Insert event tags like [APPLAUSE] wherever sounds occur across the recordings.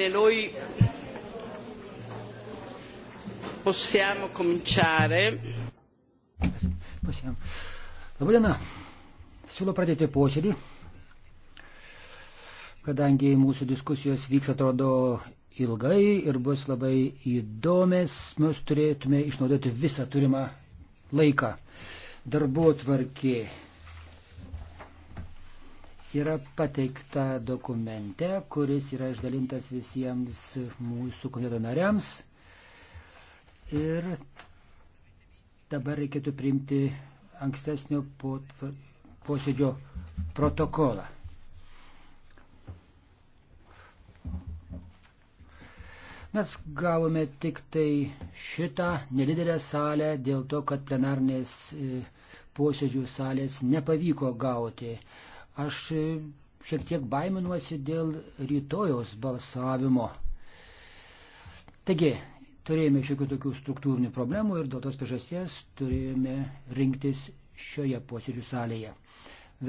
Bene, noi possiamo cominciare. Possiamo. Labadiena. Siūlau pradėti posėdį, kadangi mūsų diskusijos vyks atrodo ilgai ir bus labai įdomios, mes turėtume išnaudoti visą turimą laiką. Darbo tvarkė yra pateikta dokumente, kuris yra išdalintas visiems mūsų komiteto nariams. Ir dabar reikėtų priimti ankstesnio posėdžio protokolą. Mes gavome tik tai šitą nedidelę salę dėl to, kad plenarnės e, posėdžių salės nepavyko gauti. Aš e, šiek tiek baiminuosi dėl rytojos balsavimo. Taigi, turėjome šiokių tokių struktūrinių problemų ir dėl tos priežasties turėjome rinktis šioje posėdžių salėje.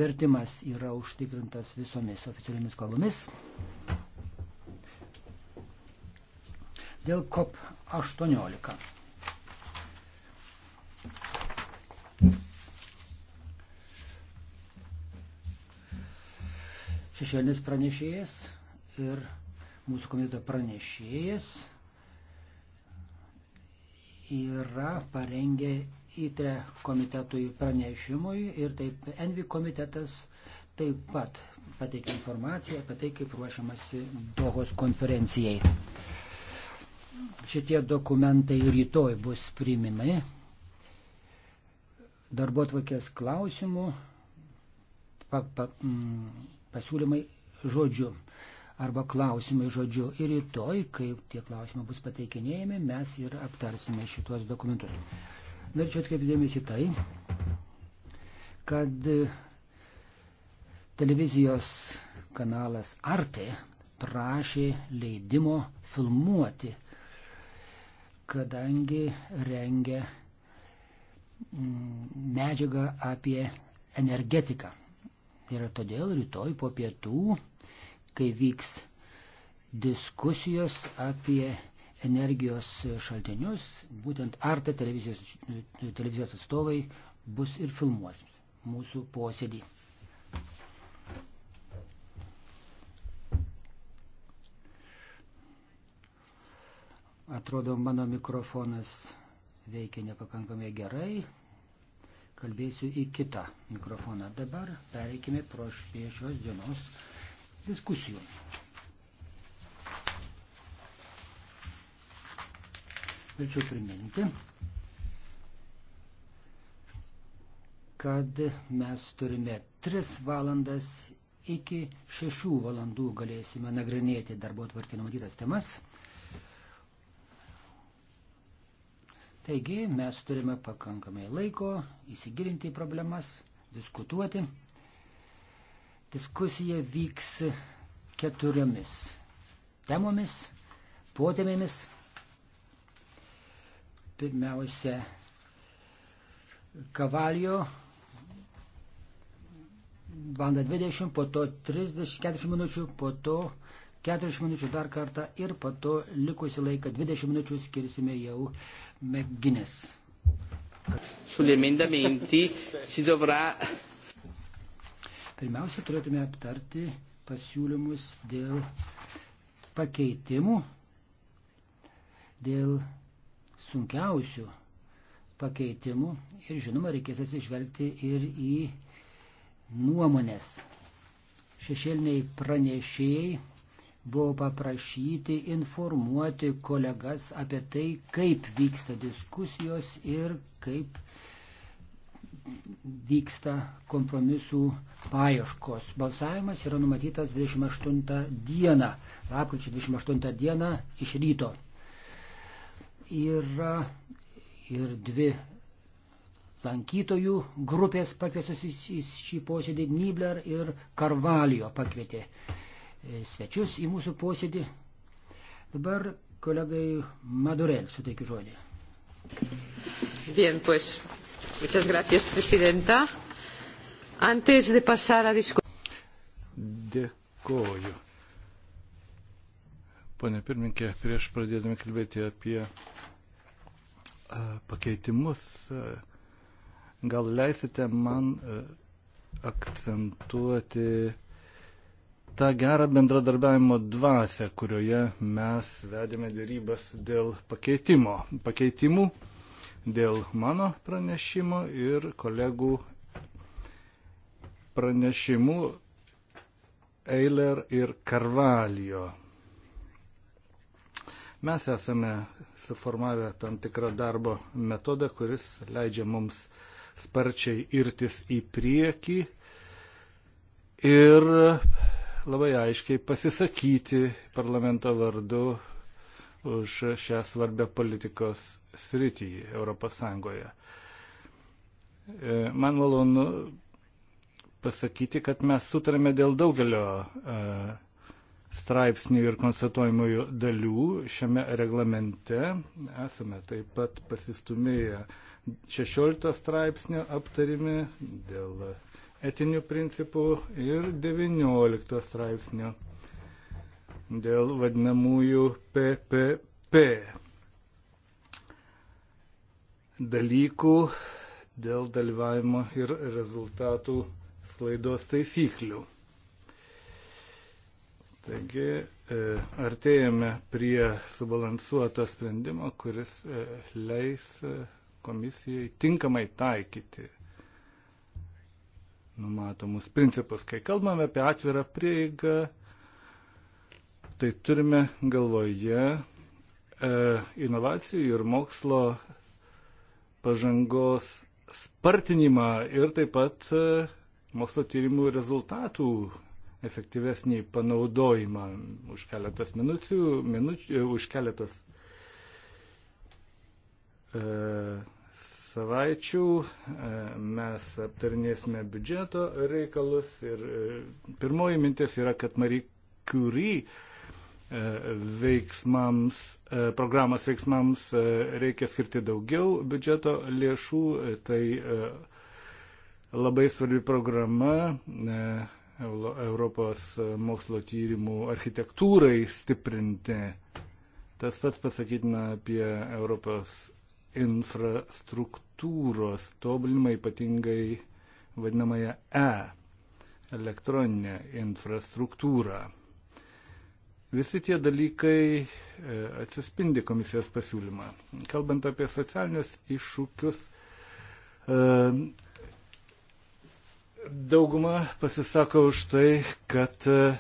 Vertimas yra užtikrintas visomis oficialiomis kalbomis. Dėl COP 18. šešėlinis pranešėjas ir mūsų komiteto pranešėjas yra parengę įtre komitetui pranešimui ir taip Envi komitetas taip pat pateikė informaciją apie tai, kaip ruošiamasi Dohos konferencijai. Šitie dokumentai rytoj bus priimimi. Darbo tvarkės klausimų pa, pa, mm, pasiūlymai žodžiu arba klausimai žodžiu. Ir rytoj, kai tie klausimai bus pateikinėjami, mes ir aptarsime šitos dokumentus. Norėčiau atkreipti dėmesį tai, kad televizijos kanalas Arte prašė leidimo filmuoti, kadangi rengia mm, medžiagą apie energetiką. Ir todėl rytoj po pietų, kai vyks diskusijos apie energijos šaltinius, būtent Arte televizijos, televizijos atstovai bus ir filmuos mūsų posėdį. Atrodo, mano mikrofonas veikia nepakankamai gerai kalbėsiu į kitą mikrofoną. Dabar pereikime prie šios dienos diskusijų. Norėčiau priminti, kad mes turime 3 valandas iki 6 valandų galėsime nagrinėti darbo tvarkį numatytas temas. Taigi mes turime pakankamai laiko įsigilinti į problemas, diskutuoti. Diskusija vyks keturiomis temomis, potėmėmis. Pirmiausia, kavalio valandą 20, po to 30, 40 minučių, po to 40 minučių dar kartą ir po to likusi laiką 20 minučių skirsime jau McGuinness. Sull'emendamenti si dovrà. Pirmiausia, turėtume aptarti pasiūlymus dėl pakeitimų, dėl sunkiausių pakeitimų ir žinoma reikės atsižvelgti ir į nuomonės. Šešėliniai pranešėjai buvo paprašyti informuoti kolegas apie tai, kaip vyksta diskusijos ir kaip vyksta kompromisų paieškos. Balsavimas yra numatytas 28 dieną, lakryčio 28 dieną iš ryto. Yra ir dvi lankytojų grupės pakviesusius į šį posėdį Nibler ir Karvalijo pakvietė. E, svečius į mūsų posėdį. Dabar kolegai Madurel suteikiu žodį. Bien, pues, muchas gracias, presidenta. Antes de pasar a discutir. Dėkoju. Pane pirmininkė, prieš pradėdami kalbėti apie pakeitimus, gal leisite man akcentuoti tą gerą bendradarbiavimo dvasę, kurioje mes vedėme dėrybas dėl pakeitimo, pakeitimų, dėl mano pranešimo ir kolegų pranešimų Eiler ir Karvalijo. Mes esame suformavę tam tikrą darbo metodą, kuris leidžia mums sparčiai irtis į priekį ir labai aiškiai pasisakyti parlamento vardu už šią svarbę politikos sritį Europos Sąjungoje. E, man malonu pasakyti, kad mes sutarėme dėl daugelio e, straipsnių ir konstatuojamųjų dalių šiame reglamente. Esame taip pat pasistumėję 16 straipsnio aptarimi dėl etinių principų ir 19 straipsnio dėl vadinamųjų PPP dalykų dėl dalyvavimo ir rezultatų sklaidos taisyklių. Taigi e, artėjame prie subalansuoto sprendimo, kuris e, leis e, komisijai tinkamai taikyti numatomus principus. Kai kalbame apie atvirą prieigą, tai turime galvoje e, inovacijų ir mokslo pažangos spartinimą ir taip pat e, mokslo tyrimų rezultatų efektyvesnį panaudojimą už keletas minučių, minučių e, už keletas e, savaičių e, mes aptarinėsime biudžeto reikalus ir e, pirmoji mintis yra, kad Marie Curie e, veiksmams, programos veiksmams reikia skirti daugiau biudžeto lėšų, tai labai svarbi programa Europos mokslo tyrimų architektūrai stiprinti. Tas pats pasakytina apie Europos infrastruktūros tobulinimą, ypatingai vadinamąją E elektroninę infrastruktūrą. Visi tie dalykai e, atsispindi komisijos pasiūlymą. Kalbant apie socialinius iššūkius, e, dauguma pasisako už tai, kad e,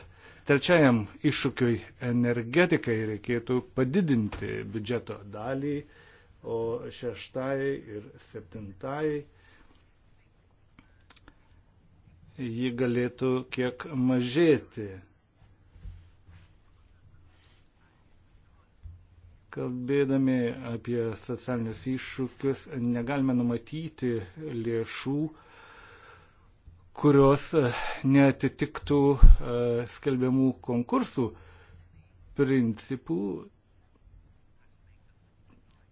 trečiajam iššūkiui energetikai reikėtų padidinti biudžeto dalį o šeštai ir septintai ji galėtų kiek mažėti. Kalbėdami apie socialinius iššūkius, negalime numatyti lėšų, kurios e, netitiktų e, skelbiamų konkursų principų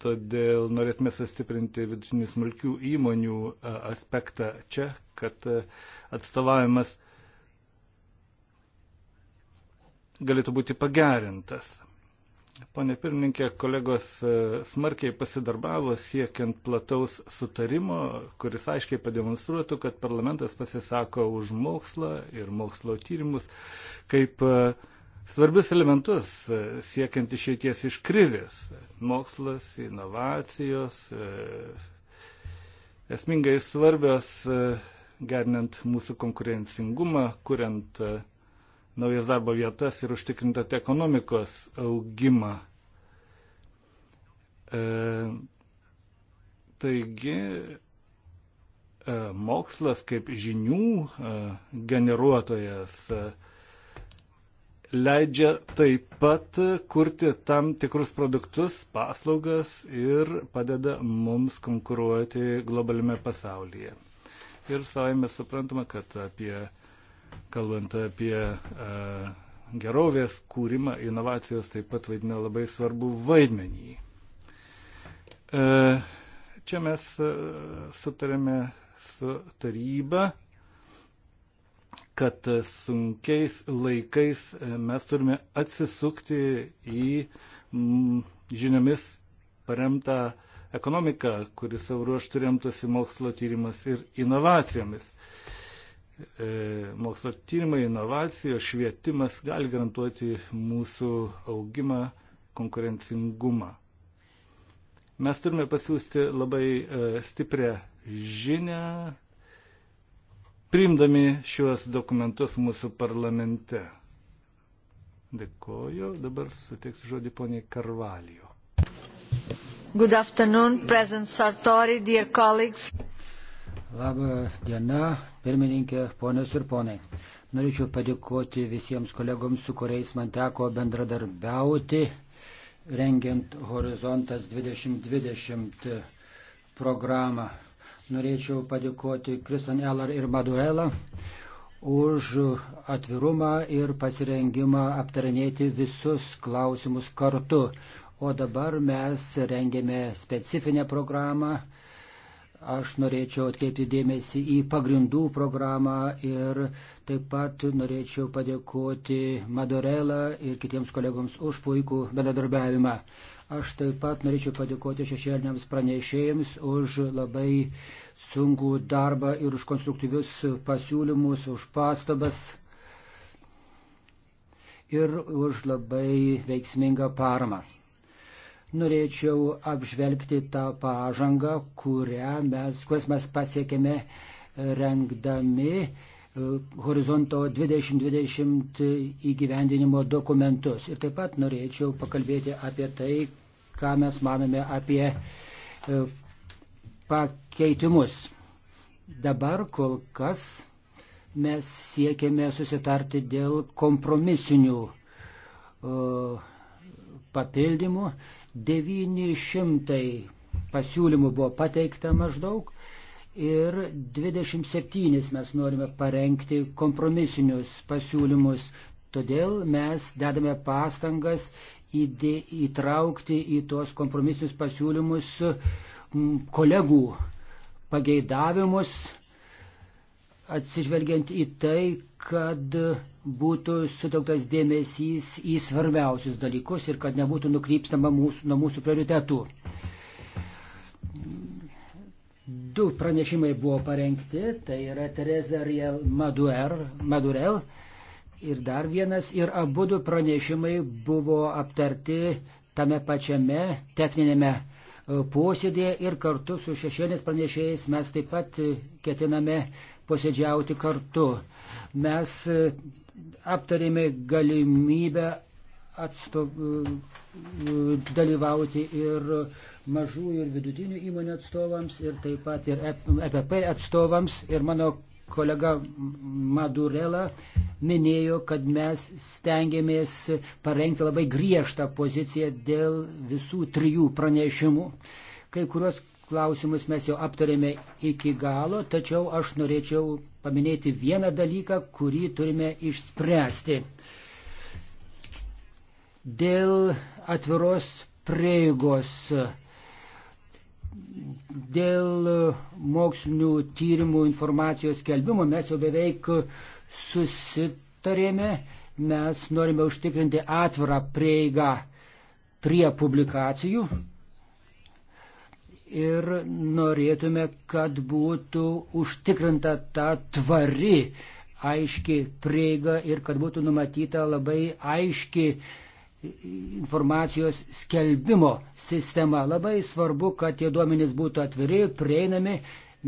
Todėl norėtume sustiprinti vidutinių smulkių įmonių aspektą čia, kad atstovavimas galėtų būti pagerintas. Pone pirmininkė, kolegos smarkiai pasidarbavo siekiant plataus sutarimo, kuris aiškiai pademonstruotų, kad parlamentas pasisako už mokslą ir mokslo tyrimus kaip uh, svarbius elementus e, siekiant išeities iš krizės. Mokslas, inovacijos, e, esmingai svarbios e, gerinant mūsų konkurencingumą, kuriant naujas darbo vietas ir užtikrintant ekonomikos augimą. E, taigi, e, mokslas kaip žinių e, generuotojas e, leidžia taip pat kurti tam tikrus produktus, paslaugas ir padeda mums konkuruoti globaliame pasaulyje. Ir savaime suprantama, kad apie, kalbant apie uh, gerovės kūrimą, inovacijos taip pat vaidina labai svarbu vaidmenį. Uh, čia mes uh, sutarėme su taryba. Uh, kad sunkiais laikais e, mes turime atsisukti į mm, žiniomis paremtą ekonomiką, kuris savo ruoštų remtųsi mokslo tyrimas ir inovacijomis. E, mokslo tyrimai, inovacijos, švietimas gali garantuoti mūsų augimą, konkurencingumą. Mes turime pasiūsti labai e, stiprią žinę priimdami šiuos dokumentus mūsų parlamente. Dėkoju. Dabar suteiksiu žodį poniai Karvalijo. Good afternoon, President Sartori, dear colleagues. Labą dieną, pirmininkė, ponios ir ponai. Norėčiau padėkoti visiems kolegoms, su kuriais man teko bendradarbiauti, rengiant Horizontas 2020 programą. Norėčiau padėkoti Kriston Eller ir Maduela už atvirumą ir pasirengimą aptarinėti visus klausimus kartu. O dabar mes rengėme specifinę programą. Aš norėčiau atkreipti dėmesį į pagrindų programą ir taip pat norėčiau padėkoti Madurela ir kitiems kolegoms už puikų bendradarbiavimą. Aš taip pat norėčiau padėkoti šešėliniams pranešėjams už labai sunkų darbą ir už konstruktyvius pasiūlymus, už pastabas ir už labai veiksmingą paramą. Norėčiau apžvelgti tą pažangą, kurią mes, kurias mes pasiekėme rengdami e, horizonto 2020 įgyvendinimo dokumentus. Ir taip pat norėčiau pakalbėti apie tai, ką mes manome apie e, pakeitimus. Dabar kol kas mes siekiame susitarti dėl kompromisinių e, papildymų. 900 pasiūlymų buvo pateikta maždaug ir 27 mes norime parengti kompromisinius pasiūlymus. Todėl mes dedame pastangas įdė, įtraukti į tuos kompromisinius pasiūlymus kolegų pageidavimus, atsižvelgiant į tai, kad būtų sutelktas dėmesys į svarbiausius dalykus ir kad nebūtų nukrypstama mūsų, nuo mūsų prioritetų. Du pranešimai buvo parengti, tai yra Tereza Riel Madurel, Madurel ir dar vienas, ir abu du pranešimai buvo aptarti tame pačiame techninėme e, posėdėje ir kartu su šešėlės pranešėjais mes taip pat e, ketiname posėdžiauti kartu. Mes e, aptarėme galimybę atstov... dalyvauti ir mažų ir vidutinių įmonių atstovams, ir taip pat ir EPP atstovams, ir mano kolega Madurela minėjo, kad mes stengiamės parengti labai griežtą poziciją dėl visų trijų pranešimų. Kai kurios klausimus mes jau aptarėme iki galo, tačiau aš norėčiau paminėti vieną dalyką, kurį turime išspręsti. Dėl atviros prieigos Dėl e, mokslinių tyrimų informacijos kelbimo mes jau beveik susitarėme, mes norime užtikrinti atvirą prieigą prie publikacijų ir norėtume, kad būtų užtikrinta ta tvari, aiški prieiga ir kad būtų numatyta labai aiški informacijos skelbimo sistema. Labai svarbu, kad tie duomenys būtų atviri, prieinami.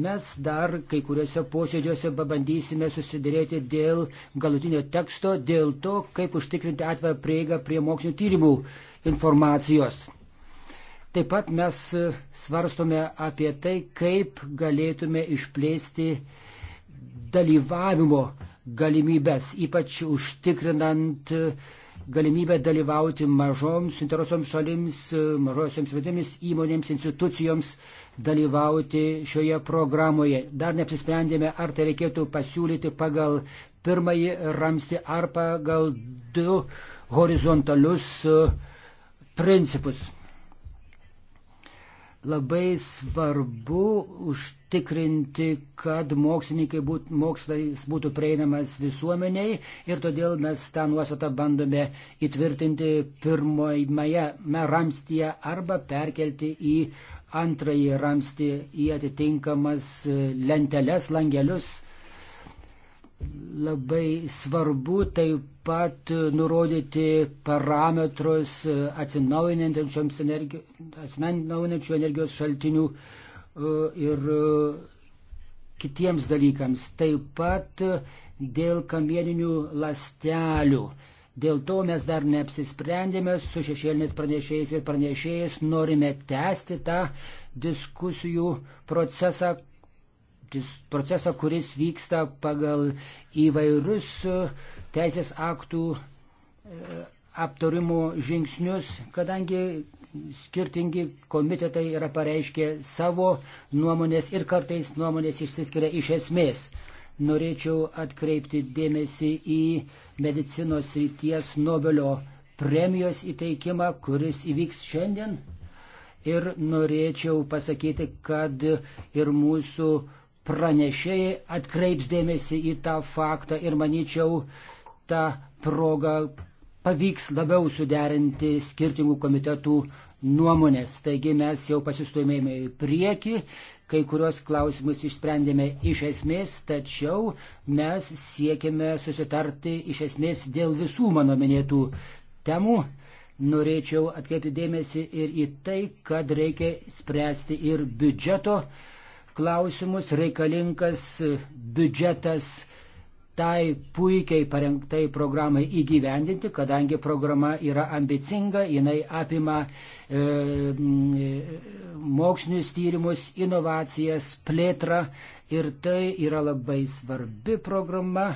Mes dar kai kuriuose posėdžiuose pabandysime susidėrėti dėl galutinio teksto, dėl to, kaip užtikrinti atvirą prieigą prie mokslinio tyrimų informacijos. Taip pat mes svarstome apie tai, kaip galėtume išplėsti dalyvavimo galimybės, ypač užtikrinant uh, galimybę dalyvauti mažoms interesuoms šalims, mažosioms vidėmis įmonėms, institucijoms dalyvauti šioje programoje. Dar neapsisprendėme, ar tai reikėtų pasiūlyti pagal pirmąjį ramsti ar pagal du horizontalius e, principus. Labai svarbu užtikrinti, kad mokslininkai būt, mokslas būtų prieinamas visuomeniai ir todėl mes tą nuostatą bandome įtvirtinti pirmojame ramstyje arba perkelti į antrąjį ramstį į atitinkamas lenteles, langelius Labai svarbu taip pat nurodyti parametrus atsinaujinančių energijos, energijos šaltinių e, ir e, kitiems dalykams. Taip pat dėl kamieninių lastelių. Dėl to mes dar neapsisprendėme su šešėliniais pranešėjais ir pranešėjais norime tęsti tą diskusijų procesą, procesą, kuris vyksta pagal įvairius e, teisės aktų e, aptarimo žingsnius, kadangi skirtingi komitetai yra pareiškę savo nuomonės ir kartais nuomonės išsiskiria iš esmės. Norėčiau atkreipti dėmesį į medicinos ryties Nobelio premijos įteikimą, kuris įvyks šiandien. Ir norėčiau pasakyti, kad ir mūsų pranešėjai atkreips dėmesį į tą faktą ir manyčiau, tą progą pavyks labiau suderinti skirtingų komitetų nuomonės. Taigi mes jau pasistumėjome į priekį, kai kurios klausimus išsprendėme iš esmės, tačiau mes siekime susitarti iš esmės dėl visų mano minėtų temų. Norėčiau atkreipti dėmesį ir į tai, kad reikia spręsti ir biudžeto klausimus reikalingas biudžetas tai puikiai parengtai programai įgyvendinti, kadangi programa yra ambicinga, jinai apima e, e, mokslinius tyrimus, inovacijas, plėtrą ir tai yra labai svarbi programa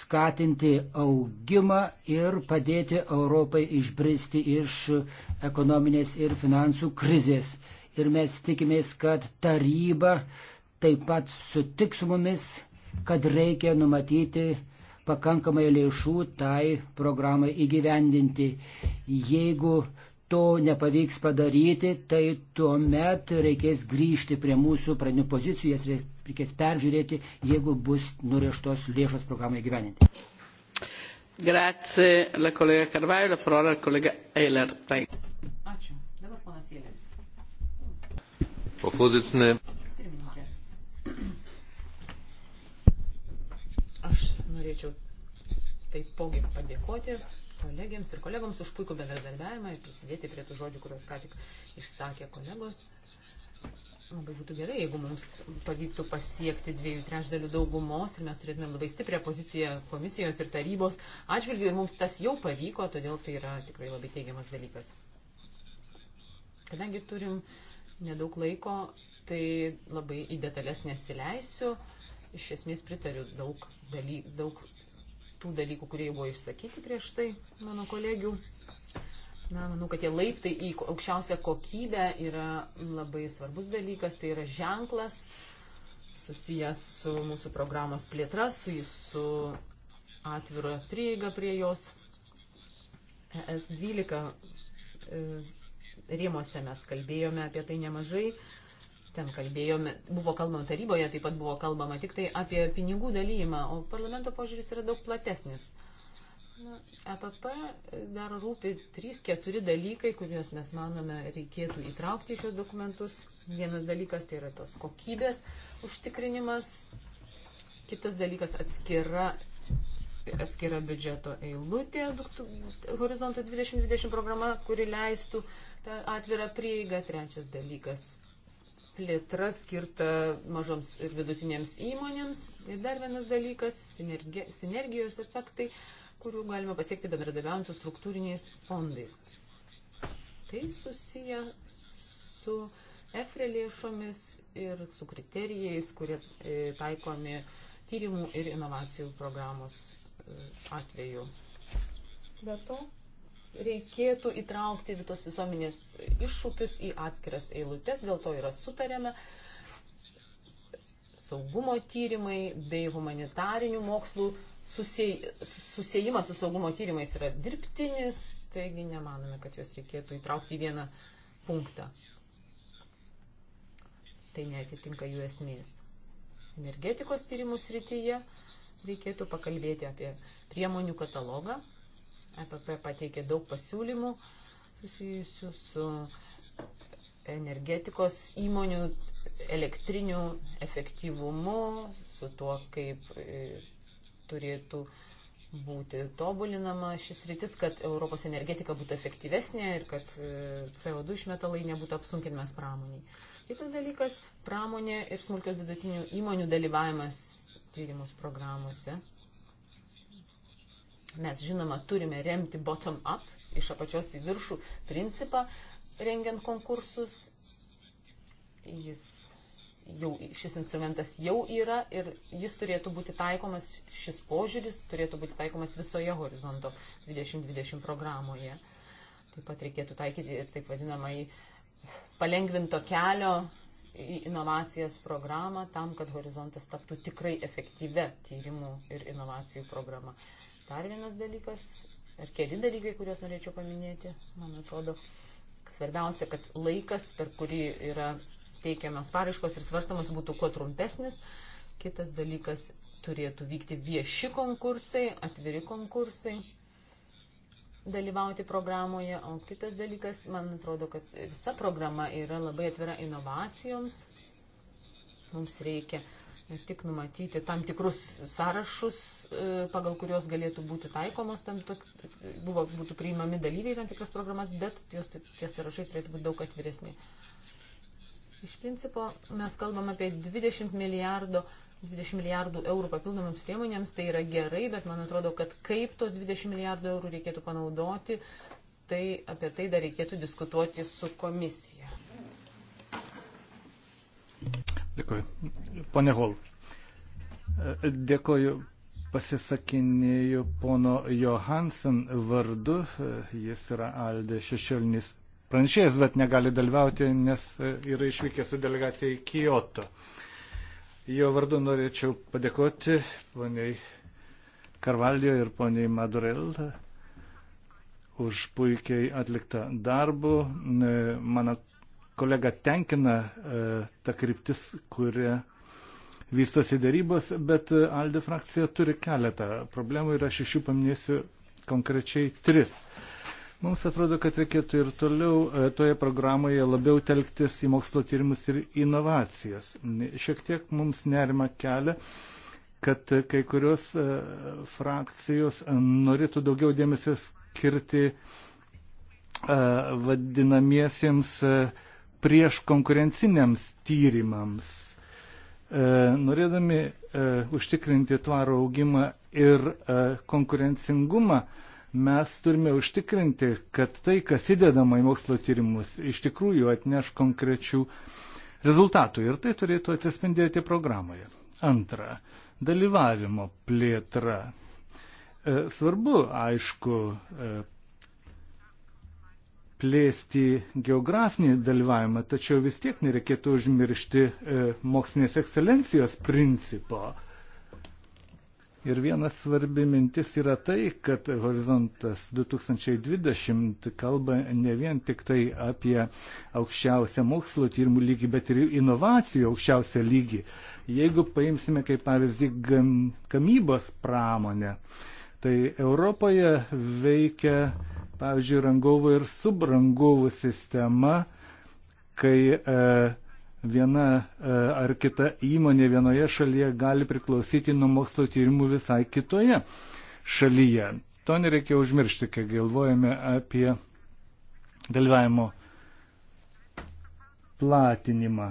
skatinti augimą ir padėti Europai išbristi iš ekonominės ir finansų krizės ir mes tikimės, kad taryba taip pat sutiks su mumis, kad reikia numatyti pakankamai lėšų tai programai įgyvendinti. Jeigu to nepavyks padaryti, tai tuomet reikės grįžti prie mūsų pradinių pozicijų, jas reikės peržiūrėti, jeigu bus nurieštos lėšos programai gyveninti. Grazie, la collega Carvaio, la parola al collega Eiler. Prego. Pirmininkė. Aš norėčiau taipogi padėkoti kolegiams ir kolegoms už puikų bendradarbiavimą ir prisidėti prie tų žodžių, kuriuos ką tik išsakė kolegos. Labai būtų gerai, jeigu mums pavyktų pasiekti dviejų trečdalių daugumos ir mes turėtumėm labai stiprią poziciją komisijos ir tarybos atžvilgių ir mums tas jau pavyko, todėl tai yra tikrai labai teigiamas dalykas. Kadangi turim uh, nedaug laiko, tai labai į detalės nesileisiu. Iš esmės pritariu daug, daly, daug tų dalykų, kurie buvo išsakyti prieš tai mano kolegių. Na, manau, kad tie laiptai į aukščiausią kokybę yra labai svarbus dalykas, tai yra ženklas susijęs su mūsų programos plėtra, su, su atviro prieiga prie jos. ES 12 rėmose mes kalbėjome apie tai nemažai. Ten kalbėjome, buvo kalbama taryboje, taip pat buvo kalbama tik tai apie pinigų dalymą, o parlamento požiūris yra daug platesnis. Na, EPP dar rūpi 3-4 dalykai, kuriuos mes manome reikėtų įtraukti į šios dokumentus. Vienas dalykas tai yra tos kokybės užtikrinimas, kitas dalykas atskira atskira biudžeto eilutė, Horizontas 2020 programa, kuri leistų tą atvirą prieigą. Trečias dalykas - plėtra skirta mažoms ir vidutinėms įmonėms. Ir dar vienas dalykas - sinergijos efektai, kurių galima pasiekti bendradarbiaujant su struktūriniais fondais. Tai susiję su EFRE lėšomis ir su kriterijais, kurie e, taikomi tyrimų ir inovacijų programos atveju. Be to, reikėtų įtraukti tos visuomenės iššūkius į atskiras eilutes, dėl to yra sutarėme. Saugumo tyrimai bei humanitarinių mokslų susijimas su saugumo tyrimais yra dirbtinis, taigi nemanome, kad juos reikėtų įtraukti į vieną punktą. Tai neatitinka jų esmės. Energetikos tyrimų srityje reikėtų pakalbėti apie priemonių katalogą. EPP pateikė daug pasiūlymų susijusių su energetikos įmonių elektrinių efektyvumu, su tuo, kaip e, turėtų būti tobulinama šis rytis, kad Europos energetika būtų efektyvesnė ir kad e, CO2 išmetalai nebūtų apsunkinamas pramoniai. Kitas dalykas - pramonė ir smulkios vidutinių įmonių dalyvavimas tyrimus programuose. Mes, žinoma, turime remti bottom-up, iš apačios į viršų principą, rengiant konkursus. Jis jau, šis instrumentas jau yra ir jis turėtų būti taikomas, šis požiūris turėtų būti taikomas visoje horizonto 2020 programoje. Taip pat reikėtų taikyti ir taip vadinamai palengvinto kelio inovacijas programą tam, kad horizontas taptų tikrai efektyvę tyrimų ir inovacijų programą. Dar vienas dalykas, ar keli dalykai, kuriuos norėčiau paminėti, man atrodo, svarbiausia, kad laikas, per kurį yra teikiamos paraiškos ir svarstamos, būtų kuo trumpesnis. Kitas dalykas, turėtų vykti vieši konkursai, atviri konkursai dalyvauti programoje, o kitas dalykas, man atrodo, kad visa programa yra labai atvira inovacijoms. Mums reikia tik numatyti tam tikrus sąrašus, e, pagal kuriuos galėtų būti taikomos, tam tok, buvo, būtų priimami dalyviai tam tikras programas, bet jos, tie sąrašai turėtų būti daug atviresni. Iš principo mes kalbam apie 20 milijardo 20 milijardų eurų papildomams priemonėms, tai yra gerai, bet man atrodo, kad kaip tos 20 milijardų eurų reikėtų panaudoti, tai apie tai dar reikėtų diskutuoti su komisija. Dėkuoju. Pone Hol. Dėkuoju. Pasisakinėjau pono Johansen vardu. Jis yra Aldė Šešelnis pranešėjas, bet negali dalyvauti, nes yra išvykęs su delegacija į Kyoto. Uh, Jo vardu norėčiau padėkoti poniai Karvalio ir poniai Madurel už puikiai atliktą darbų. E, mano kolega tenkina e, ta kryptis, kuria vystosi darybos, bet Aldi frakcija turi keletą problemų ir aš iš jų paminėsiu konkrečiai tris. Mums atrodo, kad reikėtų ir toliau e, toje programoje labiau telktis į mokslo tyrimus ir inovacijas. Šiek tiek mums nerima kelia, kad kai kurios e, frakcijos norėtų daugiau dėmesio skirti e, vadinamiesiems prieš konkurenciniams tyrimams. Norėdami užtikrinti tvarų augimą ir konkurencingumą, Mes turime užtikrinti, kad tai, kas įdedama į mokslo tyrimus, iš tikrųjų atneš konkrečių rezultatų ir tai turėtų atsispindėti programoje. Antra, dalyvavimo plėtra. E, svarbu, aišku, e, plėsti geografinį dalyvavimą, tačiau vis tiek nereikėtų užmiršti e, mokslinės ekscelencijos principo. Ir vienas svarbi mintis yra tai, kad horizontas 2020 kalba ne vien tik tai apie aukščiausią mokslo tyrimų lygį, bet ir inovacijų aukščiausią lygį. Jeigu paimsime kaip pavyzdį gamybos pramonę, tai Europoje veikia, pavyzdžiui, rangovų ir subrangovų sistema, kai e, viena e, ar kita įmonė vienoje šalyje gali priklausyti nuo mokslo tyrimų visai kitoje šalyje. To nereikia užmiršti, kai galvojame apie dalyvavimo platinimą.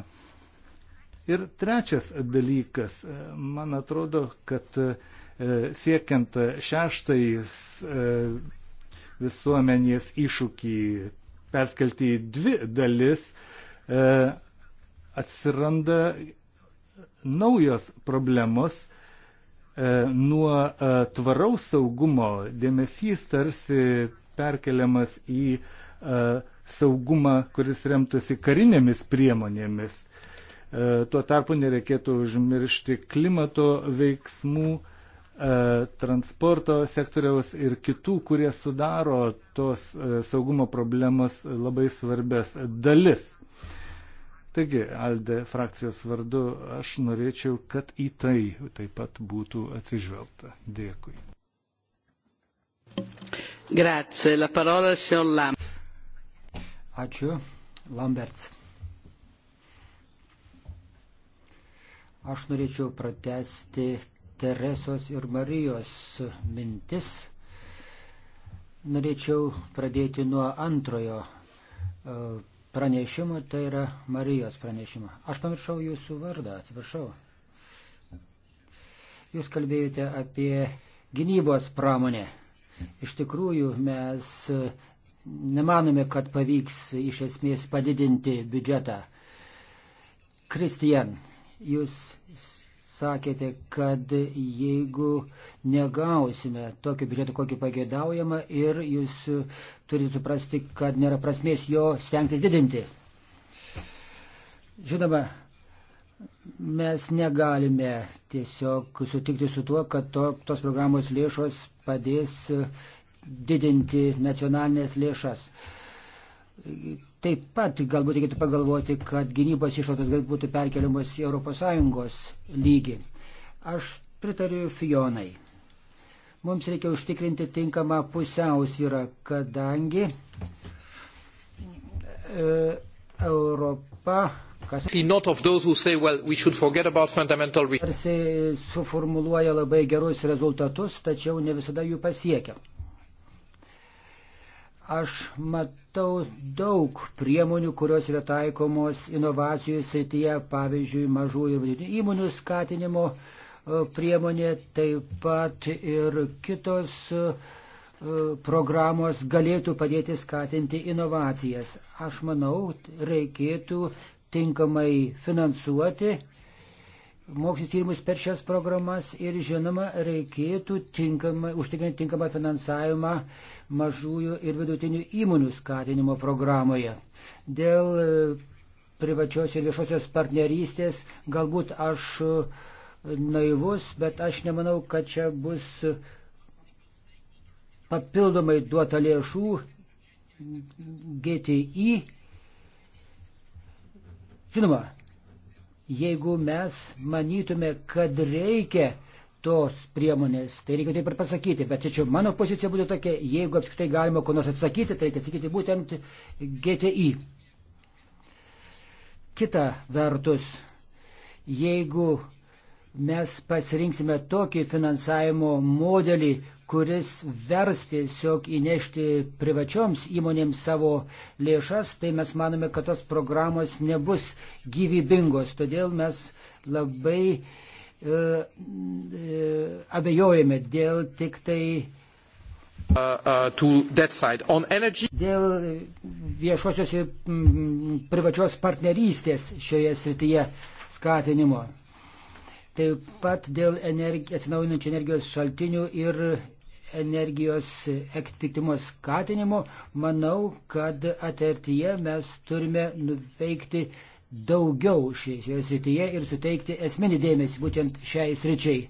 Ir trečias dalykas, e, man atrodo, kad e, siekiant šeštąjį visuomenės iššūkį perskelti į dvi dalis, atsiranda naujos problemos e, nuo e, tvaraus saugumo dėmesys tarsi perkeliamas į e, saugumą, kuris remtųsi karinėmis priemonėmis. Tuo tarpu nereikėtų užmiršti klimato veiksmų, transporto sektoriaus ir kitų, kurie sudaro tos saugumo problemos labai svarbės dalis. Taigi, Alde frakcijos vardu aš norėčiau, kad į tai taip pat būtų atsižvelgta. Dėkui. Grazie, la parola signor Lambert. Ačiū, Lamberts. Aš norėčiau pratesti Teresos ir Marijos mintis. Norėčiau pradėti nuo antrojo e, pranešimų, tai yra Marijos pranešimą. Aš pamiršau jūsų vardą, atsiprašau. Jūs kalbėjote apie gynybos pramonę. Iš tikrųjų, mes nemanome, kad pavyks iš esmės padidinti biudžetą. Kristijan, jūs sakėte, kad jeigu negausime tokio biudžeto, kokį pageidaujama, ir jūs turite suprasti, kad nėra prasmės jo stengtis didinti. Žinoma, mes negalime tiesiog sutikti su tuo, kad to, tos programos lėšos padės didinti nacionalinės lėšas Taip pat galbūt reikėtų pagalvoti, kad gynybos išlaidos galbūt būtų perkeliamos į ES lygį. Aš pritariu Fionai. Mums reikia užtikrinti tinkamą pusiausvyrą, kadangi e, Europa. Kas, say, well, we tarsi suformuluoja labai gerus rezultatus, tačiau ne visada jų pasiekia. Aš matau daug priemonių, kurios yra taikomos inovacijų srityje, pavyzdžiui, mažų ir vidutinių įmonių skatinimo e, priemonė, taip pat ir kitos e, e, programos galėtų padėti skatinti inovacijas. Aš manau, reikėtų tinkamai finansuoti mokslinis tyrimus per šias programas ir, žinoma, reikėtų tinkamai, užtikrinti tinkamą finansavimą mažųjų ir vidutinių įmonių skatinimo programoje. Dėl e, privačios ir viešosios partnerystės galbūt aš e, naivus, bet aš nemanau, kad čia bus papildomai duota lėšų GTI. Žinoma, jeigu mes manytume, kad reikia tos priemonės, tai reikia taip ir pasakyti. Bet tačiau mano pozicija būtų tokia, jeigu apskritai galima ko nors atsakyti, tai reikia atsakyti būtent GTI. Kita vertus, jeigu mes pasirinksime tokį finansavimo modelį, kuris vers tiesiog įnešti privačioms įmonėms savo lėšas, tai mes manome, kad tos programos nebus gyvybingos. Todėl mes labai E, e, abejojame dėl tik tai Uh, uh, Dėl viešosios ir mm, privačios partnerystės šioje srityje skatinimo. Taip pat dėl energi atsinaujinančių energijos šaltinių ir energijos efektyvumo skatinimo, manau, kad ateityje mes turime nuveikti uh, daugiau šioje srityje ir suteikti esminį dėmesį būtent šiai sričiai.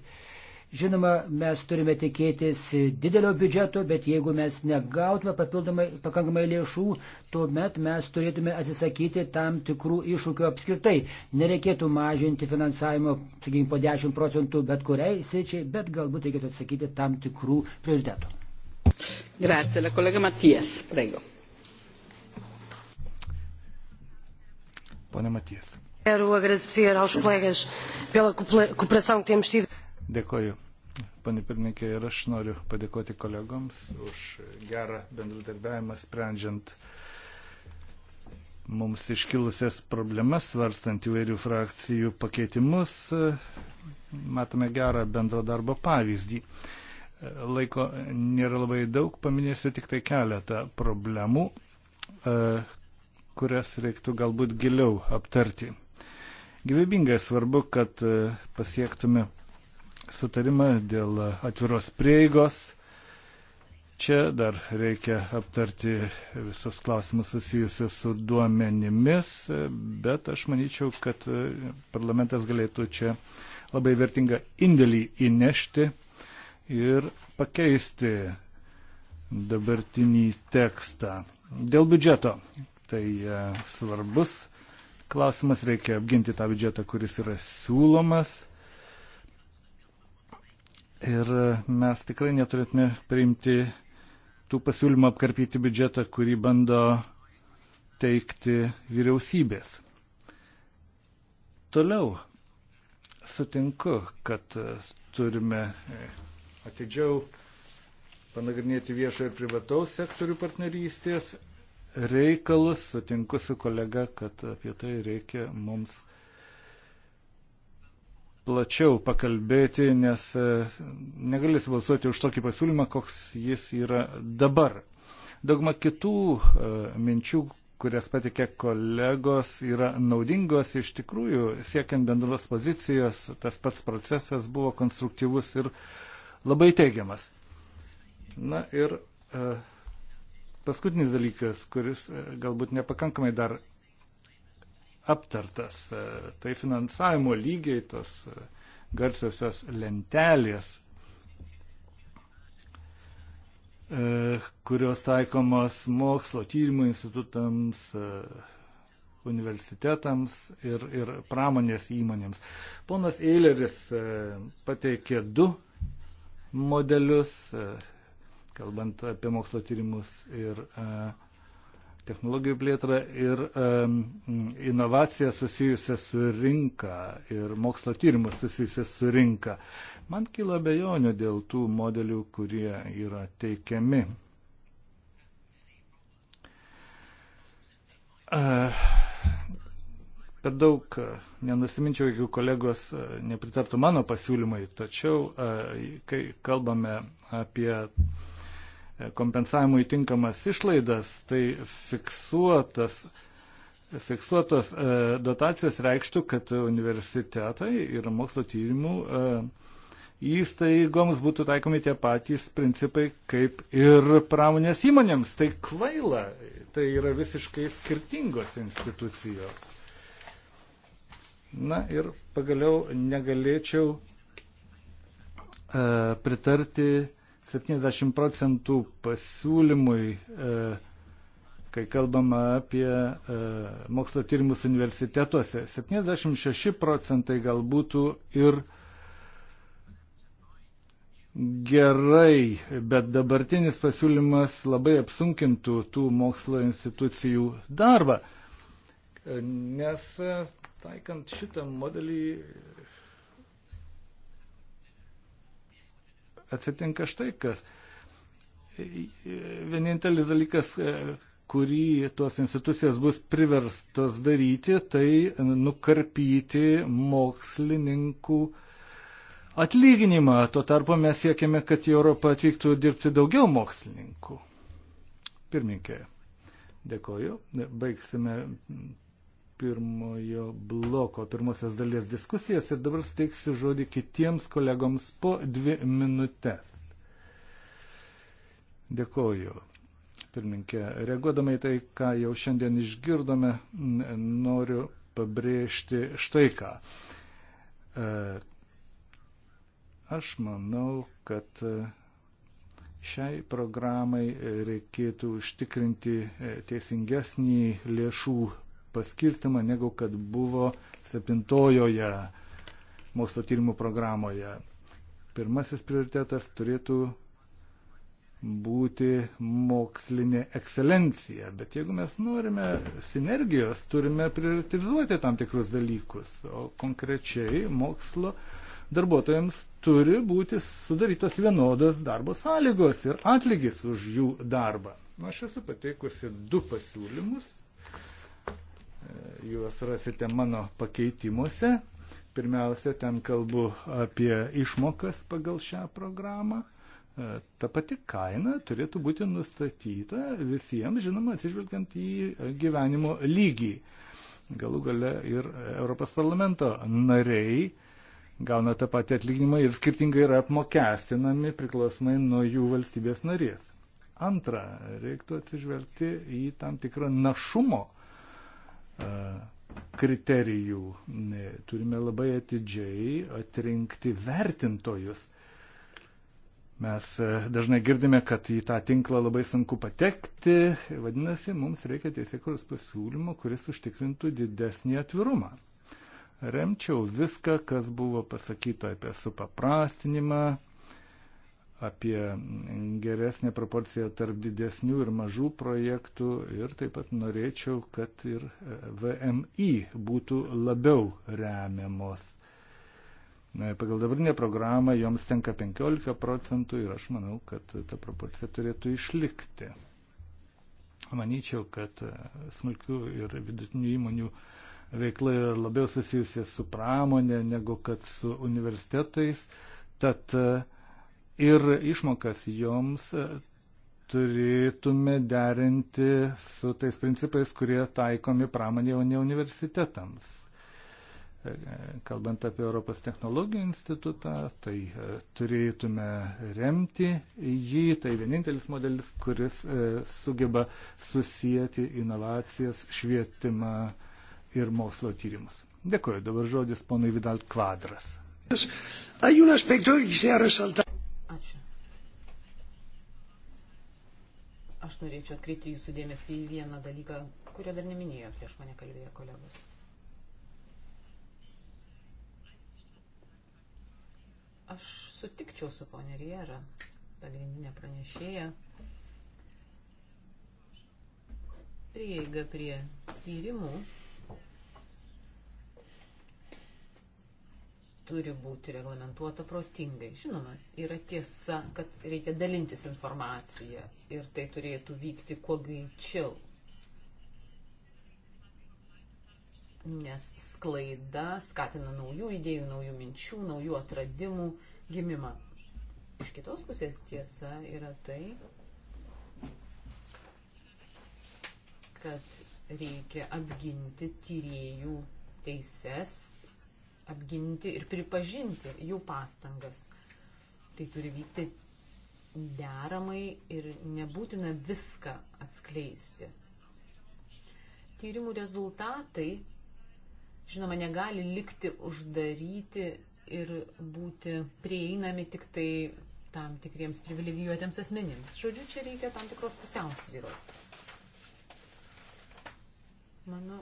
Žinoma, mes turime tikėtis didelio biudžeto, bet jeigu mes negautume papildomai pakankamai lėšų, tuomet mes turėtume atsisakyti tam tikrų iššūkių apskritai. Nereikėtų mažinti finansavimo, sakykime, po 10 procentų bet kuriai sričiai, bet galbūt reikėtų atsisakyti tam tikrų prioritetų. Grazie, la kolega Matijas, prego. Pone Matijas. Dėkoju. Pane pirmininkė, ir aš noriu padėkoti kolegoms už gerą bendradarbiavimą sprendžiant mums iškilusias problemas, svarstant įvairių frakcijų pakeitimus. Matome gerą bendro darbo pavyzdį. Laiko nėra labai daug, paminėsiu tik tai keletą problemų, kurias reiktų galbūt giliau aptarti. Gyvybingai svarbu, kad e, pasiektume sutarimą dėl atviros prieigos. Čia dar reikia aptarti visus klausimus susijusius su duomenimis, e, bet aš manyčiau, kad e, parlamentas galėtų čia labai vertingą indėlį įnešti ir pakeisti dabartinį tekstą. Dėl biudžeto Tai e, svarbus klausimas, reikia apginti tą biudžetą, kuris yra siūlomas. Ir e, mes tikrai neturėtume priimti tų pasiūlymų apkarpyti biudžetą, kurį bando teikti vyriausybės. Toliau sutinku, kad e, turime atidžiau panagrinėti viešo ir privataus sektorių partnerystės reikalus. Sutinku su kolega, kad apie tai reikia mums plačiau pakalbėti, nes e, negalis balsuoti už tokį pasiūlymą, koks jis yra dabar. Daugma kitų e, minčių, kurias patikė kolegos, yra naudingos iš tikrųjų, siekiant bendros pozicijos, tas pats procesas buvo konstruktyvus ir labai teigiamas. Na ir uh, paskutinis dalykas, kuris e, galbūt nepakankamai dar aptartas, e, tai finansavimo lygiai, tos e, garsiosios lentelės, kurios taikomos mokslo tyrimo institutams, universitetams ir, ir pramonės įmonėms. Ponas Eileris pateikė du modelius kalbant apie mokslo tyrimus ir e, technologijų plėtrą ir e, inovaciją susijusią su rinka ir mokslo tyrimus susijusią su rinka. Man kyla bejonių dėl tų modelių, kurie yra teikiami. E, per daug nenusiminčiau, jeigu kolegos nepritartų mano pasiūlymai, tačiau kai kalbame apie kompensavimui tinkamas išlaidas, tai fiksuotas, fiksuotos e, dotacijos reikštų, kad universitetai ir mokslo tyrimų e, įstaigoms būtų taikomi tie patys principai kaip ir pramonės įmonėms. Tai kvaila, tai yra visiškai skirtingos institucijos. Na ir pagaliau negalėčiau e, pritarti 70 procentų pasiūlymui, e, kai kalbama apie e, mokslo tyrimus universitetuose, 76 procentai gal būtų ir gerai, bet dabartinis pasiūlymas labai apsunkintų tų mokslo institucijų darbą. Nes taikant šitą modelį atsitinka štai kas. Vienintelis dalykas, kurį tuos institucijas bus priverstos daryti, tai nukarpyti mokslininkų atlyginimą. Tuo tarpu mes siekiame, kad į Europą atvyktų dirbti daugiau mokslininkų. Pirminkė, dėkoju. Baigsime pirmojo bloko, pirmosios dalies diskusijas ir dabar steiksiu žodį kitiems kolegoms po dvi minutės. Dėkoju. Pirminkė, reaguodama į tai, ką jau šiandien išgirdome, noriu pabrėžti štai ką. E, aš manau, kad šiai programai reikėtų užtikrinti teisingesnį lėšų paskirstimą, negu kad buvo septintojoje mokslo tyrimų programoje. Pirmasis prioritetas turėtų būti mokslinė ekscelencija, bet jeigu mes norime sinergijos, turime prioritizuoti tam tikrus dalykus, o konkrečiai mokslo darbuotojams turi būti sudarytos vienodos darbo sąlygos ir atlygis už jų darbą. Aš esu pateikusi du pasiūlymus Juos rasite mano pakeitimuose. Pirmiausia, ten kalbu apie išmokas pagal šią programą. E, ta pati kaina turėtų būti nustatyta visiems, žinoma, atsižvelgiant į gyvenimo lygį. Galų gale ir Europos parlamento nariai gauna tą patį atlyginimą ir skirtingai yra apmokestinami priklausomai nuo jų valstybės narės. Antra, reiktų atsižvelgti į tam tikrą našumo kriterijų. Turime labai atidžiai atrinkti vertintojus. Mes dažnai girdime, kad į tą tinklą labai sunku patekti, vadinasi, mums reikia teisėkuros pasiūlymo, kuris užtikrintų didesnį atvirumą. Remčiau viską, kas buvo pasakyta apie supaprastinimą, apie geresnę proporciją tarp didesnių ir mažų projektų ir taip pat norėčiau, kad ir VMI būtų labiau remiamos. Pagal dabartinę programą joms tenka 15 procentų ir aš manau, kad ta proporcija turėtų išlikti. Manyčiau, kad e, smulkių ir vidutinių įmonių veikla yra labiau susijusi su pramonė negu kad su universitetais. Tad uh, ir išmokas joms e, turėtume derinti su tais principais, kurie taikomi pramonėje, o ne universitetams. E, kalbant apie Europos technologijų institutą, tai e, turėtume remti jį, tai vienintelis modelis, kuris sugeba susijęti inovacijas, švietimą ir mokslo tyrimus. Dėkuoju, dabar žodis ponui Vidal Kvadras. Hay un aspecto que quisiera resaltar. Ačiū. Aš norėčiau atkreipti jūsų dėmesį į vieną dalyką, kurio dar neminėjo prieš mane kalbėjo kolegos. Aš sutikčiau su ponė Riera, pagrindinė pranešėja. Prieiga prie tyrimų turi būti reglamentuota protingai. Žinoma, yra tiesa, kad reikia dalintis informaciją ir tai turėtų vykti kuo greičiau. Nes sklaida skatina naujų idėjų, naujų minčių, naujų atradimų gimimą. Iš kitos pusės tiesa yra tai, kad reikia apginti tyriejų teises apginti ir pripažinti jų pastangas. Tai turi vykti deramai ir nebūtina viską atskleisti. Tyrimų rezultatai, žinoma, negali likti uždaryti ir būti prieinami tik tai tam tikriems privilegijuotiems asmenims. Žodžiu, čia reikia tam tikros pusiausvyros. Mano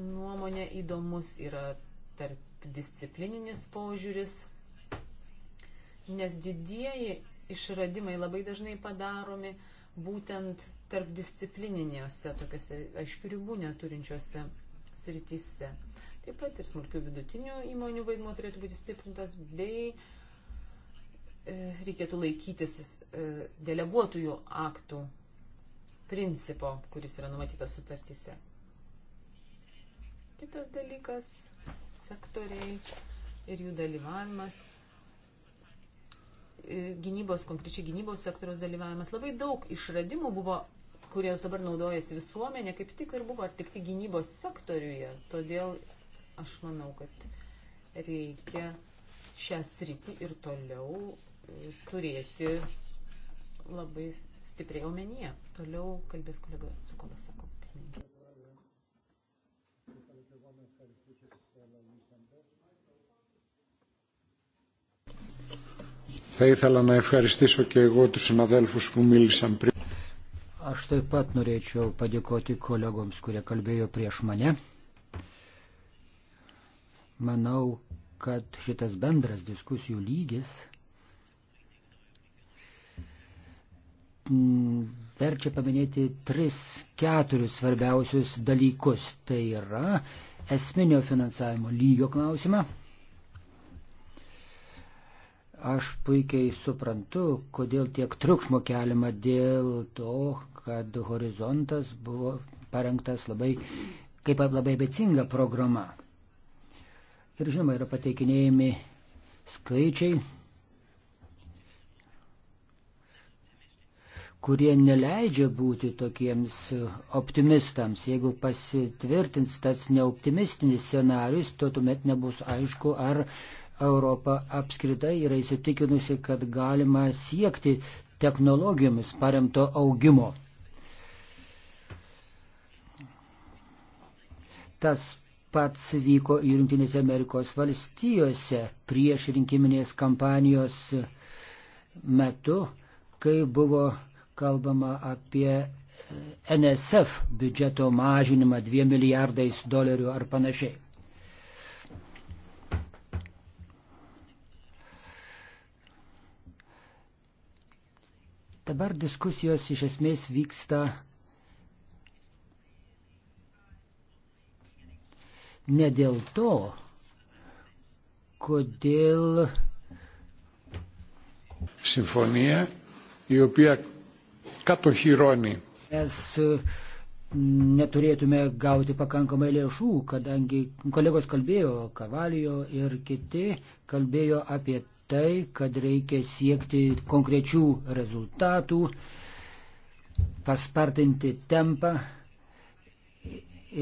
nuomonė įdomus yra tarp disciplininis požiūris, nes didieji išradimai labai dažnai padaromi būtent tarp disciplininėse, tokiuose aiškių ribų neturinčiose srityse. Taip pat ir smulkių vidutinių įmonių vaidmo turėtų būti stiprintas, bei e, reikėtų laikytis e, deleguotųjų aktų principo, kuris yra numatytas sutartyse. Kitas dalykas sektoriai ir jų dalyvavimas, e, gynybos, konkrečiai gynybos sektoriaus dalyvavimas. Labai daug išradimų buvo, kurios dabar naudojasi visuomenė, kaip tik ir buvo atlikti gynybos sektoriuje. Todėl aš manau, kad reikia šią sritį ir toliau e, turėti labai stipriai omenyje. Toliau kalbės kolega Sukolas, sako pirmininkė. Θα ήθελα να ευχαριστήσω και εγώ τους συναδέλφους που μίλησαν πριν. Aš taip pat norėčiau padėkoti kolegoms, kurie kalbėjo prieš mane. Manau, kad šitas bendras diskusijų lygis mm, verčia paminėti tris, keturis svarbiausius dalykus. Tai yra esminio finansavimo lygio klausimą. Aš puikiai suprantu, kodėl tiek triukšmo keliama dėl to, kad horizontas buvo parengtas labai, kaip labai becinga programa. Ir žinoma, yra pateikinėjami skaičiai, kurie neleidžia būti tokiems optimistams. Jeigu pasitvirtins tas neoptimistinis scenarius, to tuomet nebus aišku, ar Europa apskritai yra įsitikinusi, kad galima siekti technologijomis paremto augimo. Tas pats vyko Junktinėse Amerikos valstijose prieš rinkiminės kampanijos metu, kai buvo kalbama apie NSF biudžeto mažinimą 2 milijardais dolerių ar panašiai. Dabar diskusijos iš esmės vyksta ne dėl to, kodėl. Συμφωνία η οποία κατοχυρώνει. Mes neturėtume gauti pakankamai lėšų, kadangi kolegos kalbėjo, Kavalijo ir kiti kalbėjo apie tai, kad reikia siekti konkrečių rezultatų, paspartinti tempą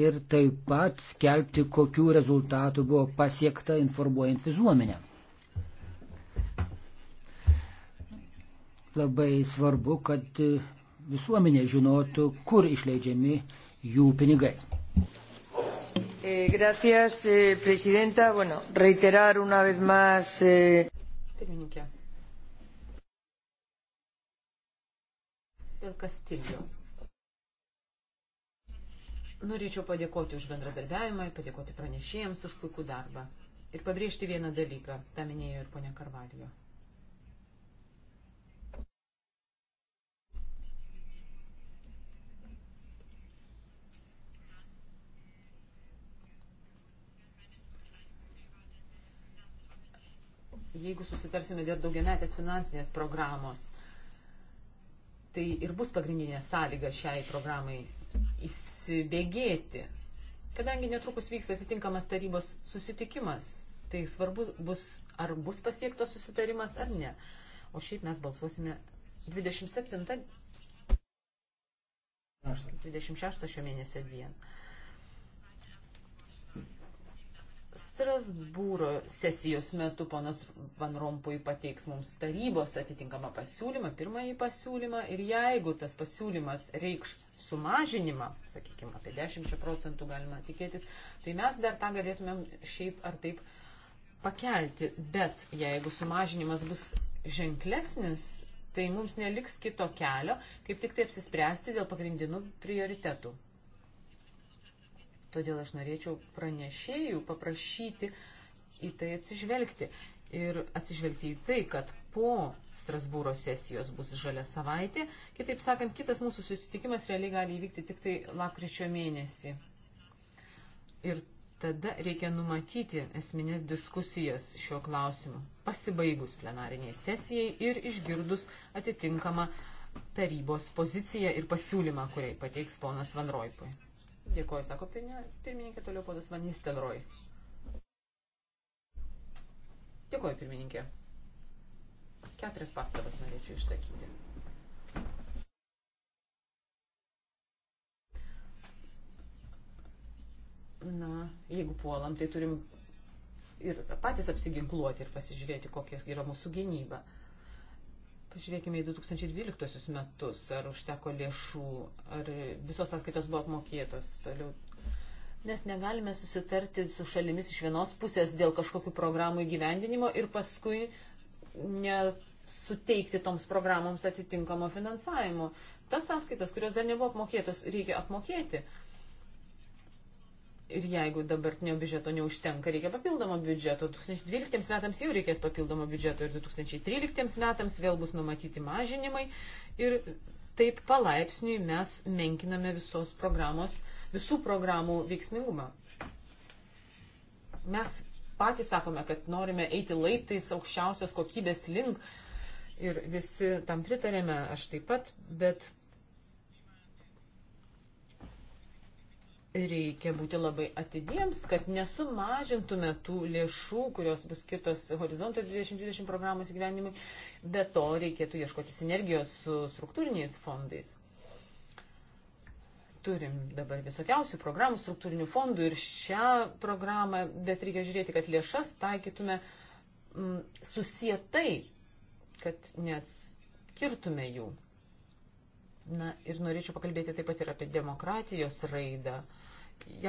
ir taip pat skelbti, kokių rezultatų buvo pasiekta informuojant visuomenę. Labai svarbu, kad visuomenė žinotų, kur išleidžiami jų pinigai. Eh, gracias, eh, presidenta. Bueno, reiterar una vez más. Eh, Pirmininkė. Dėl Kastilio. Norėčiau padėkoti už bendradarbiavimą, padėkoti pranešėjams už puikų darbą. Ir pabrėžti vieną dalyką, tą minėjo ir ponia Karvalijo. jeigu susitarsime dėl daugiametės finansinės programos, tai ir bus pagrindinė sąlyga šiai programai įsibėgėti. Kadangi netrukus vyks atitinkamas tarybos susitikimas, tai svarbu bus, ar bus pasiektas susitarimas ar ne. O šiaip mes balsuosime 27. 26 šio mėnesio dieną. Strasbūro sesijos metu ponas Van Rompui pateiks mums tarybos atitinkamą pasiūlymą, pirmąjį pasiūlymą ir jeigu tas pasiūlymas reikš sumažinimą, sakykime, apie 10 procentų galima tikėtis, tai mes dar tą galėtumėm šiaip ar taip pakelti, bet jeigu sumažinimas bus ženklesnis, tai mums neliks kito kelio, kaip tik tai apsispręsti dėl pagrindinų prioritetų. Todėl aš norėčiau pranešėjų paprašyti į tai atsižvelgti. Ir atsižvelgti į tai, kad po Strasbūro sesijos bus žalia savaitė. Kitaip sakant, kitas mūsų susitikimas realiai gali įvykti tik tai lakryčio mėnesį. Ir tada reikia numatyti esminės diskusijas šiuo klausimu, pasibaigus plenariniai sesijai ir išgirdus atitinkamą tarybos poziciją ir pasiūlymą, kuriai pateiks ponas Van Roipui. Dėkoju, sako pirmininkė, toliau ponas Van Nistelroj. Dėkoju, pirmininkė. Keturias pastabas norėčiau išsakyti. Na, jeigu puolam, tai turim ir patys apsiginkluoti ir pasižiūrėti, kokia yra mūsų gynyba. Uh, Pažiūrėkime į 2012 metus, ar užteko lėšų, ar visos sąskaitos buvo apmokėtos toliau. Mes negalime susitarti su šalimis iš vienos pusės dėl kažkokių programų įgyvendinimo ir paskui nesuteikti toms programoms atitinkamo finansavimo. Tas sąskaitas, kurios dar nebuvo apmokėtos, reikia apmokėti. Uh, Ir jeigu dabartinio biudžeto neužtenka, reikia papildomo biudžeto. 2012 metams jau reikės papildomo biudžeto ir 2013 metams vėl bus numatyti mažinimai. Ir taip palaipsniui mes menkiname visos programos, visų programų veiksmingumą. Mes patys sakome, kad norime eiti laiptais aukščiausios kokybės link ir visi tam pritarėme, aš taip pat, bet reikia būti labai atidiems, kad nesumažintume tų lėšų, kurios bus skirtos Horizonto 2020 programos gyvenimui, bet to reikėtų ieškoti sinergijos su struktūriniais fondais. Turim dabar visokiausių programų, struktūrinių fondų ir šią programą, bet reikia žiūrėti, kad lėšas taikytume m, mm, susietai, kad neatskirtume jų. Na ir norėčiau pakalbėti taip pat ir apie demokratijos raidą.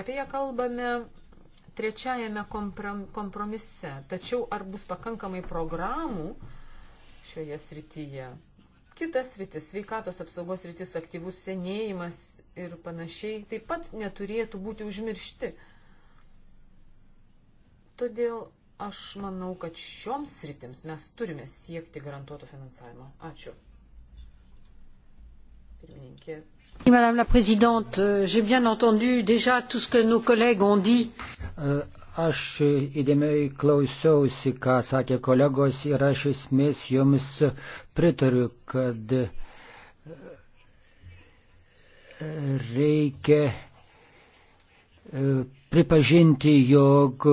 Apie ją kalbame trečiajame kompromise. Tačiau ar bus pakankamai programų šioje srityje? Kitas rytis, sveikatos apsaugos rytis, aktyvus senėjimas ir panašiai, taip pat neturėtų būti užmiršti. Todėl aš manau, kad šioms sritims mes turime siekti garantuoto finansavimo. Ačiū. Pirmininkė. Madame la Présidente, euh, j'ai bien entendu déjà tout ce que nos collègues ont dit. Euh, aš įdėmiai klausiausi, ką sakė kolegos ir aš esmės jums pritariu, kad e, reikia e, pripažinti, jog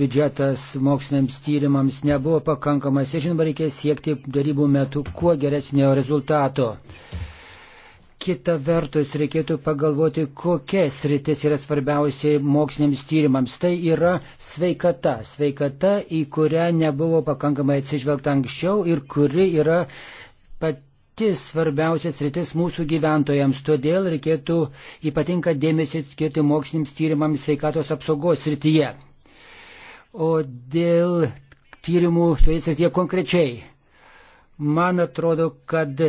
biudžetas moksliniams tyrimams nebuvo pakankamas ir žinoma reikia siekti darybų metu kuo geresnio rezultato. Uh, Kita vertus, reikėtų pagalvoti, kokias rytis yra svarbiausiai moksliniams tyrimams. Tai yra sveikata. Sveikata, į kurią nebuvo pakankamai atsižvelgta anksčiau ir kuri yra pati svarbiausias rytis mūsų gyventojams. Todėl reikėtų ypatinką dėmesį skirti moksliniams tyrimams sveikatos apsaugos rytyje. O dėl tyrimų šioje srityje konkrečiai. Man atrodo, kad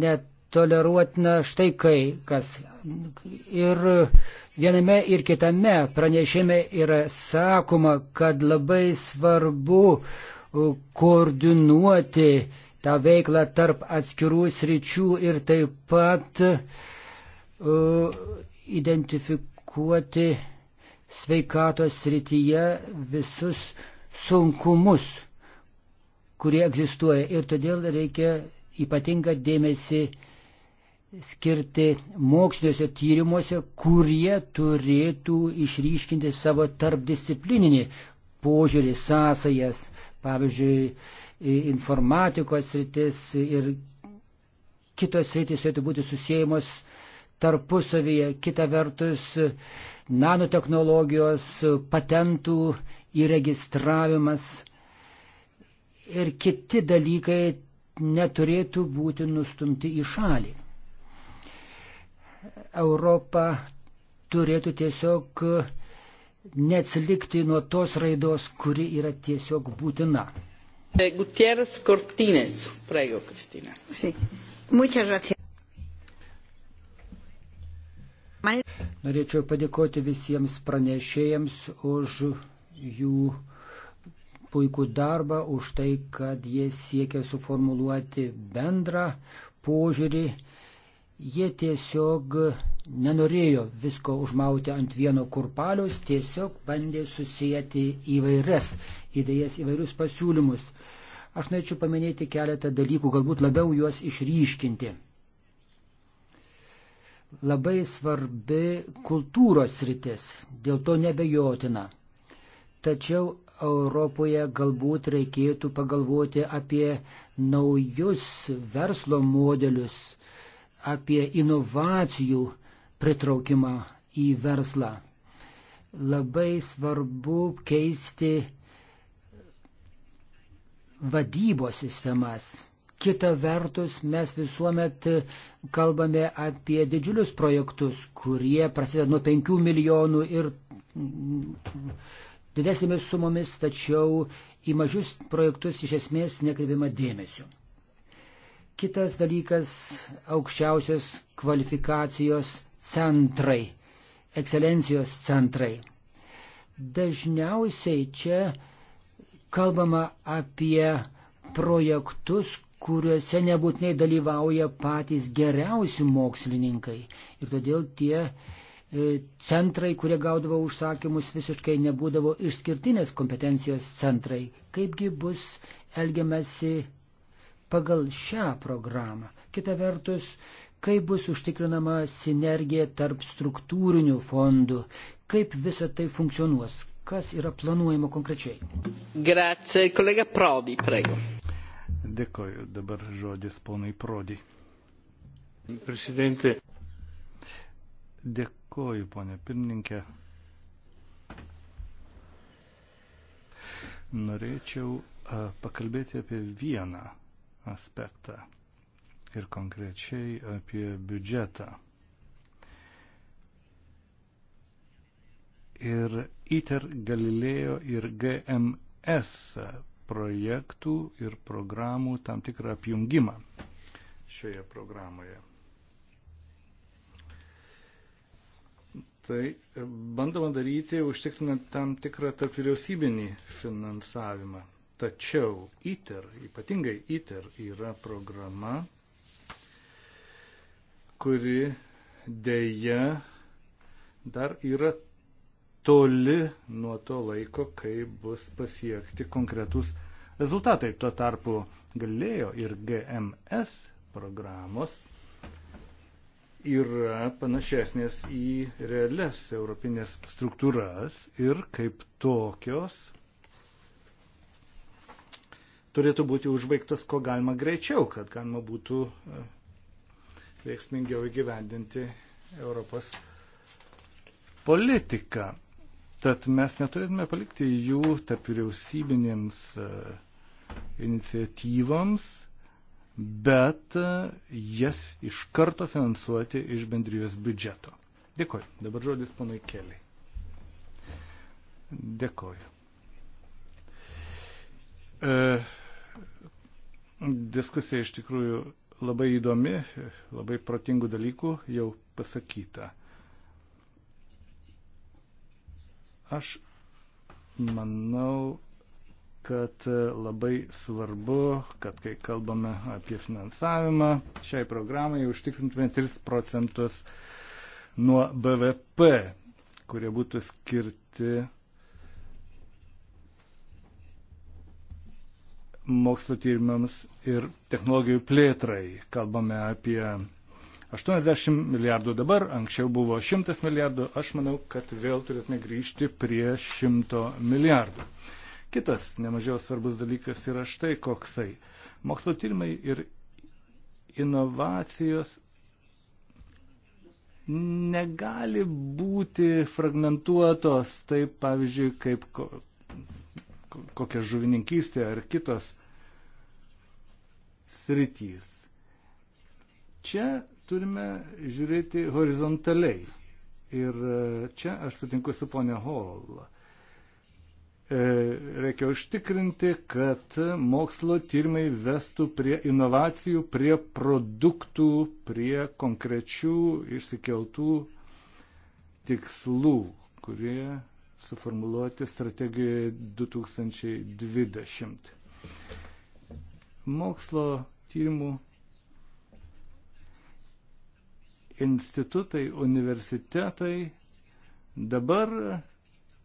netoleruotina štai kai kas. Ir viename ir kitame pranešime yra sakoma, kad labai svarbu uh, koordinuoti tą veiklą tarp atskirų sričių ir taip pat uh, identifikuoti sveikatos srityje visus sunkumus, kurie egzistuoja. Ir todėl reikia ypatingą dėmesį skirti moksliniuose tyrimuose, kurie turėtų išryškinti savo tarpdisciplininį požiūrį, sąsajas, pavyzdžiui, informatikos rytis ir kitos rytis turėtų būti susijęjamos tarpusavyje, kita vertus nanotehnologijos, patentų įregistravimas ir kiti dalykai neturėtų būti nustumti į šalį. Europa turėtų tiesiog neatsilikti nuo tos raidos, kuri yra tiesiog būtina. Gutierrez Cortines, prego, Kristina. Sí. Muchas gracias. Norėčiau padėkoti visiems pranešėjams už jų puikų darbą, už tai, kad jie siekia suformuluoti bendrą požiūrį. Jie tiesiog nenorėjo visko užmauti ant vieno kurpalius, tiesiog bandė susijęti įvairias idėjas, įvairius pasiūlymus. Aš norėčiau paminėti keletą dalykų, galbūt labiau juos išryškinti. Labai svarbi kultūros rytis, dėl to nebejotina. Tačiau Europoje galbūt reikėtų pagalvoti apie naujus verslo modelius, apie inovacijų pritraukimą į verslą. Labai svarbu keisti vadybos sistemas. Kita vertus, mes visuomet kalbame apie didžiulius projektus, kurie prasideda nuo 5 milijonų ir didesnėmis sumomis, tačiau į mažus projektus iš esmės nekreipiama dėmesio. Kitas dalykas - aukščiausios kvalifikacijos centrai, ekscelencijos centrai. Dažniausiai čia kalbama apie projektus, kuriuose nebūtinai dalyvauja patys geriausi mokslininkai. Ir todėl tie uh, E, centrai, kurie gaudavo užsakymus, visiškai nebūdavo išskirtinės kompetencijos centrai. Kaipgi bus elgiamasi pagal šią programą? Kita vertus, kaip bus užtikrinama sinergija tarp struktūrinių fondų, kaip visa tai funkcionuos, kas yra planuojama konkrečiai. Grazie, kolega Prodi, prego. Dėkoju, dabar žodis ponai Prodi. Prezidentė. Dėkoju Dėkuoju, ponė pirmininkė. Norėčiau pakalbėti apie vieną aspektą ir konkrečiai apie biudžetą. Ir ITER Galilėjo ir GMS projektų ir programų tam tikrą apjungimą šioje programoje. tai bandoma daryti užtikrinant tam tikrą tarp vyriausybinį finansavimą. Tačiau ITER, ypatingai ITER yra programa, kuri dėja dar yra toli nuo to laiko, kai bus pasiekti konkretus rezultatai. Tuo tarpu galėjo ir GMS programos yra panašesnės į realias europinės struktūras ir kaip tokios turėtų būti užbaigtas ko galima greičiau, kad galima būtų e, veiksmingiau įgyvendinti Europos politiką. Tad mes neturėtume palikti jų tarp vyriausybinėms e, iniciatyvams bet e, jas iš karto finansuoti iš bendrijos biudžeto. Dėkoju. Dabar žodis ponai keliai. Dėkoju. E, diskusija iš tikrųjų labai įdomi, labai protingų dalykų jau pasakyta. Aš manau, kad e, labai svarbu, kad kai kalbame apie finansavimą, šiai programai užtikrintume 3 procentus nuo BVP, kurie būtų skirti mokslo tyrimams ir technologijų plėtrai. Kalbame apie 80 milijardų dabar, anksčiau buvo 100 milijardų, aš manau, kad vėl turėtume grįžti prie 100 milijardų. Kitas nemažiau svarbus dalykas yra štai koksai. Mokslo tyrimai ir inovacijos negali būti fragmentuotos, taip pavyzdžiui, kaip ko, kokia žuvininkystė ar kitos sritys. Čia turime žiūrėti horizontaliai. Ir e, čia aš sutinku su ponia Hall. E, reikia užtikrinti, kad mokslo tyrimai vestų prie inovacijų, prie produktų, prie konkrečių išsikeltų tikslų, kurie suformuluoti strategijoje 2020. Mokslo tyrimų institutai, universitetai dabar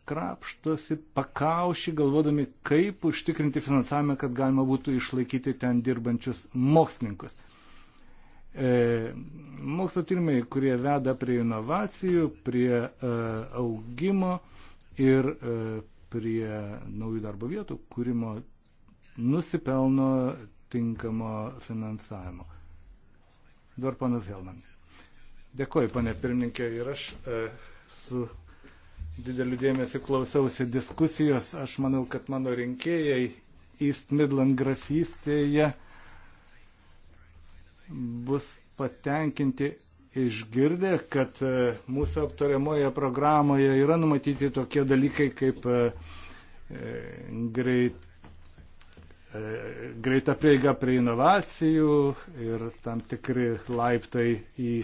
krapštosi pakaušį, galvodami, kaip užtikrinti finansavimą, kad galima būtų išlaikyti ten dirbančius mokslininkus. E, mokslo tyrimai, kurie veda prie inovacijų, prie e, augimo ir e, prie naujų darbo vietų kūrimo, nusipelno tinkamo finansavimo. Dabar panas Helman. Dėkuoju, panė pirmininkė, ir aš e, su dideliu dėmesiu klausiausi diskusijos. Aš manau, kad mano rinkėjai East Midland grafystėje bus patenkinti išgirdę, kad e, mūsų aptariamoje programoje yra numatyti tokie dalykai kaip e, e, greit, greita prieiga prie inovacijų ir tam tikri laiptai į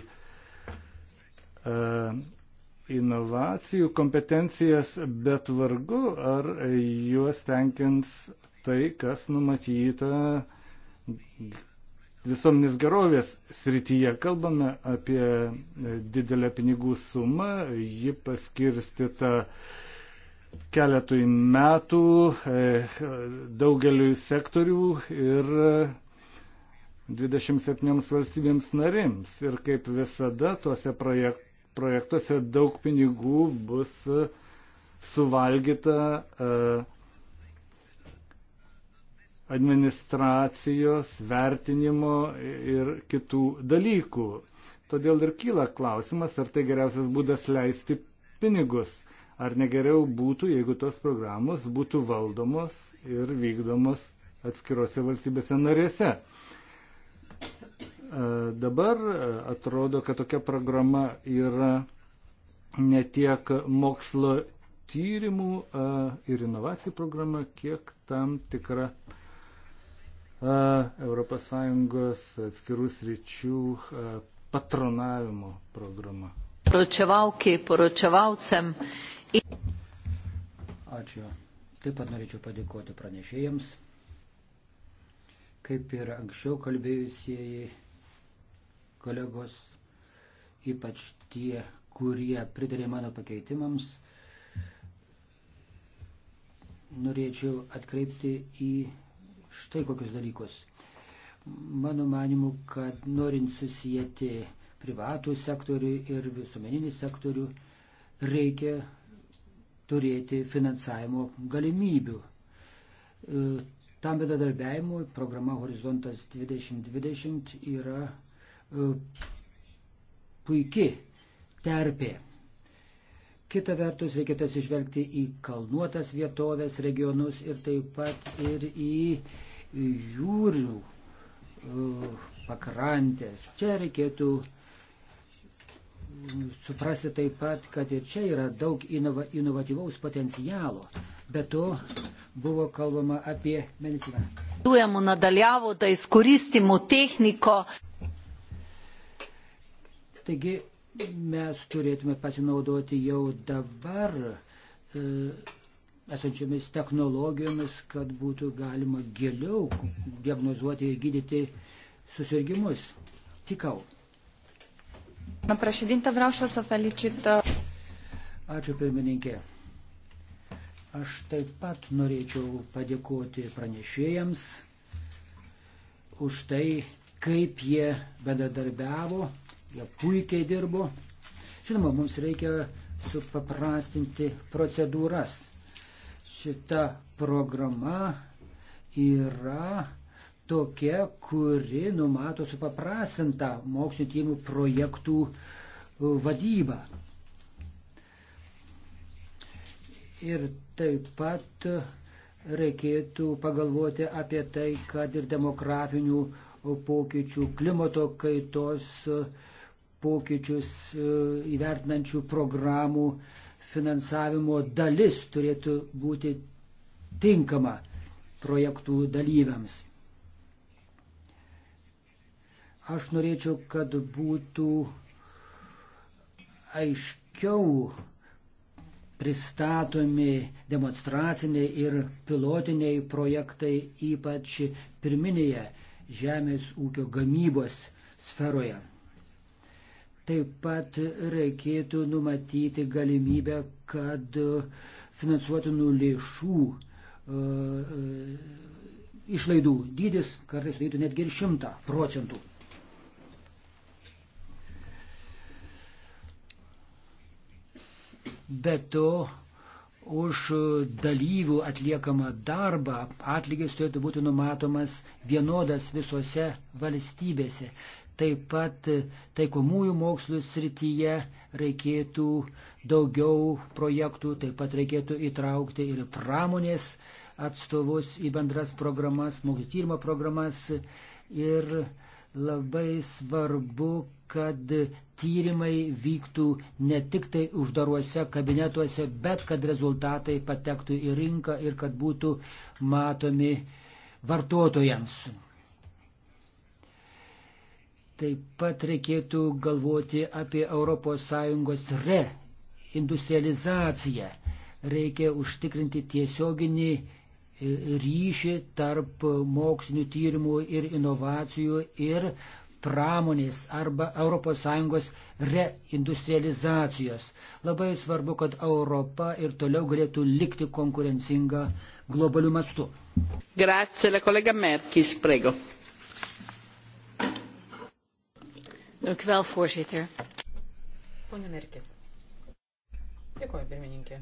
inovacijų kompetencijas, bet vargu ar juos tenkins tai, kas numatyta visuomenės gerovės srityje. Kalbame apie didelę pinigų sumą, ji paskirstita keletui metų, e, daugeliu sektorių ir 27 valstybėms narims. Ir kaip visada, tuose projektuose projektuose daug pinigų bus e, suvalgyta e, administracijos, vertinimo ir kitų dalykų. Todėl ir kyla klausimas, ar tai geriausias būdas leisti pinigus, ar negeriau būtų, jeigu tos programos būtų valdomos ir vykdomos atskirose valstybėse narėse. Dabar atrodo, kad tokia programa yra ne tiek mokslo tyrimų ir inovacijų programa, kiek tam tikra ES atskirų sričių patronavimo programa. Poročiavaukiai, poročiavaucem. Ačiū. Taip pat norėčiau padėkoti pranešėjams. Kaip ir anksčiau kalbėjusieji kolegos, ypač tie, kurie pritarė mano pakeitimams, norėčiau atkreipti į štai kokius dalykus. Mano manimu, kad norint susijęti privatų sektorių ir visuomeninį sektorių, reikia turėti finansavimo galimybių. E, tam bedadarbiavimui programa Horizontas 2020 yra E, puikiai terpė. Kita vertus, reikėtų atsižvelgti į kalnuotas vietovės, regionus ir taip pat ir į jūrių e, pakrantės. Čia reikėtų mm, suprasti taip pat, kad ir čia yra daug inova, inovatyvaus potencialo. Be to buvo kalbama apie mediciną. Dujemo nadaljavo, da izkoristimo tehniko. Taigi mes turėtume pasinaudoti jau dabar e, esančiomis technologijomis, kad būtų galima giliau diagnozuoti ir gydyti susirgymus. Tikau. Prašydinta, prašau, Sofelicita. Uh, Ačiū pirmininkė. Aš taip pat norėčiau padėkoti pranešėjams už tai, kaip jie bendradarbiavo jie puikiai dirbo. Žinoma, mums reikia supaprastinti procedūras. Šita programa yra tokia, kuri numato supaprastintą mokslinio tyrimų projektų vadybą. Ir taip pat reikėtų pagalvoti apie tai, kad ir demografinių pokyčių, klimato kaitos uh, pokyčius e, įvertinančių programų finansavimo dalis turėtų būti tinkama projektų dalyviams. Aš norėčiau, kad būtų aiškiau pristatomi demonstraciniai ir pilotiniai projektai, ypač pirminėje žemės ūkio gamybos sferoje. Taip pat reikėtų numatyti galimybę, kad finansuotinų lėšų e, e išlaidų dydis kartais sudarytų netgi ir 100 procentų. Be to, už dalyvių atliekamą darbą atlygis turėtų būti numatomas vienodas visose valstybėse. Taip pat taikomųjų mokslų srityje reikėtų daugiau projektų, taip pat reikėtų įtraukti ir pramonės atstovus į bendras programas, mokslo tyrimo programas ir labai svarbu, kad tyrimai vyktų ne tik tai uždaruose kabinetuose, bet kad rezultatai patektų į rinką ir kad būtų matomi vartotojams. Taip pat reikėtų galvoti apie ES reindustrializaciją. Reikia užtikrinti tiesioginį e, ryšį tarp mokslinių tyrimų ir inovacijų ir pramonės arba ES reindustrializacijos. Labai svarbu, kad Europa ir toliau galėtų likti konkurencinga globaliu mastu. Grazie, kolega Merkis, prego. Dank u wel, voorzitter. Pone Merkis. Dėkuoju, pirmininkė.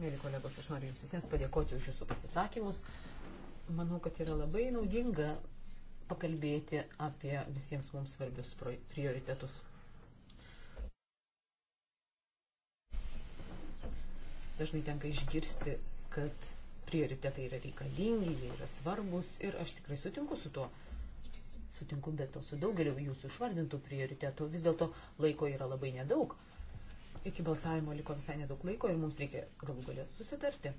Mėly kolegos, aš noriu Jums visiems padėkoti už Jūsų pasisakymus. Manau, kad yra labai naudinga pakalbėti apie visiems mums svarbius prioritetus. Dažnai tenka išgirsti, kad prioritetai yra reikalingi, jie yra svarbus ir aš tikrai sutinku su tuo sutinku, bet to su daugeliu jūsų išvardintų prioritetų vis dėlto laiko yra labai nedaug. Iki balsavimo liko visai nedaug laiko ir mums reikia galų galės susitarti.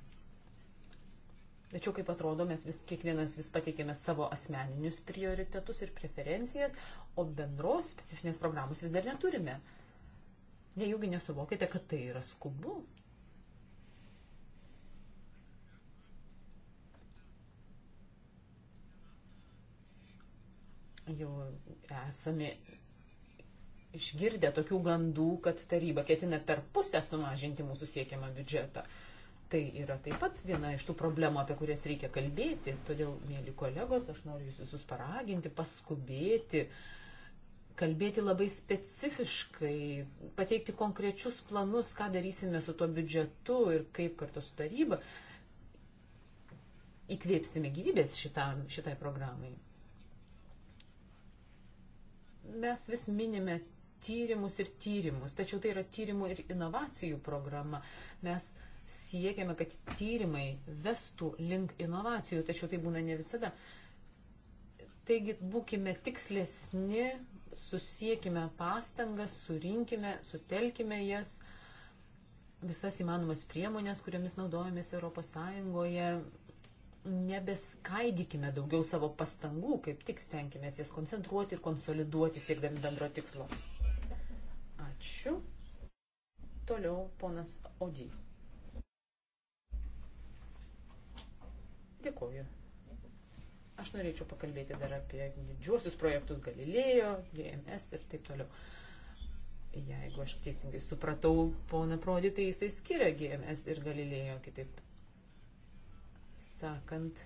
Tačiau, kaip atrodo, mes vis, kiekvienas vis pateikėme savo asmeninius prioritetus ir preferencijas, o bendros specifinės programos vis dar neturime. Nejaugi nesuvokite, kad tai yra skubu, Jau esame išgirdę tokių gandų, kad taryba ketina per pusę sumažinti mūsų siekiamą biudžetą. Tai yra taip pat viena iš tų problemų, apie kurias reikia kalbėti. Todėl, mėly kolegos, aš noriu jūs visus paraginti, paskubėti, kalbėti labai specifiškai, pateikti konkrečius planus, ką darysime su tuo biudžetu ir kaip kartu su taryba įkvėpsime gyvybės šitam, šitai programai. Mes vis minime tyrimus ir tyrimus, tačiau tai yra tyrimų ir inovacijų programa. Mes siekiame, kad tyrimai vestų link inovacijų, tačiau tai būna ne visada. Taigi būkime tikslesni, susiekime pastangas, surinkime, sutelkime jas, visas įmanomas priemonės, kuriomis naudojamės ES, nebeskaidykime daugiau savo pastangų, kaip tik stenkimės jas koncentruoti ir konsoliduoti siekdami bendro tikslo. Ačiū. Toliau ponas Odį. Dėkuoju. Aš norėčiau pakalbėti dar apie didžiuosius projektus Galilėjo, GMS ir taip toliau. Jeigu aš teisingai supratau, pona Prodi, tai jisai skiria GMS ir Galilėjo, kitaip sakant,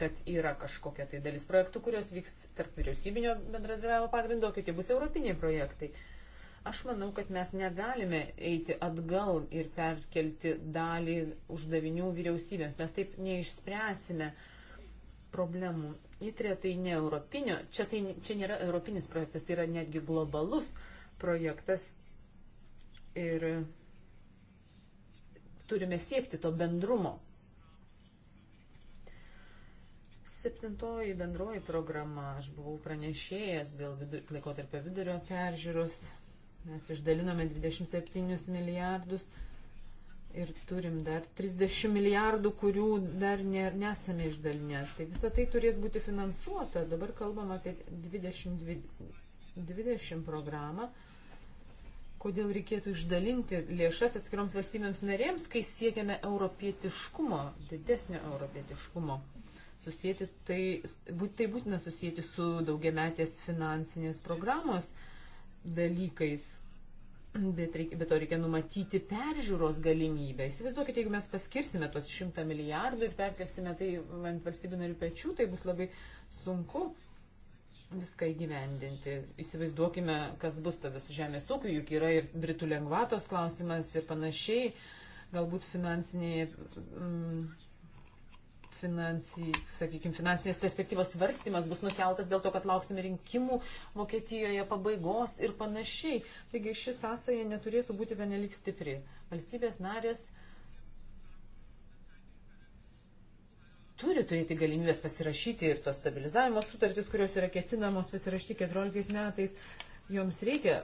kad yra kažkokia tai dalis projektų, kurios vyks tarp vyriausybinio bendradarbiavimo pagrindo, o kiti bus europiniai projektai. Aš manau, kad mes negalime eiti atgal ir perkelti dalį uždavinių vyriausybėms. Mes taip neišspręsime problemų. Įtrė tai ne europinio, čia, tai, čia nėra europinis projektas, tai yra netgi globalus projektas. Ir turime siekti to bendrumo Septintoji bendroji programa, aš buvau pranešėjęs dėl vidur, laikotarpio vidurio peržiūros, mes išdalinome 27 milijardus ir turim dar 30 milijardų, kurių dar nesame išdalinę. Tai visa tai turės būti finansuota. Dabar kalbam apie 20, 20 programą. Kodėl reikėtų išdalinti lėšas atskiroms valstybėms narėms, kai siekiame europietiškumo, didesnio europietiškumo susijęti, tai, tai būtina susijęti su daugiametės finansinės programos dalykais. Bet, reikia, bet to reikia numatyti peržiūros galimybę. Įsivaizduokite, jeigu mes paskirsime tos 100 milijardų ir perkelsime tai ant valstybių narių pečių, tai bus labai sunku viską įgyvendinti. Įsivaizduokime, kas bus tada su žemės ūkiu, juk yra ir Britų lengvatos klausimas ir panašiai. Galbūt finansinėje. Mm, finansi, sakykime, finansinės perspektyvos svarstymas bus nukeltas dėl to, kad lauksime rinkimų Vokietijoje pabaigos ir panašiai. Taigi ši sąsaja neturėtų būti benelik stipri. Valstybės narės turi turėti galimybės pasirašyti ir tos stabilizavimo sutartys, kurios yra ketinamos pasirašyti 14 metais. Joms reikia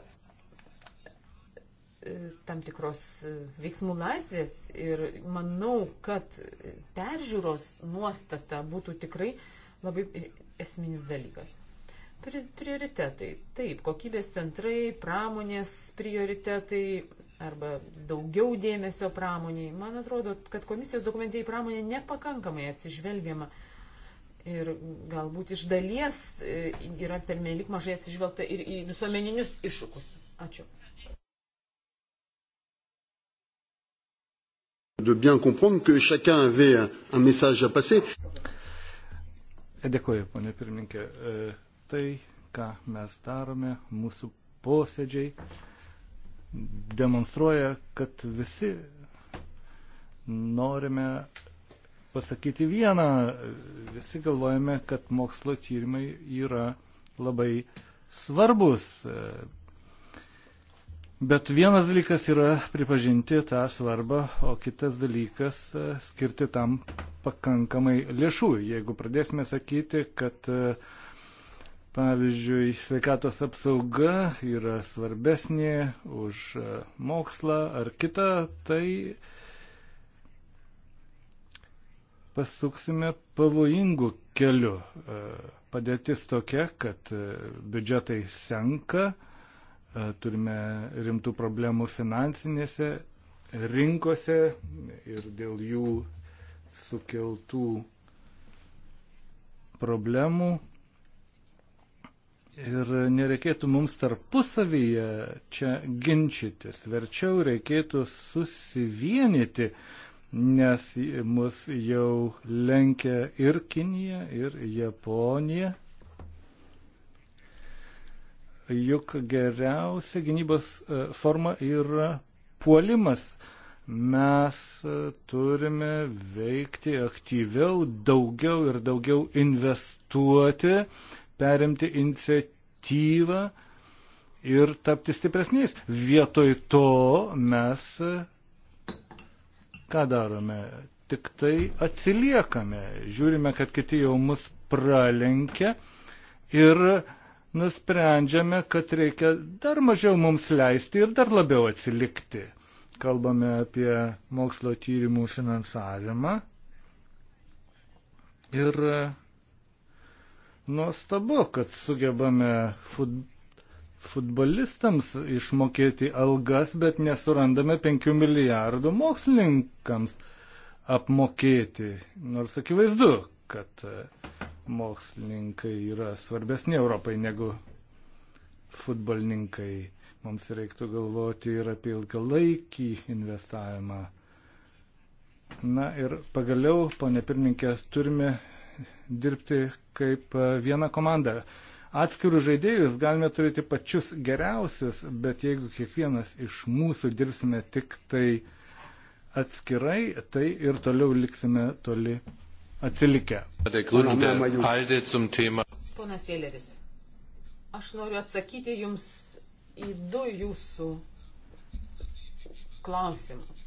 E, tam tikros e, veiksmų laisvės ir manau, kad peržiūros nuostata būtų tikrai labai esminis dalykas. Prioritetai. Taip, kokybės centrai, pramonės prioritetai arba daugiau dėmesio pramoniai. Man atrodo, kad komisijos dokumentai į pramonę nepakankamai atsižvelgiama ir galbūt iš dalies e, yra pernelik mažai atsižvelgta ir į visuomeninius iššūkus. Ačiū. de bien comprendre que chacun avait un, un message à passer. Dėkuoju, ponė pirmininkė. E, tai, ką mes darome, mūsų posėdžiai demonstruoja, kad visi norime pasakyti vieną. Visi galvojame, kad mokslo tyrimai yra labai svarbus e, Bet vienas dalykas yra pripažinti tą svarbą, o kitas dalykas e, skirti tam pakankamai lėšų. Jeigu pradėsime sakyti, kad e, pavyzdžiui sveikatos apsauga yra svarbesnė už e, mokslą ar kitą, tai pasuksime pavojingų kelių. Padėtis tokia, kad biudžetai senka E, turime rimtų problemų finansinėse rinkose ir dėl jų sukeltų problemų. Ir nereikėtų mums tarpusavyje čia ginčytis, verčiau reikėtų susivienyti, nes mus jau lenkia ir Kinija, ir Japonija juk geriausia gynybos e, forma yra puolimas. Mes e, turime veikti aktyviau, daugiau ir daugiau investuoti, perimti iniciatyvą ir tapti stipresniais. Vietoj to mes e, ką darome? Tik tai atsiliekame, žiūrime, kad kiti jau mus pralenkia ir uh, nusprendžiame, kad reikia dar mažiau mums leisti ir dar labiau atsilikti. Kalbame apie mokslo tyrimų finansavimą. Ir nuostabu, kad sugebame fut, futbolistams išmokėti algas, bet nesurandame 5 milijardų mokslininkams apmokėti. Nors akivaizdu, kad mokslininkai yra svarbesni Europai negu futbolininkai. Mums reiktų galvoti ir apie ilgalaikį investavimą. Na ir pagaliau, ponė pirmininkė, turime dirbti kaip viena komanda. Atskirų žaidėjus galime turėti pačius geriausius, bet jeigu kiekvienas iš mūsų dirbsime tik tai atskirai, tai ir toliau liksime toli atsilikę. Ponas Jėleris, aš noriu atsakyti Jums į du Jūsų klausimus.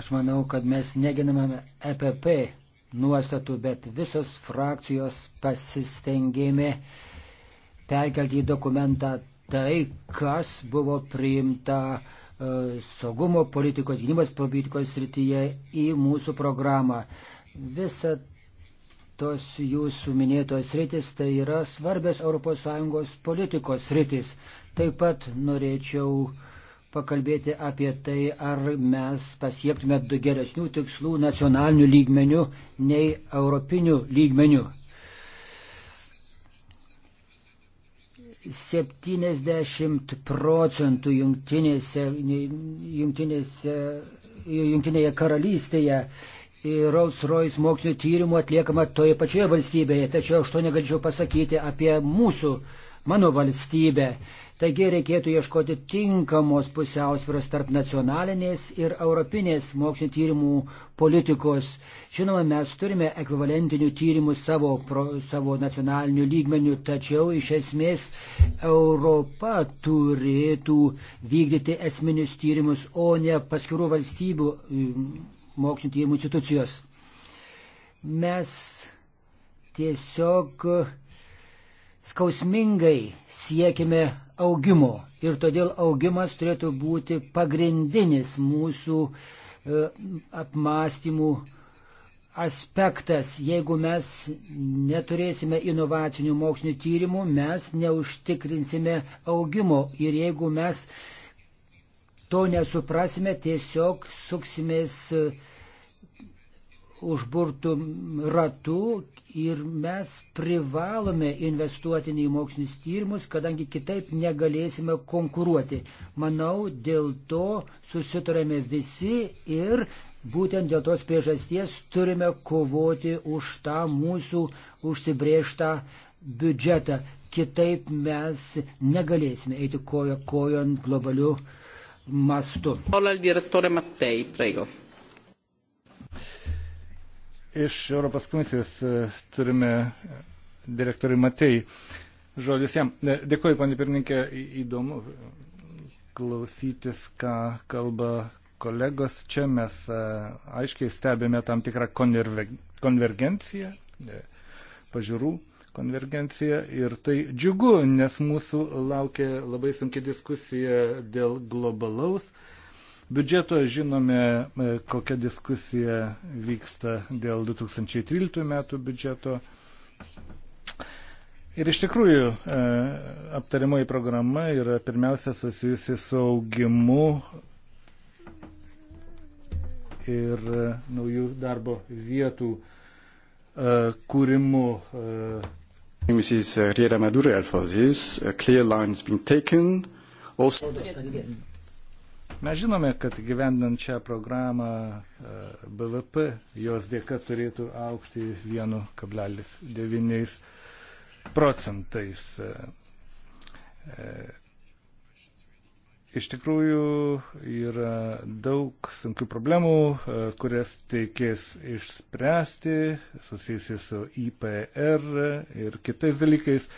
Aš manau, kad mes neginamame EPP nuostatų, bet visos frakcijos pasistengėme perkelti į dokumentą tai, kas buvo priimta uh, E, saugumo politikos, gynybos politikos srityje į mūsų programą. Visa tos jūsų minėtos sritis tai yra svarbios ES politikos sritis. Taip pat norėčiau pakalbėti apie tai, ar mes pasiektume geresnių tikslų nacionalinių lygmenių nei europinių lygmenių. 70 procentų jungtinėse, jungtinėse, jungtinėje karalystėje Rolls Royce mokslinio tyrimų atliekama toje pačioje valstybėje, tačiau aš to negalėčiau pasakyti apie mūsų uh, mano valstybė. Taigi reikėtų ieškoti tinkamos pusiausvėros tarp nacionalinės ir europinės mokslinio tyrimų politikos. Žinoma, mes turime ekvivalentinių tyrimų savo, pro, savo nacionaliniu lygmeniu, tačiau iš esmės Europa turėtų vykdyti esminius tyrimus, o ne paskirų valstybių mokslinio tyrimų institucijos. Mes tiesiog skausmingai siekime augimo ir todėl augimas turėtų būti pagrindinis mūsų e, apmąstymų aspektas. Jeigu mes neturėsime inovacinių mokslinių tyrimų, mes neužtikrinsime augimo ir jeigu mes to nesuprasime, tiesiog suksimės uh, užburtų ratų ir mes privalome investuoti į mokslinius tyrimus, kadangi kitaip negalėsime konkuruoti. Manau, dėl to susitarėme visi ir būtent dėl tos priežasties turime kovoti už tą mūsų užsibriežtą biudžetą. Kitaip mes negalėsime eiti kojo kojon globaliu mastu. Hola, Iš Europos komisijos e, turime direktorių Matei. Žodis jam. E, Dėkuoju, panė pirmininkė, įdomu klausytis, ką kalba kolegos. Čia mes e, aiškiai stebime tam tikrą konvergenciją, pažiūrų konvergenciją ir tai džiugu, nes mūsų laukia labai sunki diskusija dėl globalaus biudžeto. Žinome, e, kokia diskusija vyksta dėl 2013 metų biudžeto. Ir iš tikrųjų, e, aptariamoji programa yra pirmiausia susijusi su augimu ir e, naujų darbo vietų kūrimu. Mrs. Uh, Riera Madure for this. A clear line has been taken. Also... Mes žinome, kad gyvendant šią programą e, BVP jos dėka turėtų aukti 1,9 procentais. E, e, iš tikrųjų yra daug sunkių problemų, kurias teikės išspręsti, susijusi su IPR ir kitais dalykais.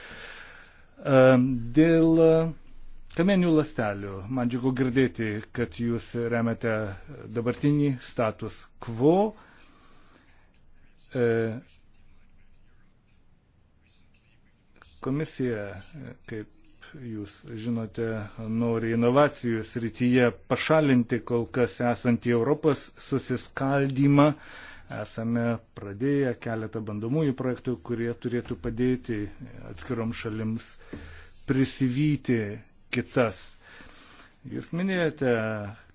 Dėl kamieninių lastelių. Man džiugu girdėti, kad jūs remiate dabartinį status quo. E, komisija, kaip jūs žinote, nori inovacijų srityje pašalinti kol kas esantį Europos susiskaldymą. Esame pradėję keletą bandomųjų projektų, kurie turėtų padėti atskirom šalims prisivyti kitas. Jūs minėjote,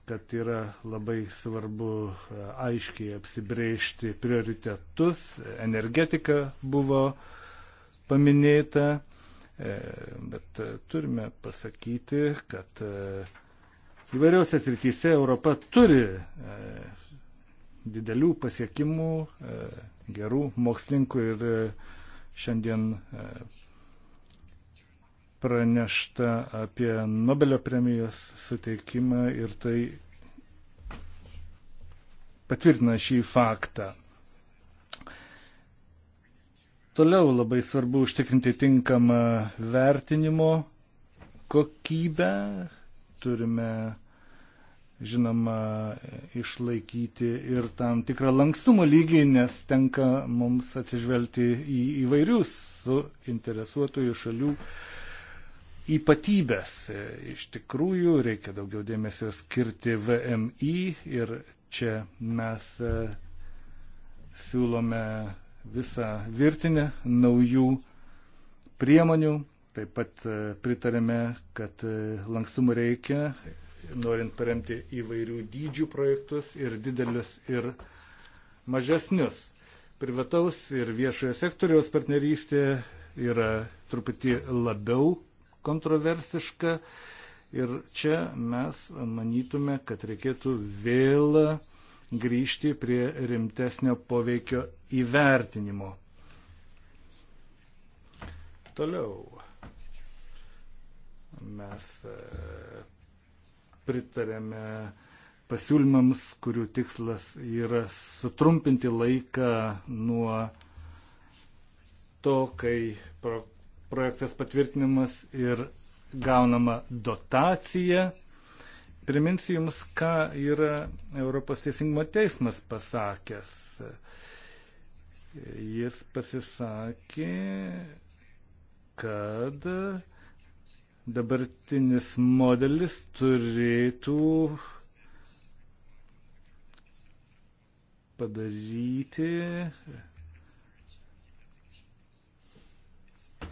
kad yra labai svarbu e, aiškiai apsibrėžti prioritetus. Energetika buvo paminėta, e, bet e, turime pasakyti, kad įvairiausias rytise Europa turi didelių pasiekimų, gerų mokslininkų ir šiandien pranešta apie Nobelio premijos suteikimą ir tai patvirtina šį faktą. Toliau labai svarbu užtikrinti tinkamą vertinimo kokybę. Turime žinoma, išlaikyti ir tam tikrą lankstumo lygį, nes tenka mums atsižvelgti į įvairius suinteresuotųjų šalių ypatybės. Iš tikrųjų, reikia daugiau dėmesio skirti VMI ir čia mes e, siūlome visą virtinę naujų priemonių. Taip pat e, pritarėme, kad e, lankstumų reikia, norint paremti įvairių dydžių projektus ir didelius ir mažesnius. Privataus ir viešojo sektoriaus partnerystė yra truputį labiau kontroversiška. Ir čia mes manytume, kad reikėtų vėl grįžti prie rimtesnio poveikio įvertinimo. Toliau mes e, pritarėme pasiūlymams, kurių tikslas yra sutrumpinti laiką nuo to, kai pro projektas patvirtinimas ir gaunama dotacija. Priminsiu Jums, ką yra Europos Teisingumo teismas pasakęs. Jis pasisakė, kad dabartinis modelis turėtų padaryti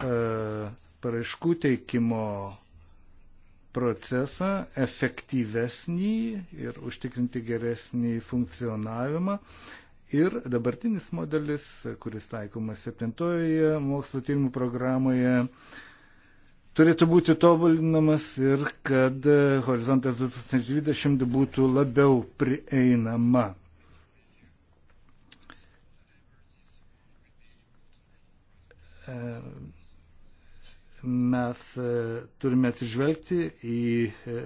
E, paraiškų teikimo procesą efektyvesnį ir užtikrinti geresnį funkcionavimą. Ir dabartinis modelis, kuris taikomas septintojoje mokslo tyrimų programoje, turėtų būti tobulinamas ir kad horizontas 2020 būtų labiau prieinama mes e, turime atsižvelgti į e,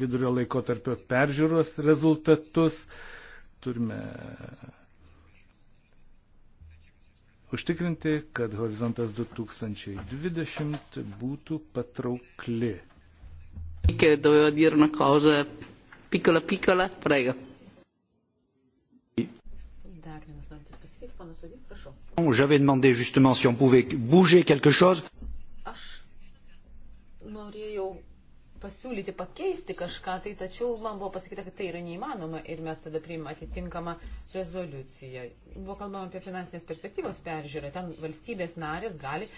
vidurio laiko tarpio peržiūros rezultatus, turime e, užtikrinti, kad horizontas 2020 būtų patraukli. Dovevo dire una cosa piccola piccola, prego. J'avais demandé justement si on pouvait bouger quelque chose norėjau pasiūlyti pakeisti kažką, tai tačiau man buvo pasakyta, kad tai yra neįmanoma ir mes tada priimame atitinkamą rezoliuciją. Buvo kalbama apie finansinės perspektyvos peržiūrą, ten valstybės narės gali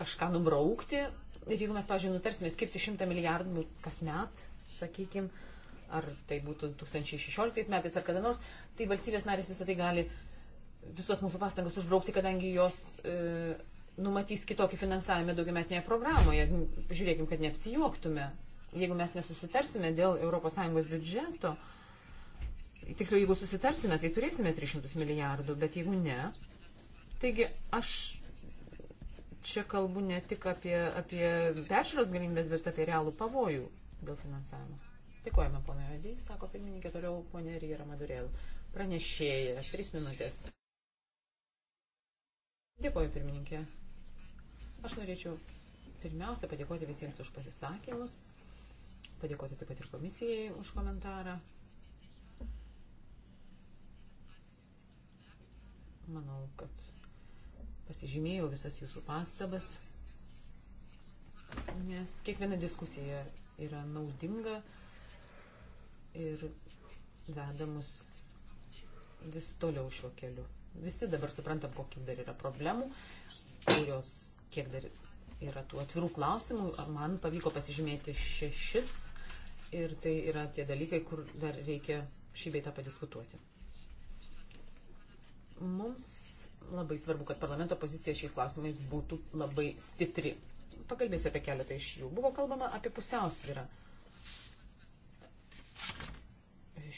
kažką nubraukti ir jeigu mes, pavyzdžiui, nutarsime skirti 100 milijardų kasmet, sakykime, ar tai būtų 2016 metais ar kada nors, tai valstybės narės visą tai gali visos mūsų pastangas užbraukti, kadangi jos e, numatys kitokį finansavimą daugiametinėje programoje. Žiūrėkim, kad neapsijuoktume. Jeigu mes nesusitarsime dėl ES biudžeto, tiksliau, jeigu susitarsime, tai turėsime 300 milijardų, bet jeigu ne, taigi aš čia kalbu ne tik apie, apie peršros galimybės, bet apie realų pavojų dėl finansavimo. Dėkojame, ponoje Odėjai, sako pirmininkė, toliau ponė Rija Madurėl. Pranešėja, trys minutės. Dėkoju, pirmininkė. Aš norėčiau pirmiausia padėkoti visiems už pasisakymus, padėkoti taip pat ir komisijai už komentarą. Manau, kad pasižymėjau visas jūsų pastabas, nes kiekviena diskusija yra naudinga ir veda mus vis toliau šiuo keliu. Visi dabar suprantam, kokių dar yra problemų, kurios kiek dar yra tų atvirų klausimų. Man pavyko pasižymėti šešis ir tai yra tie dalykai, kur dar reikia šį beitą padiskutuoti. Mums labai svarbu, kad parlamento pozicija šiais klausimais būtų labai stipri. Pakalbėsiu apie keletą iš jų. Buvo kalbama apie pusiausvyrą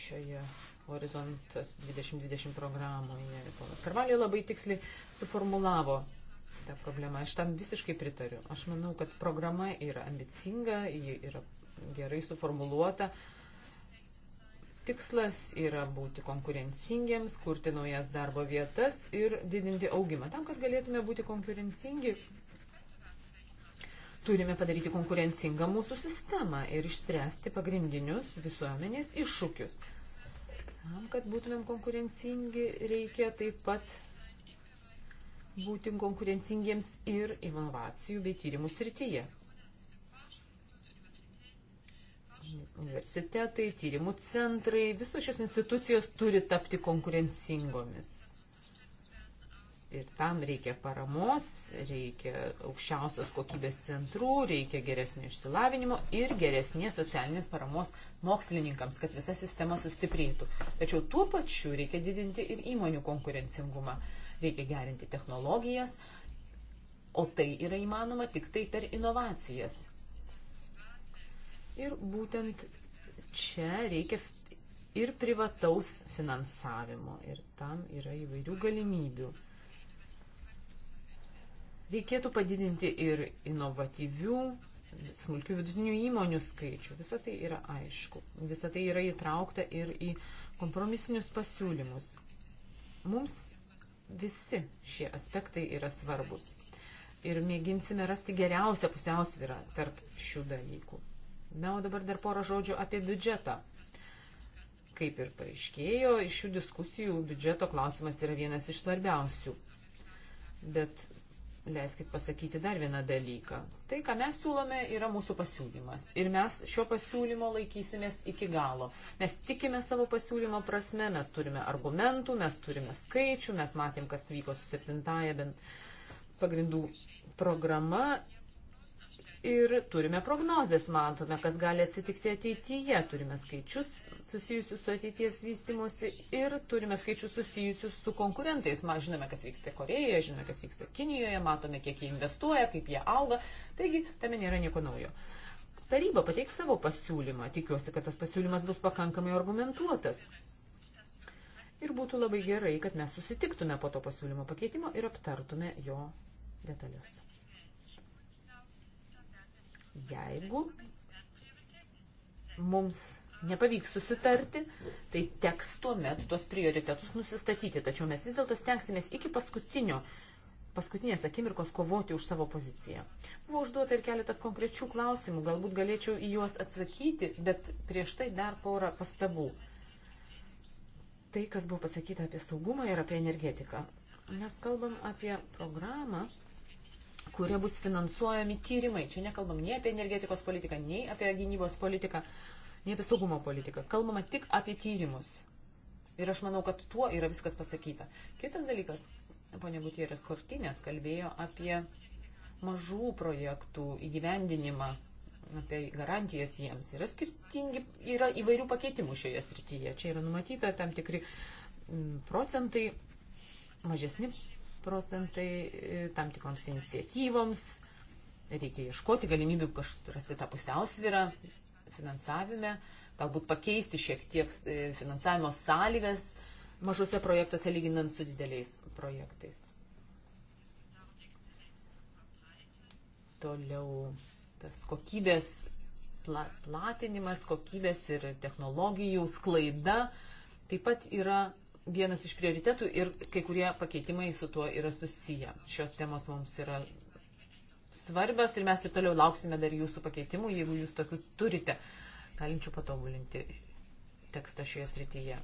šioje Horizontas 2020 programoje. Ponas Karvalė labai tiksliai suformulavo ta problema. Aš tam visiškai pritariu. Aš manau, kad programa yra ambicinga, ji yra gerai suformuluota. Tikslas yra būti konkurencingiems, kurti naujas darbo vietas ir didinti augimą. Tam, kad galėtume būti konkurencingi, turime padaryti konkurencingą mūsų sistemą ir išspręsti pagrindinius visuomenės iššūkius. Tam, kad būtumėm konkurencingi, reikia taip pat būti konkurencingiems ir inovacijų bei tyrimų srityje. Universitetai, tyrimų centrai, visos šios institucijos turi tapti konkurencingomis. Ir tam reikia paramos, reikia aukščiausios kokybės centrų, reikia geresnio išsilavinimo ir geresnės socialinės paramos mokslininkams, kad visa sistema sustiprėtų. Tačiau tuo pačiu reikia didinti ir įmonių konkurencingumą reikia gerinti technologijas, o tai yra įmanoma tik tai per inovacijas. Ir būtent čia reikia ir privataus finansavimo, ir tam yra įvairių galimybių. Reikėtų padidinti ir inovatyvių smulkių vidutinių įmonių skaičių. Visą tai yra aišku. Visą tai yra įtraukta ir į kompromisinius pasiūlymus. Mums visi šie aspektai yra svarbus. Ir mėginsime rasti geriausią pusiausvyrą tarp šių dalykų. Na, o dabar dar porą žodžių apie biudžetą. Kaip ir paaiškėjo, iš šių diskusijų biudžeto klausimas yra vienas iš svarbiausių. Bet leiskit pasakyti dar vieną dalyką. Tai, ką mes siūlome, yra mūsų pasiūlymas. Ir mes šio pasiūlymo laikysimės iki galo. Mes tikime savo pasiūlymo prasme, mes turime argumentų, mes turime skaičių, mes matėm, kas vyko su septintaja bent pagrindų programa ir turime prognozes, matome, kas gali atsitikti ateityje, turime skaičius susijusius su ateities vystimosi ir turime skaičius susijusius su konkurentais. Man žinome, kas vyksta Korejoje, žinome, kas vyksta Kinijoje, matome, kiek jie investuoja, kaip jie auga, taigi tame nėra nieko naujo taryba pateiks savo pasiūlymą. Tikiuosi, kad tas pasiūlymas bus pakankamai argumentuotas. Ir būtų labai gerai, kad mes susitiktume po to pasiūlymo pakeitimo ir aptartume jo detalės. Jeigu mums nepavyks susitarti, tai teks tuo metu tos prioritetus nusistatyti. Tačiau mes vis dėlto stengsimės iki paskutinio, paskutinės akimirkos kovoti už savo poziciją. Buvo užduota ir keletas konkrečių klausimų, galbūt galėčiau į juos atsakyti, bet prieš tai dar porą pastabų. Tai, kas buvo pasakyta apie saugumą ir apie energetiką. Mes kalbam apie programą, kuria bus finansuojami tyrimai. Čia nekalbam nei apie energetikos politiką, nei apie gynybos politiką, nei apie saugumo politiką. Kalbama tik apie tyrimus. Ir aš manau, kad tuo yra viskas pasakyta. Kitas dalykas, ponia Gutierės Kortinės kalbėjo apie mažų projektų įgyvendinimą, apie garantijas jiems. Yra skirtingi, yra įvairių pakeitimų šioje srityje. Čia yra numatyta tam tikri procentai, mažesni procentai e, tam tikroms iniciatyvoms. Reikia ieškoti galimybių kažkur rasti tą pusiausvyrą finansavime, galbūt pakeisti šiek tiek e, finansavimo sąlygas mažose projektuose lyginant su dideliais projektais. Toliau tas kokybės platinimas, kokybės ir technologijų sklaida taip pat yra vienas iš prioritetų ir kai kurie pakeitimai su tuo yra susiję. Šios temos mums yra svarbios ir mes ir toliau lauksime dar jūsų pakeitimų, jeigu jūs tokių turite, galinčių patobulinti tekstą šioje srityje.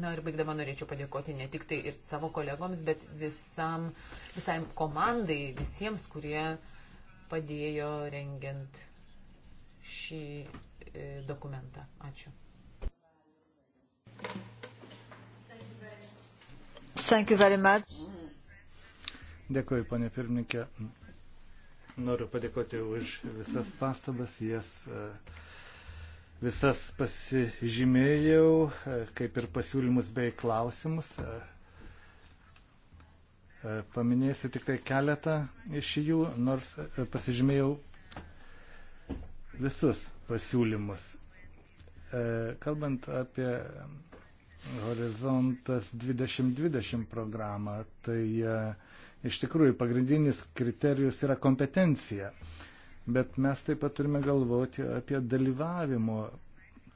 Na ir baigdama norėčiau padėkoti ne tik tai ir savo kolegoms, bet visam, visai komandai, visiems, kurie padėjo rengiant šį e, dokumentą. Ačiū. Thank you very much. Dėkuoju, ponė pirmininkė. Noriu padėkoti už visas pastabas, jas e, visas pasižymėjau, e, kaip ir pasiūlymus bei klausimus. E, paminėsiu tik tai keletą iš jų, nors pasižymėjau visus pasiūlymus. Kalbant apie Horizontas 2020 programą, tai e, iš tikrųjų pagrindinis kriterijus yra kompetencija. Bet mes taip pat turime galvoti apie dalyvavimo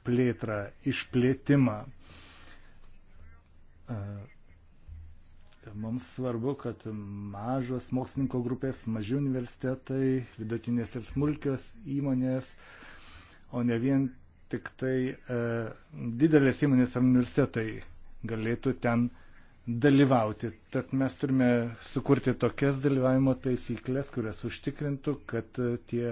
plėtrą, išplėtimą. E, mums svarbu, kad mažos mokslininko grupės, maži universitetai, vidutinės ir smulkios įmonės, o ne vien tik tai e, didelės įmonės ar universitetai galėtų ten dalyvauti. Tad mes turime sukurti tokias dalyvavimo taisyklės, kurias užtikrintų, kad e, tie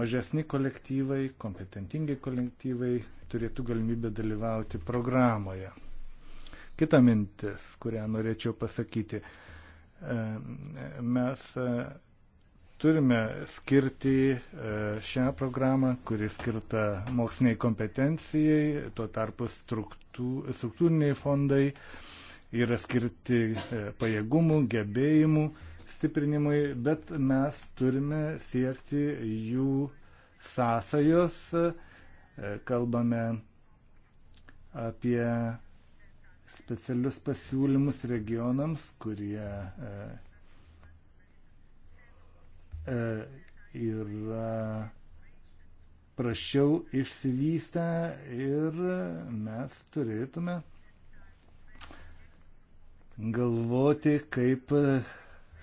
mažesni kolektyvai, kompetentingi kolektyvai turėtų galimybę dalyvauti programoje. Kita mintis, kurią norėčiau pasakyti. E, mes e, turime skirti e, šią programą, kuri skirta moksliniai kompetencijai, tuo tarpu struktūriniai fondai yra skirti e, pajėgumų, gebėjimų stiprinimui, bet mes turime siekti jų sąsajos, e, kalbame apie specialius pasiūlymus regionams, kurie E, yra prašiau išsivystę ir mes turėtume galvoti, kaip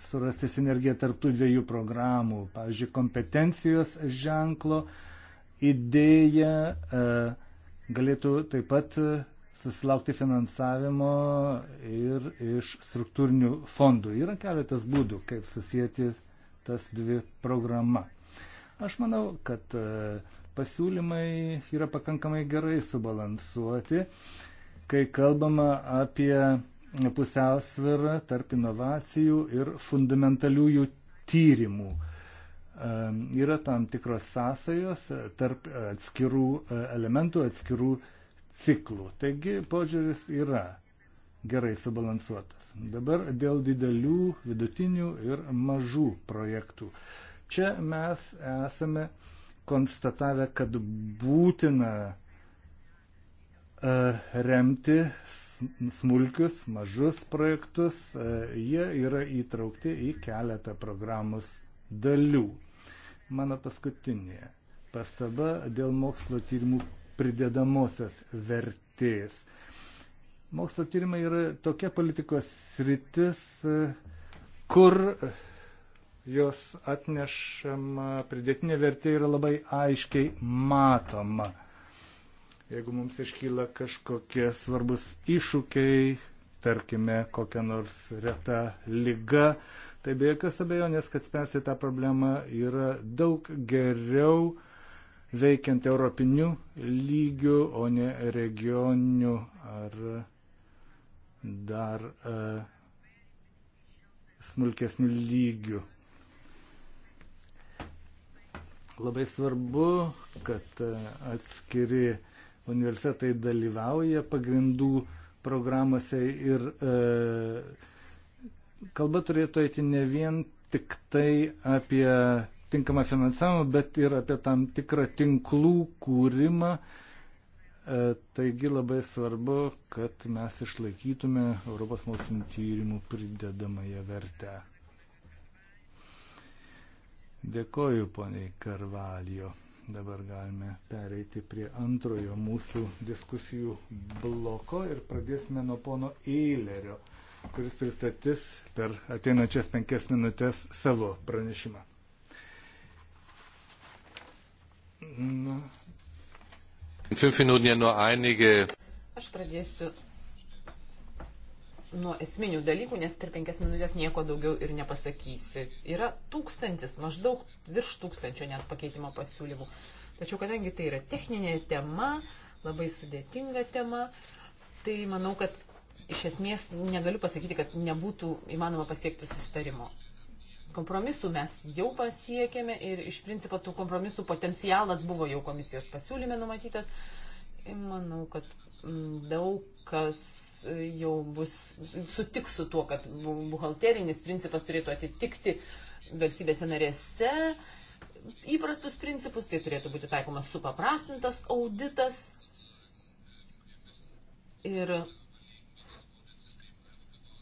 surasti sinergiją tarptų dviejų programų. Pavyzdžiui, kompetencijos ženklo idėja e, galėtų taip pat susilaukti finansavimo ir iš struktūrinių fondų. Yra keletas būdų, kaip susijęti tas dvi programa. Aš manau, kad e, pasiūlymai yra pakankamai gerai subalansuoti, kai kalbama apie pusiausvirą tarp inovacijų ir fundamentaliųjų tyrimų. E, yra tam tikros sąsajos tarp atskirų e, elementų, atskirų ciklų. Taigi požiūris yra gerai subalansuotas. Dabar dėl didelių, vidutinių ir mažų projektų. Čia mes esame konstatavę, kad būtina e, remti smulkius, mažus projektus. E, jie yra įtraukti į keletą programos dalių. Mano paskutinė pastaba dėl mokslo tyrimų pridedamosios vertės. Uh, Mokslo tyrimai yra tokia politikos sritis, e, kur jos atnešama pridėtinė vertė yra labai aiškiai matoma. Jeigu mums iškyla kažkokie svarbus iššūkiai, tarkime, kokia nors reta lyga, tai be jokios abejonės, kad spręsti tą problemą yra daug geriau veikiant europiniu lygiu, o ne regioniniu ar dar e, smulkesnių lygių. Labai svarbu, kad e, atskiri universitetai dalyvauja pagrindų programuose ir e, kalba turėtų eiti ne vien tik tai apie tinkamą finansavimą, bet ir apie tam tikrą tinklų kūrimą, e, E, taigi labai svarbu, kad mes išlaikytume Europos mokslinio tyrimų pridedamąją vertę. Dėkoju, poniai Karvalijo. Dabar galime pereiti prie antrojo mūsų diskusijų bloko ir pradėsime nuo pono Eilerio, kuris pristatys per ateinačias penkias minutės savo pranešimą. Na, Aš pradėsiu nuo esminių dalykų, nes per penkias minutės nieko daugiau ir nepasakysi. Yra tūkstantis, maždaug virš tūkstančio net pakeitimo pasiūlymų. Tačiau kadangi tai yra techninė tema, labai sudėtinga tema, tai manau, kad iš esmės negaliu pasakyti, kad nebūtų įmanoma pasiekti susitarimo kompromisų mes jau pasiekėme ir iš principo tų kompromisų potencialas buvo jau komisijos pasiūlyme numatytas. Manau, kad mm, daug kas e, jau bus sutiks su tuo, kad buhalterinis principas turėtų atitikti valstybėse narėse įprastus principus, tai turėtų būti taikomas supaprastintas auditas. Ir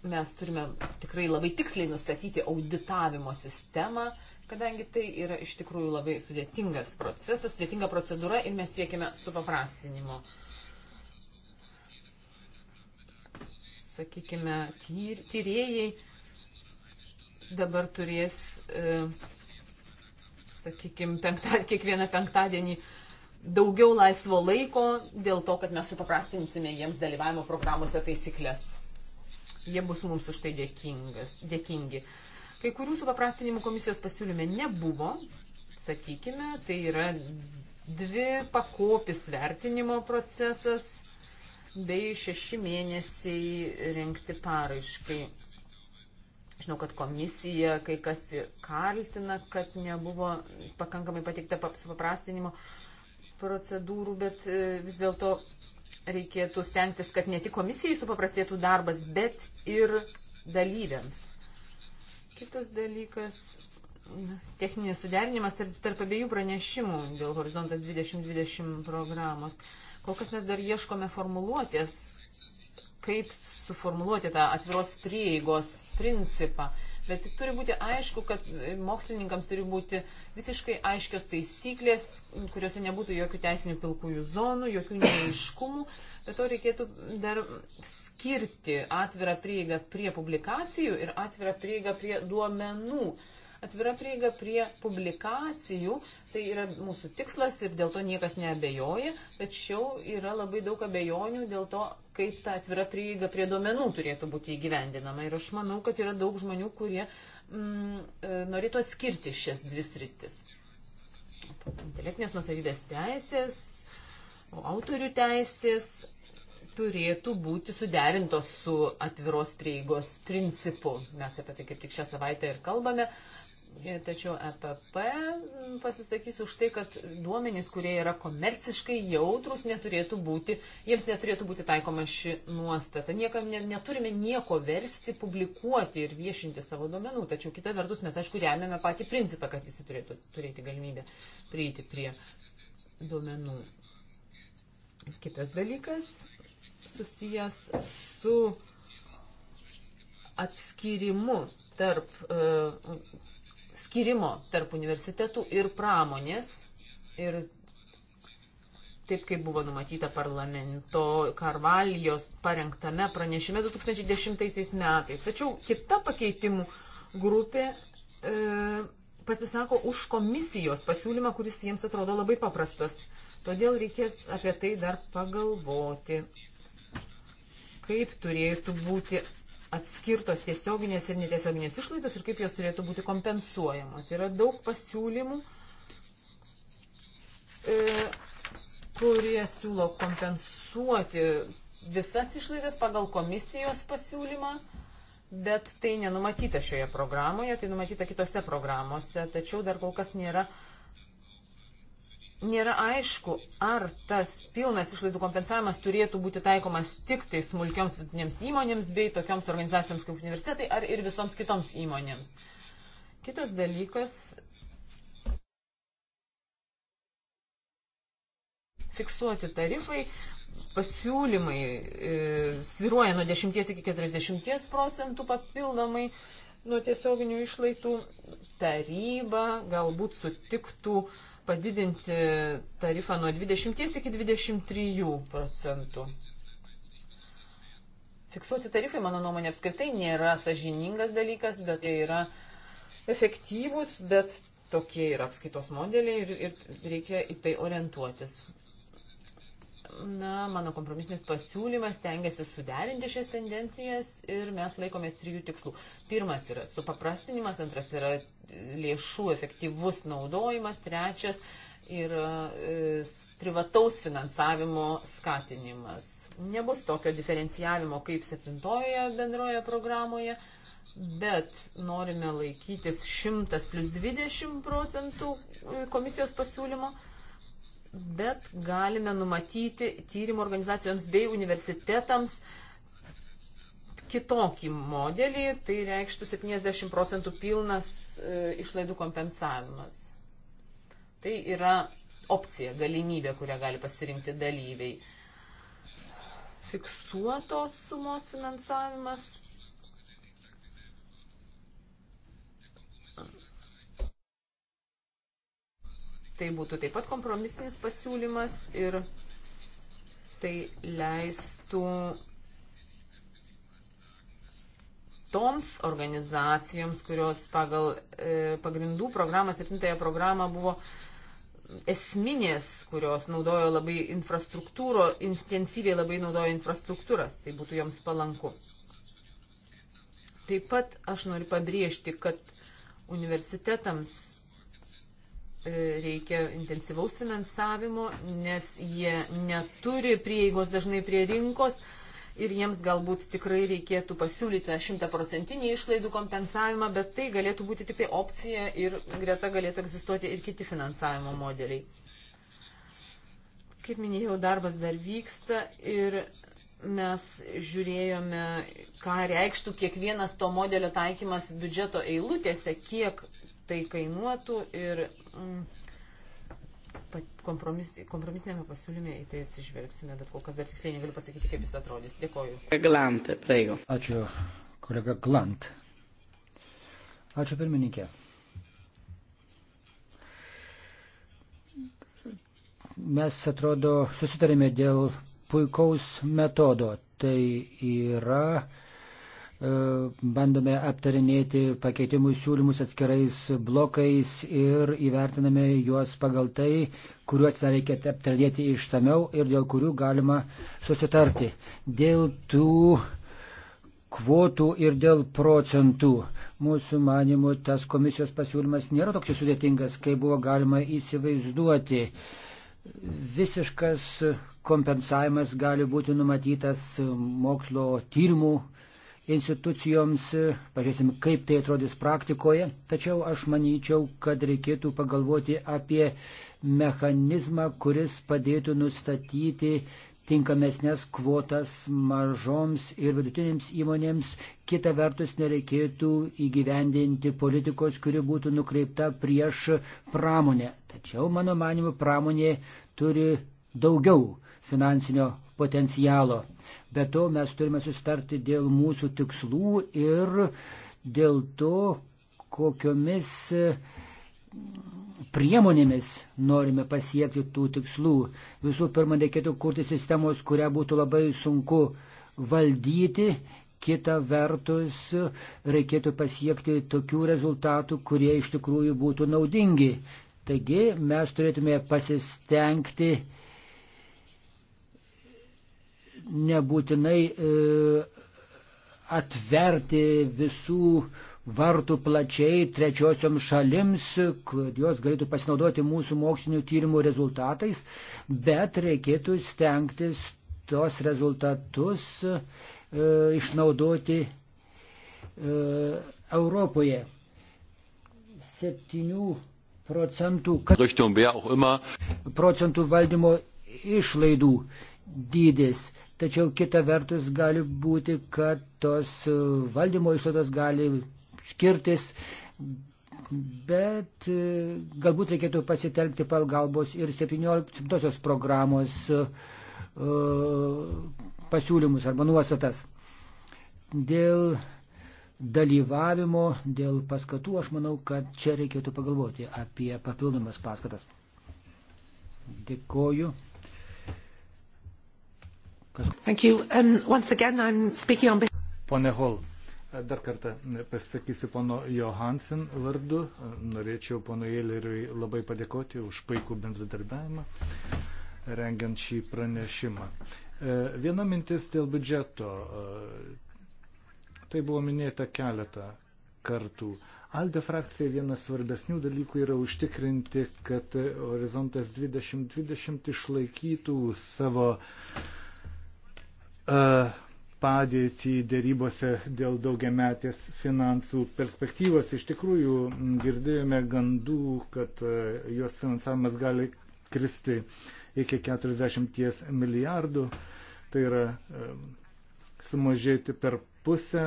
mes turime tikrai labai tiksliai nustatyti auditavimo sistemą, kadangi tai yra iš tikrųjų labai sudėtingas procesas, sudėtinga procedūra ir mes siekime supaprastinimo. Sakykime, tyr, tyrėjai dabar turės, e, sakykime, penktad, kiekvieną penktadienį daugiau laisvo laiko dėl to, kad mes supaprastinsime jiems dalyvavimo programuose taisyklės. Jie bus mums už tai dėkingas, dėkingi. Kai kurių supaprastinimų komisijos pasiūlyme nebuvo, sakykime, tai yra dvi pakopis vertinimo procesas bei šeši mėnesiai renkti paraiškai. Žinau, kad komisija kai kas ir kaltina, kad nebuvo pakankamai pateikta supaprastinimo procedūrų, bet e, vis dėlto reikėtų stengtis, kad ne tik komisijai supaprastėtų darbas, bet ir dalyviams. Kitas dalykas - techninis suderinimas tarp, tarp abiejų pranešimų dėl Horizontas 2020 programos. Kol kas mes dar ieškome formuluotės, kaip suformuluoti tą atviros prieigos principą. Bet turi būti aišku, kad e, mokslininkams turi būti visiškai aiškios taisyklės, kuriuose nebūtų jokių teisinių pilkųjų zonų, jokių neaiškumų. Bet to reikėtų dar skirti atvirą prieigą prie publikacijų ir atvirą prieigą prie duomenų. Uh, atvira prieiga prie publikacijų, tai yra mūsų tikslas ir dėl to niekas neabejoja, tačiau yra labai daug abejonių dėl to, kaip ta atvira prieiga prie duomenų turėtų būti įgyvendinama. Ir aš manau, kad yra daug žmonių, kurie mm, e, norėtų atskirti šias dvi sritis. Intelektinės nusavybės teisės, autorių teisės turėtų būti suderintos su atviros prieigos principu. Mes apie tai kaip tik šią savaitę ir kalbame. Tačiau EPP pasisakys už tai, kad duomenys, kurie yra komerciškai jautrus, neturėtų būti, jiems neturėtų būti taikoma ši nuostata. Niekam ne, neturime nieko versti, publikuoti ir viešinti savo duomenų. Tačiau kita vertus mes, aišku, remiame patį principą, kad visi turėtų turėti galimybę prieiti prie duomenų. Kitas dalykas susijęs su atskirimu tarp uh, skirimo tarp universitetų ir pramonės. Ir taip kaip buvo numatyta parlamento Karvalijos parengtame pranešime 2010 metais. Tačiau kita pakeitimų grupė e, pasisako už komisijos pasiūlymą, kuris jiems atrodo labai paprastas. Todėl reikės apie tai dar pagalvoti, kaip turėtų būti atskirtos tiesioginės ir netiesioginės išlaidos ir kaip jos turėtų būti kompensuojamos. Yra daug pasiūlymų, e, kurie siūlo kompensuoti visas išlaidas pagal komisijos pasiūlymą, bet tai nenumatyta šioje programoje, tai numatyta kitose programuose, tačiau dar kol kas nėra uh, nėra aišku, ar tas pilnas išlaidų kompensavimas turėtų būti taikomas tik tai smulkioms vidutinėms įmonėms bei tokioms organizacijoms kaip universitetai ar ir visoms kitoms įmonėms. Kitas dalykas. Fiksuoti tarifai, pasiūlymai e, sviruoja nuo 10 iki 40 procentų papildomai nuo tiesioginių išlaidų. Taryba galbūt sutiktų e, padidinti tarifą nuo 20 iki 23 procentų. Fiksuoti tarifai, mano nuomonė, apskritai nėra sažiningas dalykas, bet jie yra efektyvūs, bet tokie yra apskaitos modeliai ir, ir reikia į tai orientuotis. Na, mano kompromisinis pasiūlymas tengiasi suderinti šias tendencijas ir mes laikomės trijų tikslų. Pirmas yra supaprastinimas, antras yra lėšų efektyvus naudojimas, trečias yra e, privataus finansavimo skatinimas. Nebus tokio diferencijavimo kaip septintojoje bendroje programoje, bet norime laikytis 100 plus 20 procentų e, komisijos pasiūlymo bet galime numatyti tyrimo organizacijoms bei universitetams kitokį modelį, tai reikštų 70 procentų pilnas e, išlaidų kompensavimas. Tai yra opcija, galimybė, kurią gali pasirinkti dalyviai. Fiksuotos sumos finansavimas Tai būtų taip pat kompromisinis pasiūlymas ir tai leistų toms organizacijoms, kurios pagal e, pagrindų programą, septintąją programą buvo esminės, kurios naudojo labai infrastruktūro, intensyviai labai naudojo infrastruktūras, tai būtų joms palanku. Taip pat aš noriu pabrėžti, kad universitetams reikia intensyvaus finansavimo, nes jie neturi prieigos dažnai prie rinkos ir jiems galbūt tikrai reikėtų pasiūlyti šimtaprocentinį išlaidų kompensavimą, bet tai galėtų būti tik tai opcija ir greta galėtų egzistuoti ir kiti finansavimo modeliai. Kaip minėjau, darbas dar vyksta ir mes žiūrėjome, ką reikštų kiekvienas to modelio taikymas biudžeto eilutėse, kiek tai kainuotų ir mm, kompromis, kompromisinėme pasiūlyme į tai atsižvelgsime, bet kol kas dar tiksliai negaliu pasakyti, kaip jis atrodys. Dėkoju. Glant, prieigų. Ačiū, kolega Glant. Ačiū pirmininkė. Mes, atrodo, susitarėme dėl puikaus metodo. Tai yra E, bandome aptarinėti pakeitimų siūlymus atskirais blokais ir įvertiname juos pagal tai, kuriuos dar reikia aptarinėti išsameu ir dėl kurių galima susitarti. Dėl tų kvotų ir dėl procentų. Mūsų manimų tas komisijos pasiūlymas nėra toks sudėtingas, kaip buvo galima įsivaizduoti. Visiškas kompensavimas gali būti numatytas mokslo tyrimų institucijoms, e, pažiūrėsim, kaip tai atrodys praktikoje, tačiau aš manyčiau, kad reikėtų pagalvoti apie mechanizmą, kuris padėtų nustatyti tinkamesnės kvotas mažoms ir vidutinėms įmonėms. Kita vertus, nereikėtų įgyvendinti politikos, kuri būtų nukreipta prieš pramonę. Tačiau, mano manimu, pramonė turi daugiau finansinio potencialo. Bet to mes turime sustarti dėl mūsų tikslų ir dėl to, kokiomis priemonėmis norime pasiekti tų tikslų. Visų pirma, reikėtų kurti sistemos, kurią būtų labai sunku valdyti. Kita vertus, reikėtų pasiekti tokių rezultatų, kurie iš tikrųjų būtų naudingi. Taigi mes turėtume pasistengti nebūtinai e, atverti visų vartų plačiai trečiosiom šalims, kad jos galėtų pasinaudoti mūsų mokslinio tyrimų rezultatais, bet reikėtų stengtis tos rezultatus e, išnaudoti e, Europoje. 7 procentų, procentų valdymo išlaidų dydis tačiau kita vertus gali būti, kad tos valdymo išlaidos gali skirtis, bet e, galbūt reikėtų pasitelkti pagalbos ir 17 programos e, pasiūlymus arba nuostatas. Dėl dalyvavimo, dėl paskatų, aš manau, kad čia reikėtų pagalvoti apie papildomas paskatas. Dėkoju. Kas... Um, Pone Hol, dar kartą pasisakysiu pono Johansen vardu. Norėčiau pono Jėleriui labai padėkoti už puikų bendradarbiavimą, rengiant šį pranešimą. E, viena mintis dėl biudžeto. E, tai buvo minėta keletą kartų. Alde frakcija vienas svarbesnių dalykų yra užtikrinti, kad Horizontas 2020 išlaikytų savo uh, E, padėtį dėrybose dėl daugiametės finansų perspektyvos. Iš tikrųjų, girdėjome gandų, kad e, jos finansavimas gali kristi iki 40 milijardų. Tai yra e, sumažėti per pusę,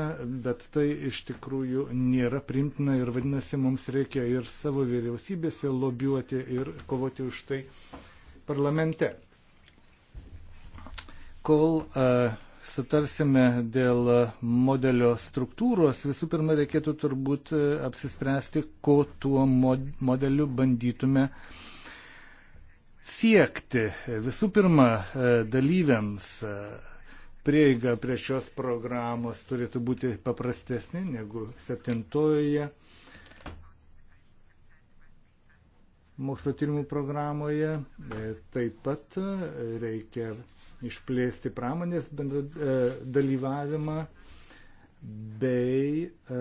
bet tai iš tikrųjų nėra primtina ir vadinasi, mums reikia ir savo vyriausybėse lobiuoti ir kovoti už tai parlamente kol a, e, sutarsime dėl modelio struktūros, visų pirma reikėtų turbūt e, apsispręsti, ko tuo modeliu bandytume siekti. Visų pirma, e, dalyviams prieiga prie šios programos turėtų būti paprastesnė negu septintoje mokslo tyrimų programoje. Taip pat reikia išplėsti pramonės bendra, e, dalyvavimą bei e,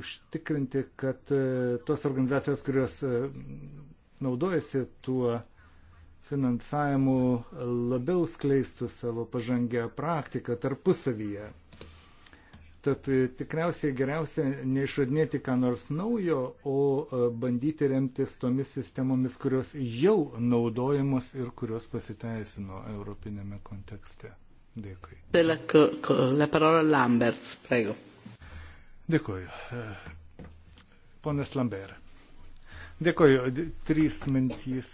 užtikrinti, kad e, tos organizacijos, kurios e, naudojasi tuo finansavimu, labiau skleistų savo pažangę praktiką tarpusavyje. Tad e, tikriausiai geriausia neišradinėti ką nors naujo, o e, bandyti remtis tomis sistemomis, kurios jau naudojamos ir kurios pasiteisino europinėme kontekste. Dėkui. La parola Lamberts, prego. Dėkuoju. E, ponas Lambert. Dėkoju. Trys mintys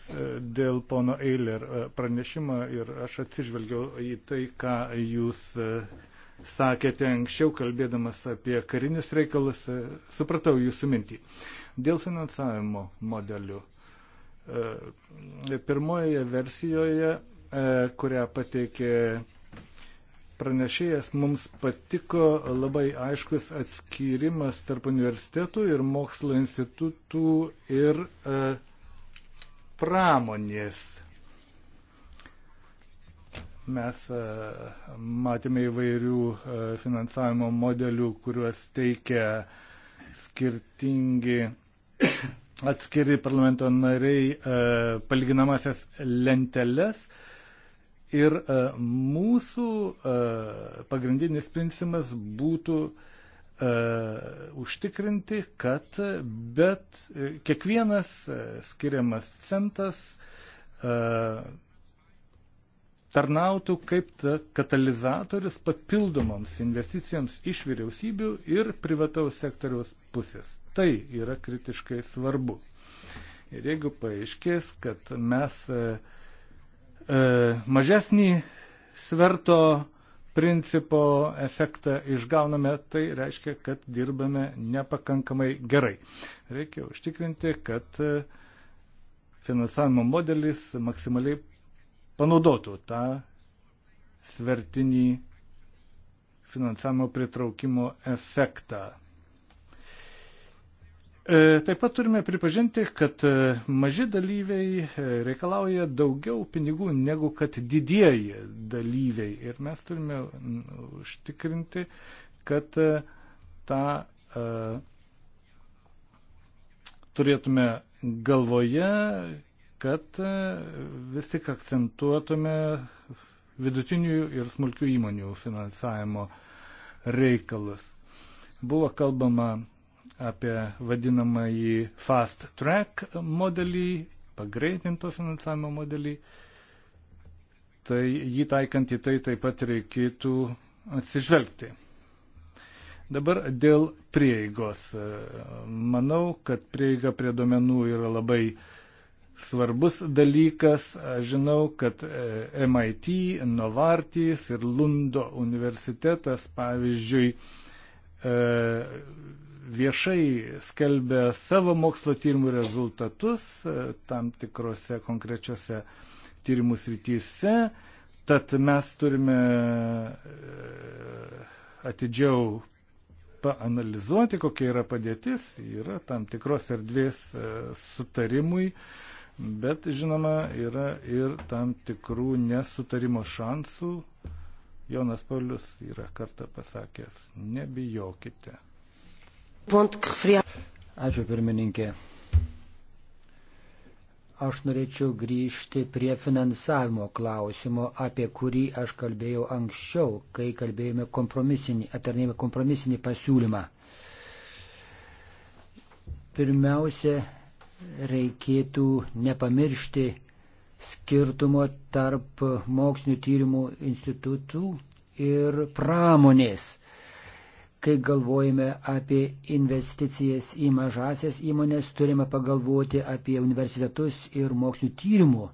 dėl pono Eiler pranešimą ir aš atsižvelgiau į tai, ką jūs sakėte anksčiau, kalbėdamas apie karinius reikalus, e, supratau jūsų mintį. Dėl finansavimo modelių. E, pirmojoje versijoje, e, kurią pateikė pranešėjas, mums patiko labai aiškus atskyrimas tarp universitetų ir mokslo institutų ir pramonės Mes e, matėme įvairių e, finansavimo modelių, kuriuos teikia skirtingi [COUGHS] atskiri parlamento nariai e, palyginamasias lenteles. Ir mūsų pagrindinis principas būtų užtikrinti, kad bet kiekvienas skiriamas centas tarnautų kaip katalizatorius papildomoms investicijoms iš vyriausybių ir privataus sektoriaus pusės. Tai yra kritiškai svarbu. Ir jeigu paaiškės, kad mes e, e mažesnį sverto principo efektą išgauname, tai reiškia, kad dirbame nepakankamai gerai. Reikia užtikrinti, kad e, finansavimo modelis maksimaliai panaudotų tą svertinį finansavimo pritraukimo efektą. E, taip pat turime pripažinti, kad e, maži dalyviai e, reikalauja daugiau pinigų negu kad didieji dalyviai. Ir mes turime užtikrinti, kad tą turėtume galvoje kad e, vis tik akcentuotume vidutinių ir smulkių įmonių finansavimo reikalus. Buvo kalbama apie vadinamąjį fast track modelį, pagreitinto finansavimo modelį. Tai jį taikant į tai taip pat reikėtų atsižvelgti. Dabar dėl prieigos. Manau, kad prieiga prie domenų yra labai uh, svarbus dalykas. Aš žinau, kad e, MIT, Novartis ir Lundo universitetas, pavyzdžiui, e, viešai skelbia savo mokslo tyrimų rezultatus e, tam tikrose konkrečiose tyrimų srityse. Tad mes turime atidžiau paanalizuoti, kokia yra padėtis, yra tam tikros erdvės sutarimui, bet žinoma yra ir tam tikrų nesutarimo šansų. Jonas Paulius yra kartą pasakęs, nebijokite. Ačiū pirmininkė. Aš norėčiau grįžti prie finansavimo klausimo, apie kurį aš kalbėjau anksčiau, kai kalbėjome kompromisinį, aptarnėjome kompromisinį pasiūlymą. Pirmiausia, reikėtų nepamiršti skirtumo tarp mokslinio tyrimų institutų ir pramonės. Kai galvojame apie investicijas į mažasias įmonės, turime pagalvoti apie universitetus ir mokslinio tyrimų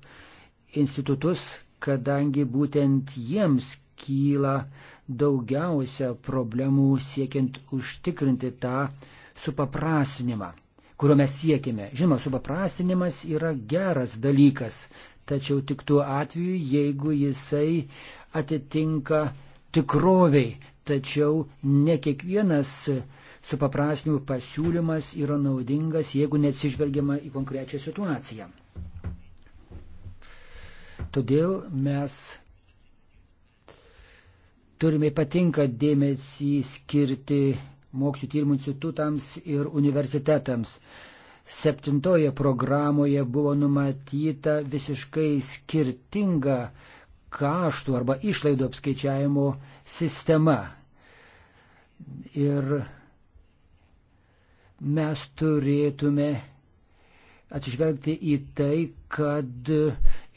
institutus, kadangi būtent jiems kyla daugiausia problemų siekiant užtikrinti tą supaprastinimą kurio mes siekime. Žinoma, supaprastinimas yra geras dalykas, tačiau tik tuo atveju, jeigu jisai atitinka tikroviai. Tačiau ne kiekvienas supaprastinimų pasiūlymas yra naudingas, jeigu neatsižvelgiama į konkrečią situaciją. Todėl mes turime ypatinką dėmesį skirti mokslių tyrimų institutams ir universitetams. Septintoje programoje buvo numatyta visiškai skirtinga kaštų arba išlaidų apskaičiavimo sistema. Ir mes turėtume atsižvelgti į tai, kad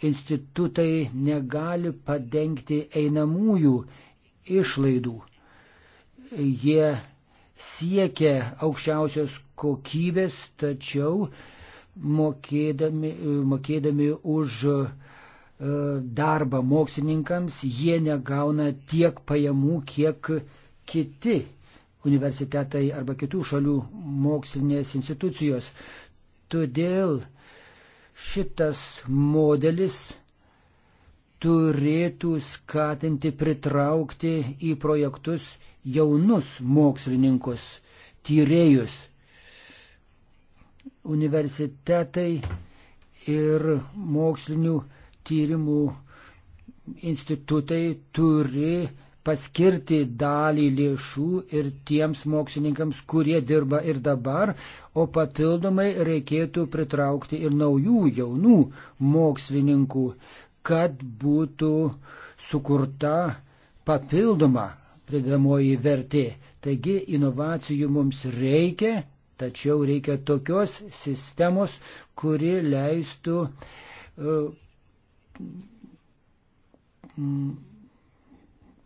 institutai negali padengti einamųjų išlaidų. Jie siekia aukščiausios kokybės, tačiau mokėdami, mokėdami už e, darbą mokslininkams jie negauna tiek pajamų, kiek kiti universitetai arba kitų šalių mokslinės institucijos. Todėl šitas modelis turėtų skatinti pritraukti į projektus jaunus mokslininkus, tyrėjus. Universitetai ir mokslinių tyrimų institutai turi paskirti dalį lėšų ir tiems mokslininkams, kurie dirba ir dabar, o papildomai reikėtų pritraukti ir naujų jaunų mokslininkų kad būtų sukurta papildoma pridamoji vertė. Taigi inovacijų mums reikia, tačiau reikia tokios sistemos, kuri leistų uh,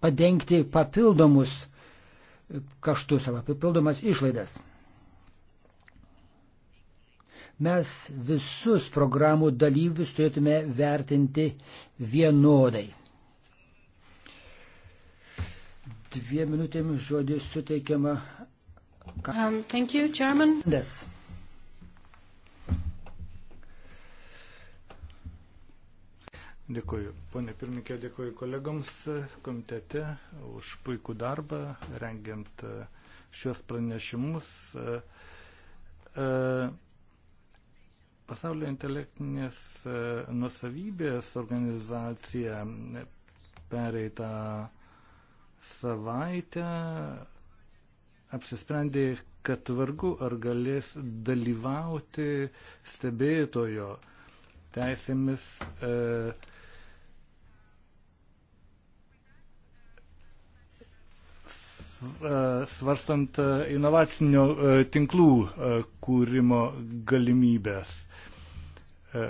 padengti papildomus kaštus arba papildomas išlaidas mes visus programų dalyvius turėtume vertinti vienodai. Dviem minutėmis žodis suteikiama. Um, thank you, Chairman. Yes. Dėkuoju, ponė pirmininkė, dėkuoju kolegoms komitete už puikų darbą, rengiant uh, šios pranešimus. E, e, Pasaulio intelektinės e, nusavybės organizacija pereitą savaitę apsisprendė, kad vargu ar galės dalyvauti stebėtojo teisėmis e, e svarstant inovacinio e, tinklų kūrimo galimybės. E,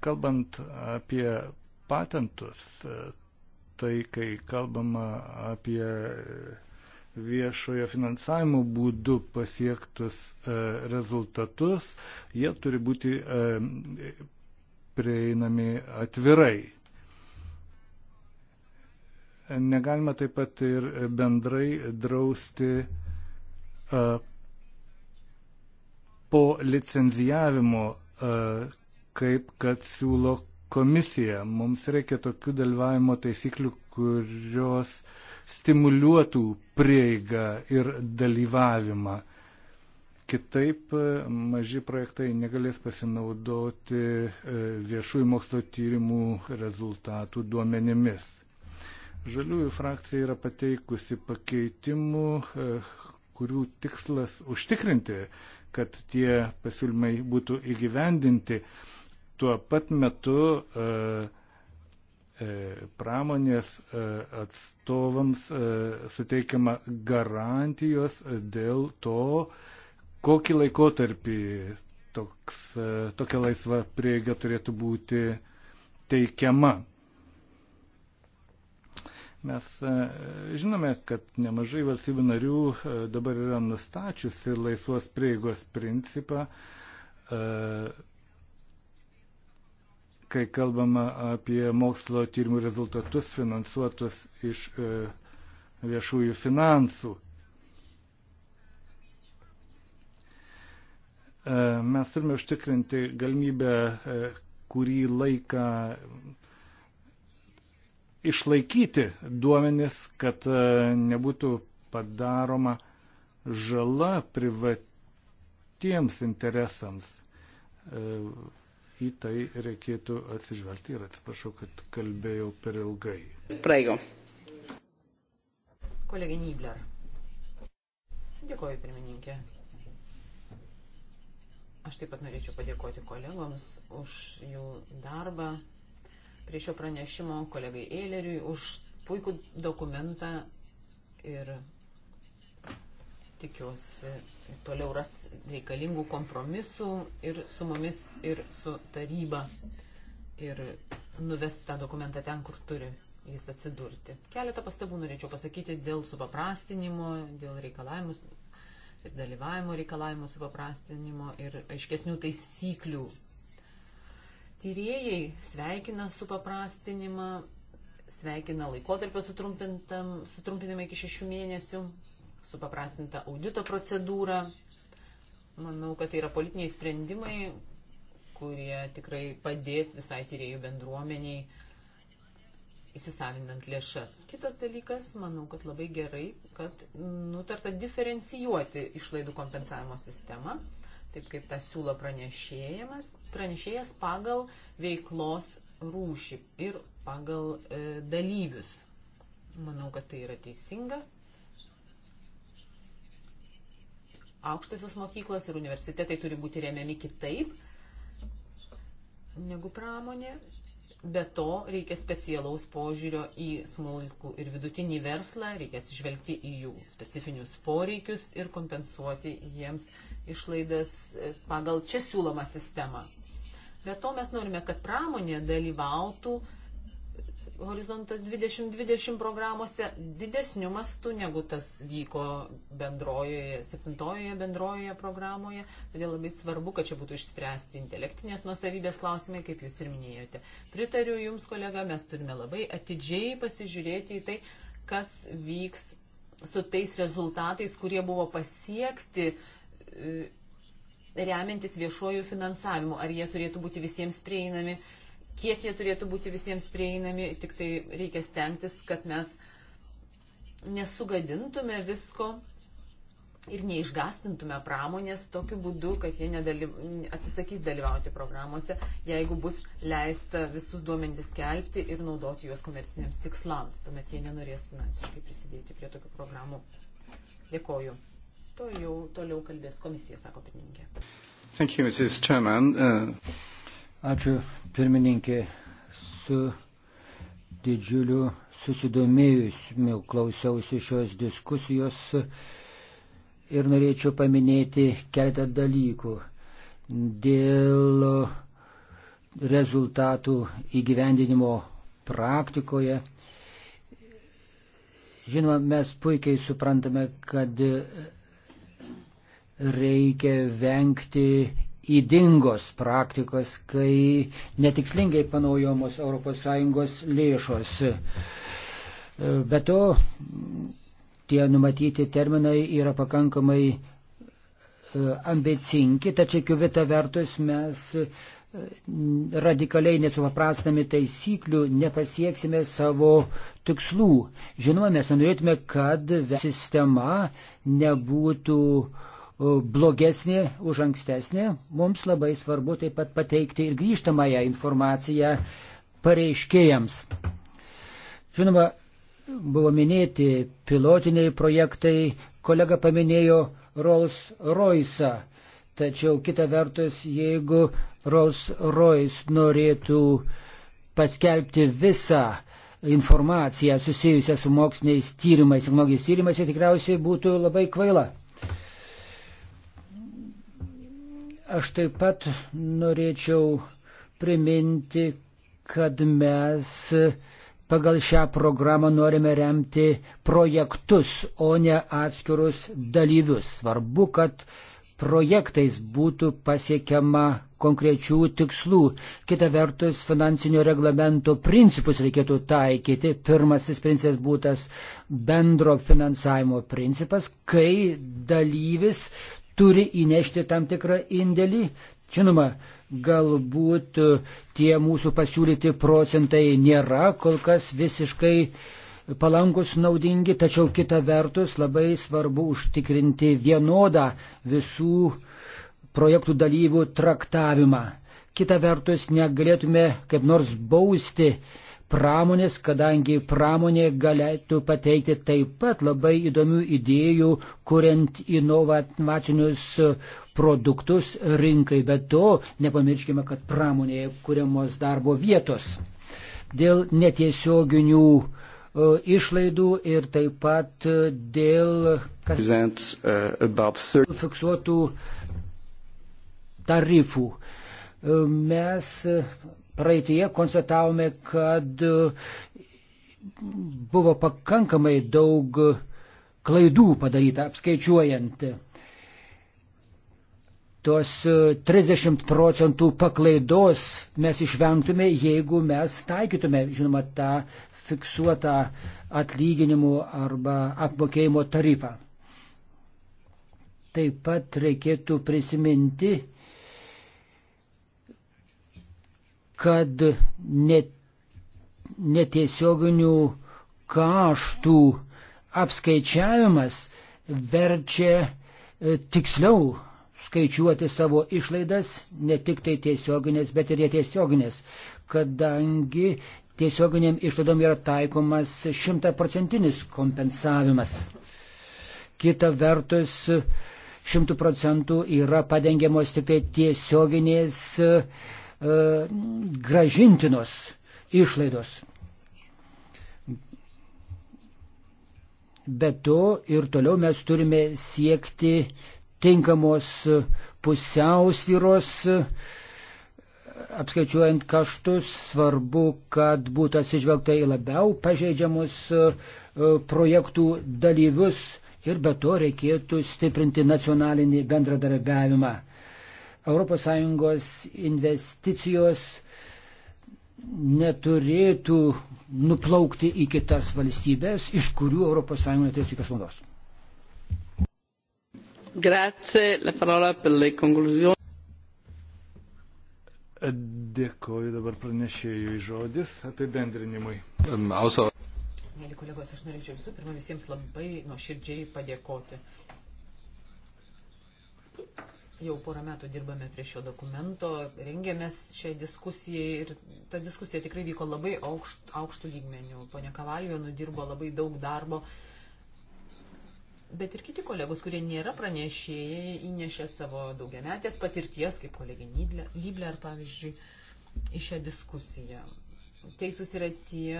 kalbant apie patentus, e, tai kai kalbama apie viešojo finansavimo būdu pasiektus e, rezultatus, jie turi būti prieinami atvirai. Negalima taip pat ir bendrai drausti po licenzijavimo E, kaip kad siūlo komisija. Mums reikia tokių dalyvavimo taisyklių, kurios stimuliuotų prieigą ir dalyvavimą. Kitaip e, maži projektai negalės pasinaudoti e, viešųjų mokslo tyrimų rezultatų duomenimis. Žaliųjų frakcija yra pateikusi pakeitimų, kurių tikslas užtikrinti, kad tie pasiūlymai būtų įgyvendinti. Tuo pat metu e, e, pramonės e, atstovams suteikiama garantijos dėl to, kokį laikotarpį toks, tokia laisva prieiga turėtų būti teikiama. Mes e, žinome, kad nemažai valstybių narių e, dabar yra nustačiusi laisvos prieigos principą, e, kai kalbama apie mokslo tyrimų rezultatus finansuotus iš viešųjų finansų. Mes turime užtikrinti galimybę kurį laiką išlaikyti duomenis, kad e, nebūtų padaroma žala privatiems interesams. E, į tai reikėtų atsižvelgti ir atsiprašau, kad kalbėjau per ilgai. Praėjau. Kolegė Nybler. Dėkoju, pirmininkė. Aš taip pat norėčiau padėkoti kolegoms už jų darbą, prie šio pranešimo kolegai Eileriui už puikų dokumentą ir tikiuosi toliau ras reikalingų kompromisų ir su mumis, ir su taryba. Ir nuves tą dokumentą ten, kur turi jis atsidurti. Keletą pastabų norėčiau pasakyti dėl supaprastinimo, dėl reikalavimus ir dalyvavimo reikalavimų supaprastinimo ir aiškesnių taisyklių Tyrėjai sveikina supaprastinimą, sveikina laikotarpio sutrumpinimą iki šešių mėnesių, supaprastintą audito procedūrą. Manau, kad tai yra politiniai sprendimai, kurie tikrai padės visai tyriejų bendruomeniai įsisavinant lėšas. Kitas dalykas, manau, kad labai gerai, kad nutarta diferencijuoti išlaidų kompensavimo sistemą taip kaip tas siūlo pranešėjas, pagal veiklos rūšį ir pagal e, dalyvius. Manau, kad tai yra teisinga. Aukštosios mokyklos ir universitetai turi būti remiami kitaip negu pramonė. Be to reikia specialaus požiūrio į smulkų ir vidutinį verslą, reikia atsižvelgti į jų specifinius poreikius ir kompensuoti jiems išlaidas e, pagal čia siūlomą sistemą. Be to mes norime, kad pramonė dalyvautų uh, Horizontas 2020 programuose didesniu mastu negu tas vyko bendrojoje, septintojoje bendrojoje programoje. Todėl labai svarbu, kad čia būtų išspręsti intelektinės nuosavybės klausimai, kaip jūs ir minėjote. Pritariu Jums, kolega, mes turime labai atidžiai pasižiūrėti į tai, kas vyks su tais rezultatais, kurie buvo pasiekti e, remiantis viešuoju finansavimu, ar jie turėtų būti visiems prieinami kiek jie turėtų būti visiems prieinami, tik tai reikia stengtis, kad mes nesugadintume visko ir neišgastintume pramonės tokiu būdu, kad jie nedalyv... atsisakys dalyvauti programuose, jeigu bus leista visus duomenys kelbti ir naudoti juos komerciniams tikslams. Tuomet jie nenorės finansiškai prisidėti prie tokių programų. Dėkoju. To jau toliau kalbės komisija, sako pirmininkė. Thank you, Mrs. Chairman. Uh... Ačiū, pirmininkė, su didžiuliu susidomėjusiu klausiausi šios diskusijos ir norėčiau paminėti keletą dalykų dėl rezultatų įgyvendinimo praktikoje. Žinoma, mes puikiai suprantame, kad reikia vengti įdingos praktikos, kai netikslingai panaujomos ES lėšos. Be to, tie numatyti terminai yra pakankamai e, ambicingi, tačiau kita vertus mes e, radikaliai nesupaprastami taisyklių nepasieksime savo tikslų. Žinoma, mes nenorėtume, kad sistema nebūtų uh, E, blogesnė už ankstesnė. Mums labai svarbu taip pat pateikti ir grįžtamąją informaciją pareiškėjams. Žinoma, buvo minėti pilotiniai projektai, kolega paminėjo Rolls Royce'ą, tačiau kita vertus, jeigu Rolls Royce norėtų paskelbti visą informaciją susijusią su moksliniais tyrimais, technologijos tyrimais, tai tikriausiai būtų labai kvaila. Aš taip pat norėčiau priminti, kad mes pagal šią programą norime remti projektus, o ne atskirus dalyvius. Svarbu, kad projektais būtų pasiekiama konkrečių tikslų. Kita vertus, finansinio reglamento principus reikėtų taikyti. Pirmasis principas būtas bendro finansavimo principas, kai dalyvis turi įnešti tam tikrą indėlį. Žinoma, galbūt e, tie mūsų pasiūlyti procentai nėra kol kas visiškai palankus naudingi, tačiau kita vertus labai svarbu užtikrinti vienodą visų projektų dalyvių traktavimą. Kita vertus, negalėtume kaip nors bausti uh, pramonės, kadangi pramonė galėtų pateikti taip pat labai įdomių idėjų, kuriant inovacinius produktus rinkai. Bet to nepamirškime, kad pramonėje kuriamos darbo vietos. Dėl netiesioginių e, išlaidų ir taip pat e, dėl kas, e, fiksuotų tarifų. Mes praeitie konstatavome, kad e, buvo pakankamai daug klaidų padaryta apskaičiuojant. Tos 30 e, procentų paklaidos mes išvengtume, jeigu mes taikytume, žinoma, tą fiksuotą atlyginimų arba apmokėjimo tarifą. Taip pat reikėtų prisiminti, kad net, netiesioginių kaštų apskaičiavimas verčia e, tiksliau skaičiuoti savo išlaidas, ne tik tai tiesioginės, bet ir netiesioginės, kadangi tiesioginiam išlaidom yra taikomas šimtaprocentinis kompensavimas. Kita vertus, šimtų procentų yra padengiamos tik tai tiesioginės uh, E, gražintinos išlaidos. Bet to ir toliau mes turime siekti tinkamos pusiausvyros, apskaičiuojant kaštus, svarbu, kad būtų atsižvelgta į labiau pažeidžiamus e, projektų dalyvius ir be to reikėtų stiprinti nacionalinį bendradarbiavimą. ES investicijos neturėtų nuplaukti į kitas valstybės, iš kurių ES neturės jokios naudos. Grazie, la parola per le conclusioni. Dėkoju dabar pranešėjui žodis apibendrinimui. Also... Mėly kolegos, aš norėčiau visų pirma visiems labai nuoširdžiai padėkoti jau porą metų dirbame prie šio dokumento, rengėmės šiai diskusijai ir ta diskusija tikrai vyko labai aukšt, aukštų lygmenių. Pone Kavalijo nudirbo labai daug darbo, bet ir kiti kolegos, kurie nėra pranešėjai, įnešė savo daugiametės patirties, kaip kolegė Lybler, pavyzdžiui, į šią diskusiją. Teisūs yra tie,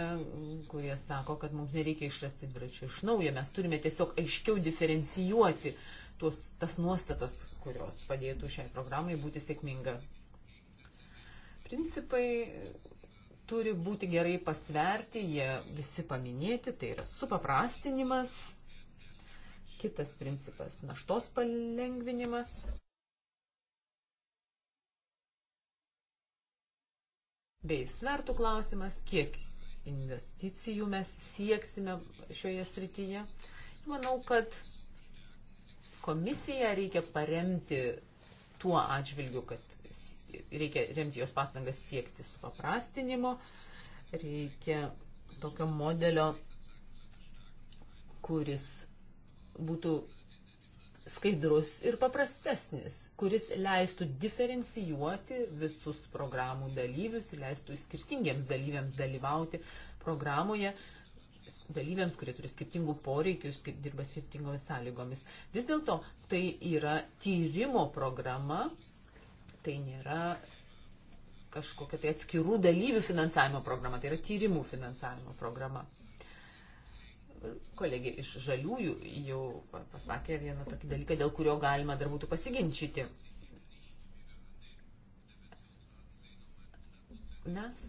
kurie sako, kad mums nereikia išrasti dviračių iš naujo, mes turime tiesiog aiškiau diferencijuoti uh, tuos, tas nuostatas, kurios padėtų šiai programai būti sėkminga. Principai turi būti gerai pasverti, jie visi paminėti, tai yra supaprastinimas, kitas principas - naštos palengvinimas. Bei svertų klausimas, kiek investicijų mes sieksime šioje srityje. Manau, kad Komisiją reikia paremti tuo atžvilgiu, kad reikia remti jos pastangas siekti supaprastinimo, reikia tokio modelio, kuris būtų skaidrus ir paprastesnis, kuris leistų diferencijuoti visus programų dalyvius ir leistų skirtingiems dalyviams dalyvauti programoje, dalyviams, kurie turi skirtingų poreikių, dirba skirtingomis sąlygomis. Vis dėlto tai yra tyrimo programa, tai nėra kažkokia tai atskirų dalyvių finansavimo programa, tai yra tyrimų finansavimo programa. Kolegė iš žaliųjų jau pasakė vieną tokį dalyką, dėl kurio galima dar būtų pasiginčyti. Mes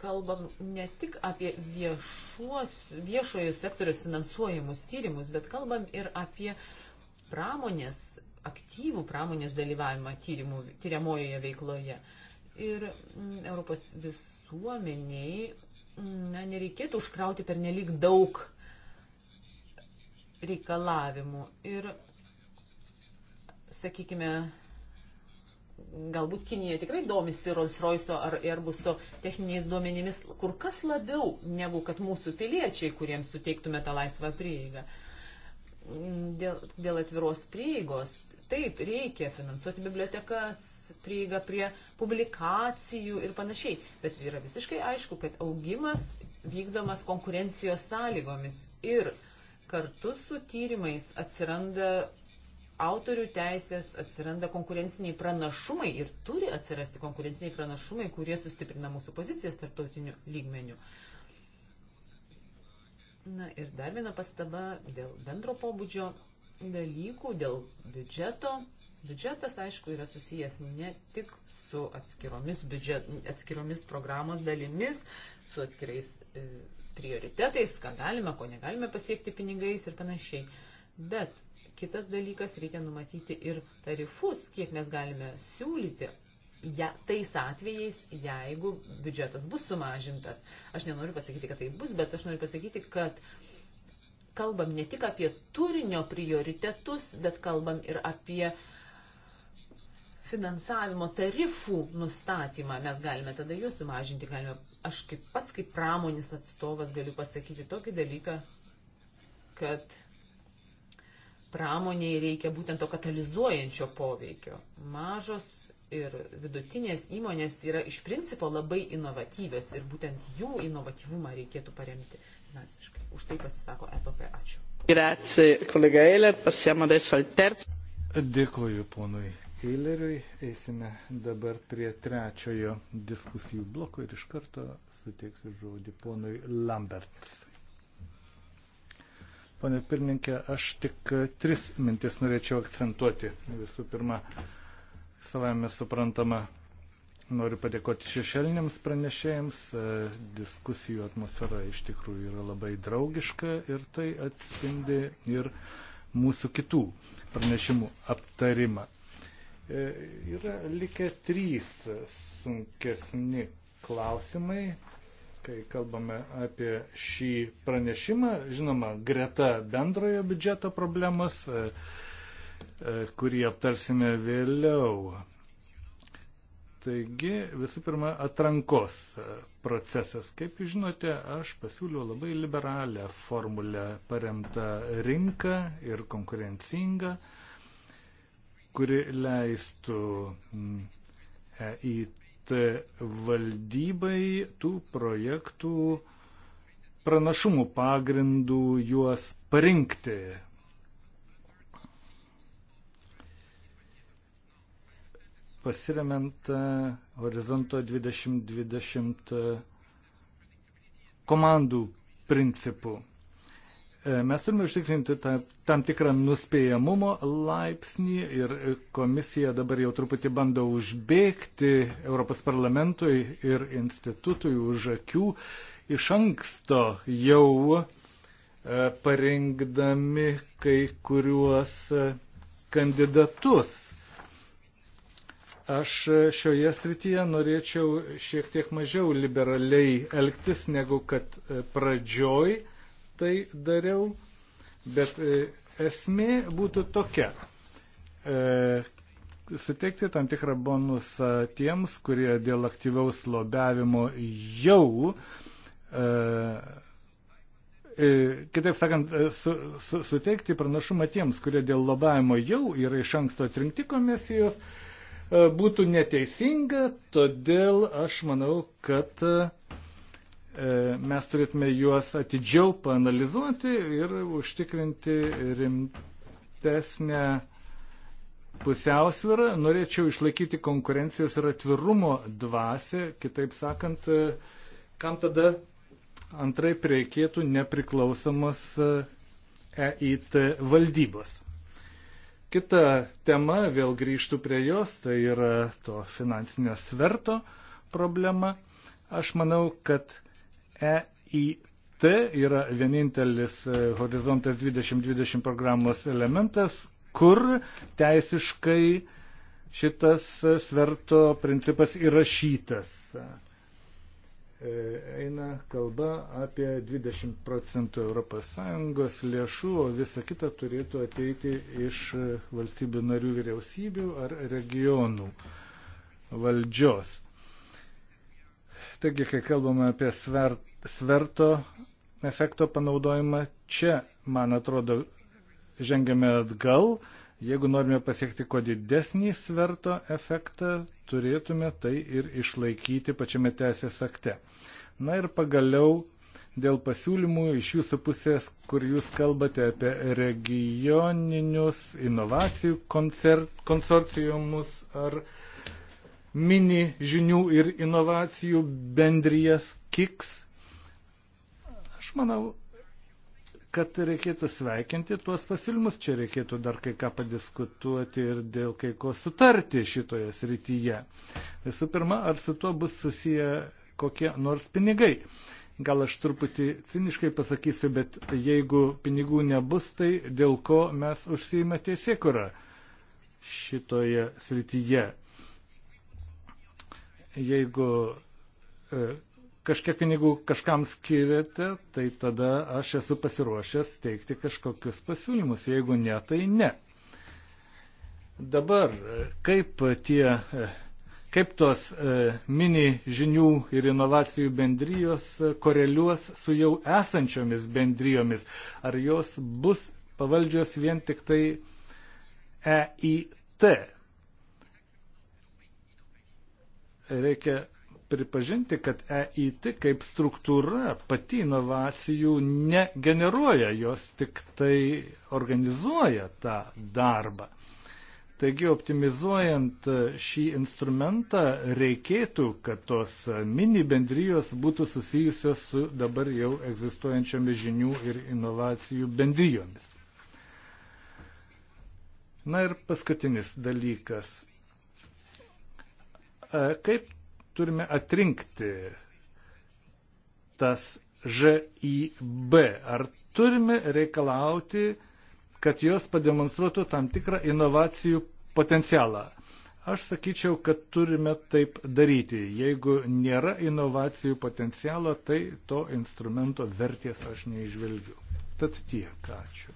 kalbam ne tik apie viešuos, viešojo sektoriaus finansuojamus tyrimus, bet kalbam ir apie pramonės, aktyvų pramonės dalyvavimą tyrimų, tyriamojoje veikloje. Ir mm, Europos visuomeniai mm, na, nereikėtų užkrauti per nelik daug reikalavimų. Ir, sakykime, galbūt Kinija tikrai domisi Rolls-Royce'o ar Airbus'o techniniais duomenimis kur kas labiau negu kad mūsų piliečiai, kuriems suteiktume tą laisvą prieigą. Dėl, dėl atviros prieigos, taip, reikia finansuoti bibliotekas, prieigą prie publikacijų ir panašiai, bet yra visiškai aišku, kad augimas vykdomas konkurencijos sąlygomis ir kartu su tyrimais atsiranda autorių teisės atsiranda konkurenciniai pranašumai ir turi atsirasti konkurenciniai pranašumai, kurie sustiprina mūsų pozicijas tarptautiniu lygmeniu. Na ir dar viena pastaba dėl bendro pobūdžio dalykų, dėl biudžeto. Biudžetas, aišku, yra susijęs ne tik su atskiromis, biudžet, atskiromis programos dalimis, su atskirais e, prioritetais, ką galime, ko negalime pasiekti pinigais ir panašiai. Bet Kitas dalykas, reikia numatyti ir tarifus, kiek mes galime siūlyti. Ja, tais atvejais, jeigu biudžetas bus sumažintas, aš nenoriu pasakyti, kad tai bus, bet aš noriu pasakyti, kad kalbam ne tik apie turinio prioritetus, bet kalbam ir apie uh, finansavimo tarifų nustatymą mes galime tada juos sumažinti. Galime, aš kaip pats kaip pramonės atstovas galiu pasakyti tokį dalyką, kad pramoniai reikia būtent to katalizuojančio poveikio. Mažos ir vidutinės įmonės yra iš principo labai inovatyvios ir būtent jų inovatyvumą reikėtų paremti finansiškai. Už tai pasisako EPP. Ačiū. Grazie, kolega Eiler. Passiamo adesso al terzo. Dėkuoju ponui Eileriui. Eisime dabar prie trečiojo diskusijų bloko ir iš karto suteiksiu žodį ponui Lamberts. Pone pirmininkė, aš tik e, tris mintis norėčiau akcentuoti. Visų pirma, savame suprantama, noriu padėkoti šešeliniams pranešėjams. E, diskusijų atmosfera iš tikrųjų yra labai draugiška ir tai atspindi ir mūsų kitų pranešimų aptarimą. E, yra likę trys sunkesni klausimai, kai kalbame apie šį pranešimą, žinoma, greta bendrojo biudžeto problemos, e, e, kurį aptarsime vėliau. Taigi, visų pirma, atrankos e, procesas. Kaip jūs žinote, aš pasiūliau labai liberalią formulę paremtą rinką ir konkurencingą, kuri leistų mm, EIT valdybai tų projektų pranašumų pagrindų juos parinkti. Pasiremiant horizonto 2020 komandų principų. E, mes turime užtikrinti tam, tam tikrą nuspėjamumo laipsnį ir komisija dabar jau truputį bando užbėgti Europos parlamentui ir institutui už akių iš anksto jau e, parengdami kai kuriuos e, kandidatus. Aš šioje srityje norėčiau šiek tiek mažiau liberaliai elgtis, negu kad pradžioj tai dariau, bet e, esmė būtų tokia. E, suteikti tam tikrą bonusą tiems, kurie dėl aktyvaus lobiavimo jau, e, e, kitaip sakant, e, su, su, suteikti pranašumą tiems, kurie dėl lobiavimo jau yra iš anksto atrinkti komisijos, e, būtų neteisinga, todėl aš manau, kad e, E, mes turėtume juos atidžiau panalizuoti ir užtikrinti rimtesnę pusiausvyrą. Norėčiau išlaikyti konkurencijos ir atvirumo dvasę, kitaip sakant, e, kam tada antraip reikėtų nepriklausomos EIT e valdybos. Kita tema, vėl grįžtų prie jos, tai yra to finansinio sverto problema. Aš manau, kad EIT yra vienintelis e, Horizontas 2020 programos elementas, kur teisiškai šitas e, sverto principas įrašytas. E, eina kalba apie 20 procentų ES lėšų, o visa kita turėtų ateiti iš valstybių narių vyriausybių ar regionų valdžios. Taigi, kai kalbame apie svert, sverto efekto panaudojimą čia, man atrodo, žengiame atgal. Jeigu norime pasiekti kuo didesnį sverto efektą, turėtume tai ir išlaikyti pačiame teisės akte. Na ir pagaliau dėl pasiūlymų iš jūsų pusės, kur jūs kalbate apie regioninius inovacijų koncert, konsorcijumus ar mini žinių ir inovacijų bendrijas KIKS Aš manau, kad reikėtų sveikinti tuos pasiūlymus, čia reikėtų dar kai ką padiskutuoti ir dėl kai ko sutarti šitoje srityje. Visų pirma, ar su tuo bus susiję kokie nors pinigai. Gal aš truputį ciniškai pasakysiu, bet jeigu pinigų nebus, tai dėl ko mes užsijime teisėkurą šitoje srityje. Jeigu e, kažkiek pinigų kažkam skiriate, tai tada aš esu pasiruošęs teikti kažkokius pasiūlymus. Jeigu ne, tai ne. Dabar, kaip, tie, kaip tos e, mini žinių ir inovacijų bendrijos koreliuos su jau esančiomis bendrijomis? Ar jos bus pavaldžios vien tik tai EIT? Reikia pripažinti, kad EIT kaip struktūra pati inovacijų negeneruoja, jos tik tai organizuoja tą darbą. Taigi optimizuojant šį instrumentą reikėtų, kad tos mini bendrijos būtų susijusios su dabar jau egzistuojančiomis žinių ir inovacijų bendrijomis. Na ir paskutinis dalykas. E, kaip turime atrinkti tas ŽIB. Ar turime reikalauti, kad jos pademonstruotų tam tikrą inovacijų potencialą? Aš sakyčiau, kad turime taip daryti. Jeigu nėra inovacijų potencialo, tai to instrumento vertės aš neižvelgiu. Tad tiek, ačiū.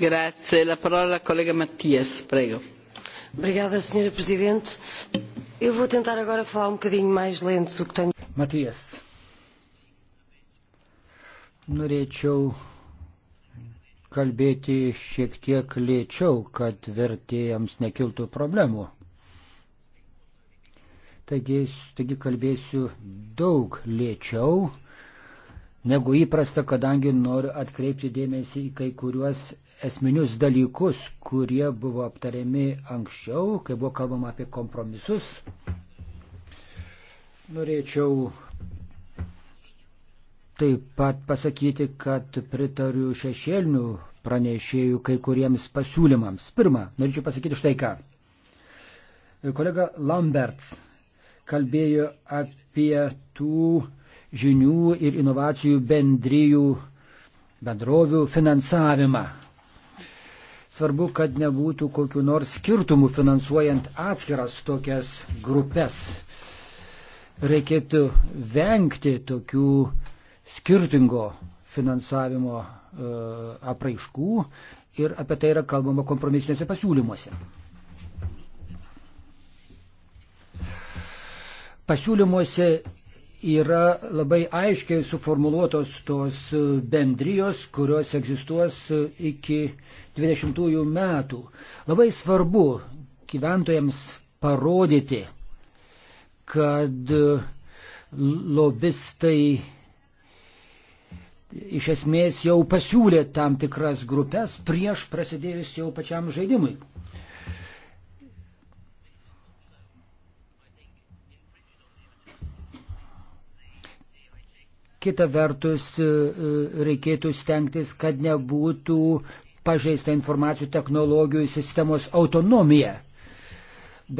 Grazie. La parola kolega Matijas, prego. Obrigada, Sra. Presidente. Eu vou tentar agora falar um bocadinho mais lento do que tenho. Matias. Norėčiau kalbėti šiek tiek lėčiau, kad vertėjams nekiltų problemų. Taigi, taigi kalbėsiu daug lėčiau negu įprasta, kadangi noriu atkreipti dėmesį į kai kuriuos esminius dalykus, kurie buvo aptariami anksčiau, kai buvo kalbama apie kompromisus. Norėčiau taip pat pasakyti, kad pritariu šešėlinių pranešėjų kai kuriems pasiūlymams. Pirma, norėčiau pasakyti štai ką. Kolega Lamberts kalbėjo apie tų žinių ir inovacijų bendryjų bendrovių finansavimą. Svarbu, kad nebūtų kokiu nors skirtumu finansuojant atskiras tokias grupės. Reikėtų vengti tokių skirtingo finansavimo e, apraiškų ir apie tai yra kalbama kompromisiniuose pasiūlymuose. Pasiūlymuose yra labai aiškiai suformuluotos tos bendrijos, kurios egzistuos iki 20 metų. Labai svarbu gyventojams parodyti, kad lobistai iš esmės jau pasiūlė tam tikras grupės prieš prasidėjus jau pačiam žaidimui. Kita vertus, e, e, reikėtų stengtis, kad nebūtų pažeista informacijų technologijų sistemos autonomija.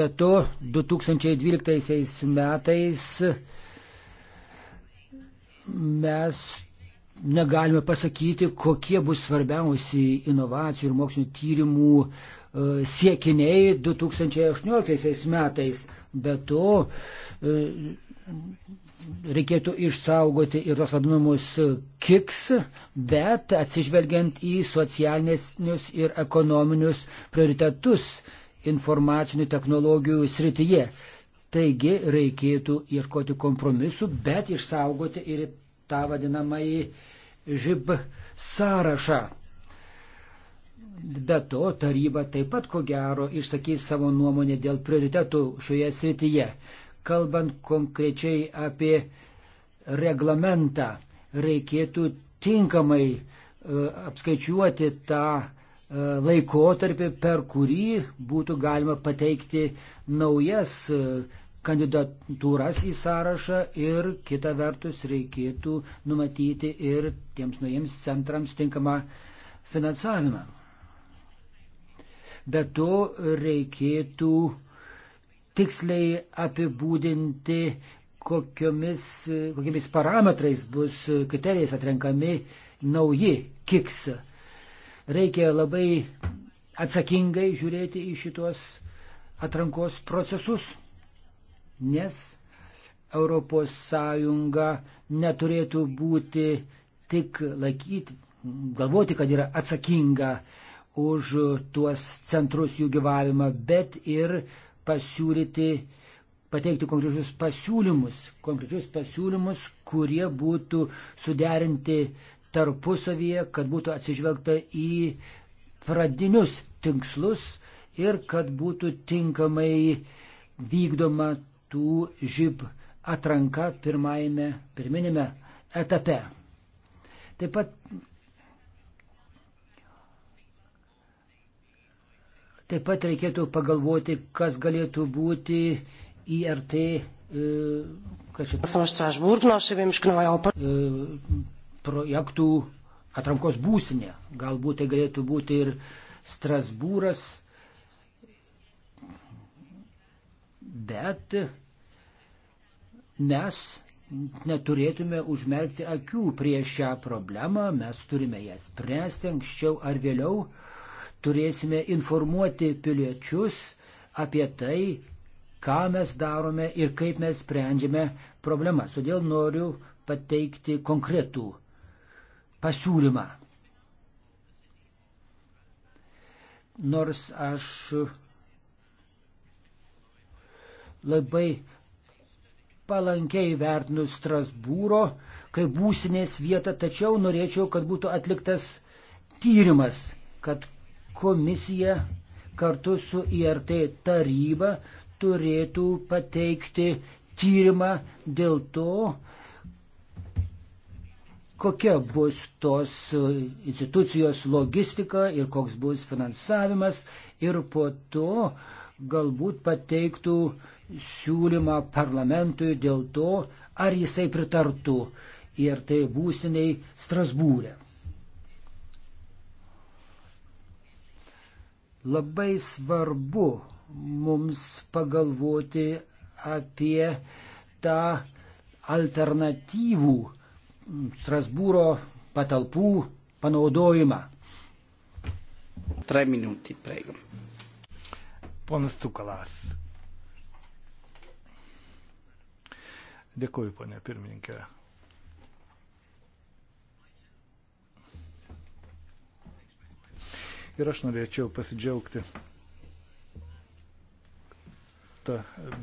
Be to, 2012 metais mes negalime pasakyti, kokie bus svarbiausi inovacijų ir mokslinio tyrimų e, siekiniai 2018 metais. Be to, reikėtų išsaugoti ir tos vadinamus kiks, bet atsižvelgiant į socialinius ir ekonominius prioritetus informacinių technologijų srityje. Taigi reikėtų ieškoti kompromisų, bet išsaugoti ir tą vadinamąjį žib sąrašą. Be to, taryba taip pat ko gero išsakys savo nuomonę dėl prioritetų šioje srityje kalbant konkrečiai apie reglamentą, reikėtų tinkamai e, apskaičiuoti tą e, laikotarpį, per kurį būtų galima pateikti naujas e, kandidatūras į sąrašą ir kita vertus reikėtų numatyti ir tiems naujiems centrams tinkamą finansavimą. Be to reikėtų uh, tiksliai apibūdinti, kokiomis, kokiamis parametrais bus kriterijais atrenkami nauji kiks. Reikia labai atsakingai žiūrėti į šitos atrankos procesus, nes ES neturėtų būti tik laikyti, galvoti, kad yra atsakinga už tuos centrus jų gyvavimą, bet ir pasiūlyti, pateikti konkrečius pasiūlymus, konkrečius pasiūlymus, kurie būtų suderinti tarpusavyje, kad būtų atsižvelgta į pradinius tikslus ir kad būtų tinkamai vykdoma tų žib atranka pirmajame, pirminėme etape. Taip pat Taip pat reikėtų pagalvoti, kas galėtų būti IRT. E, e, projektų atrankos būsinė. Galbūt tai galėtų būti ir Strasbūras, bet mes neturėtume užmerkti akių prieš šią problemą, mes turime ją spręsti anksčiau ar vėliau turėsime informuoti piliečius apie tai, ką mes darome ir kaip mes sprendžiame problemas. Todėl noriu pateikti konkretų pasiūlymą. Nors aš labai palankiai vertinu Strasbūro kaip būsinės vietą, tačiau norėčiau, kad būtų atliktas tyrimas, kad komisija kartu su IRT taryba turėtų pateikti tyrimą dėl to, kokia bus tos institucijos logistika ir koks bus finansavimas ir po to galbūt pateiktų siūlymą parlamentui dėl to, ar jisai pritartų ir tai būsiniai Strasbūrė. Labai svarbu mums pagalvoti apie tą alternatyvų Strasbūro patalpų panaudojimą. Tre minutį, prieigum. Ponas Tukalas. Dėkuoju, ponė pirmininkė. ir aš norėčiau pasidžiaugti ta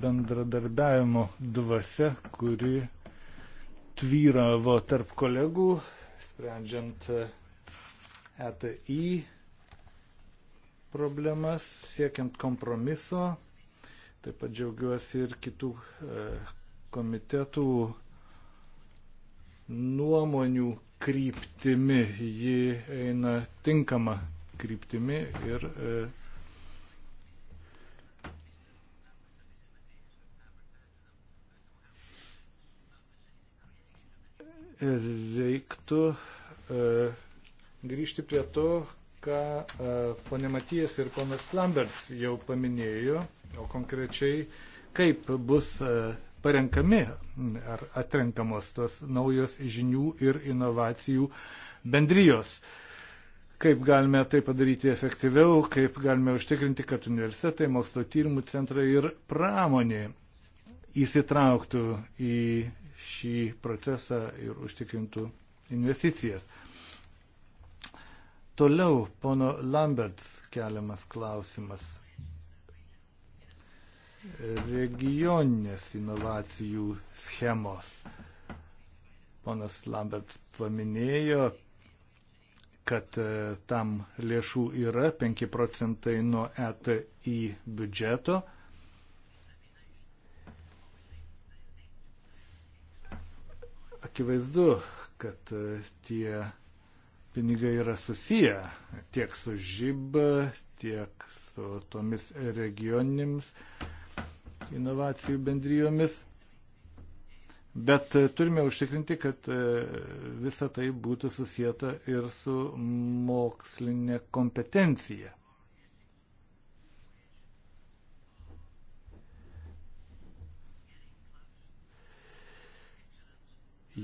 bendradarbiavimo dvasia, kuri tvyravo tarp kolegų, sprendžiant ETI problemas, siekiant kompromiso. Taip pat džiaugiuosi ir kitų e, komitetų nuomonių kryptimi. Ji eina tinkama kryptimi ir e, reiktų e, grįžti prie to, ką e, ponė Matijas ir ponas Lamberts jau paminėjo, o konkrečiai kaip bus parenkami ar atrenkamos tos naujos žinių ir inovacijų bendrijos. Uh, kaip galime tai padaryti efektyviau, kaip galime užtikrinti, kad universitetai, mokslo tyrimų centrai ir pramonė įsitrauktų į šį procesą ir užtikrintų investicijas. Toliau pono Lamberts keliamas klausimas. Regioninės inovacijų schemos. Ponas Lamberts paminėjo kad e, tam lėšų yra 5 procentai nuo ETI biudžeto. Akivaizdu, kad e, tie pinigai yra susiję tiek su žib, tiek su tomis regioninėmis inovacijų bendrijomis. Bet e, turime užtikrinti, kad e, visa tai būtų susijęta ir su mokslinė kompetencija.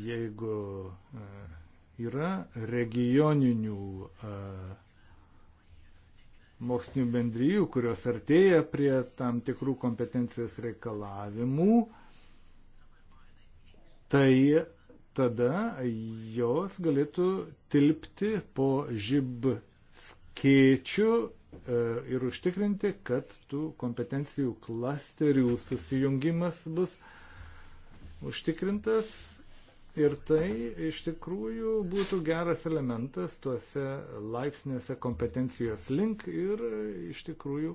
Jeigu e, yra regioninių mokslinių bendryjų, kurios artėja prie tam tikrų kompetencijos reikalavimų, tai tada jos galėtų tilpti po žib skėčiu e, ir užtikrinti, kad tų kompetencijų klasterių susijungimas bus užtikrintas. Ir tai iš tikrųjų būtų geras elementas tuose laipsniuose kompetencijos link ir iš tikrųjų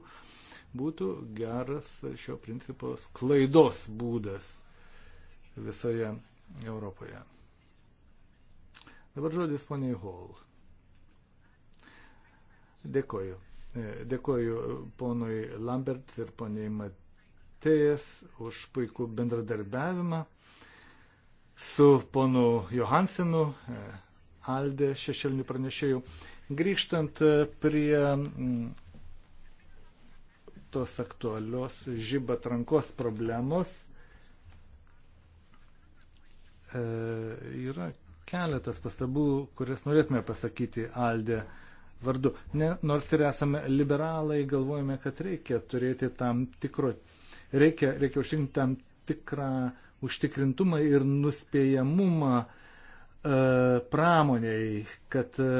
būtų geras šio principos klaidos būdas visoje Europoje. Dabar žodis poniai Hall. Dėkoju. E, dėkoju ponui Lamberts ir poniai Matėjas už puikų bendradarbiavimą su ponu Johansenu, e, Alde šešėlinių pranešėjų. Grįžtant e, prie mm, tos aktualios žyba trankos problemos, E, yra keletas pastabų, kurias norėtume pasakyti Aldė vardu. Ne, nors ir esame liberalai, galvojame, kad reikia turėti tam tikro, reikia, reikia užtikrinti tam tikrą užtikrintumą ir nuspėjamumą e, pramoniai, kad e,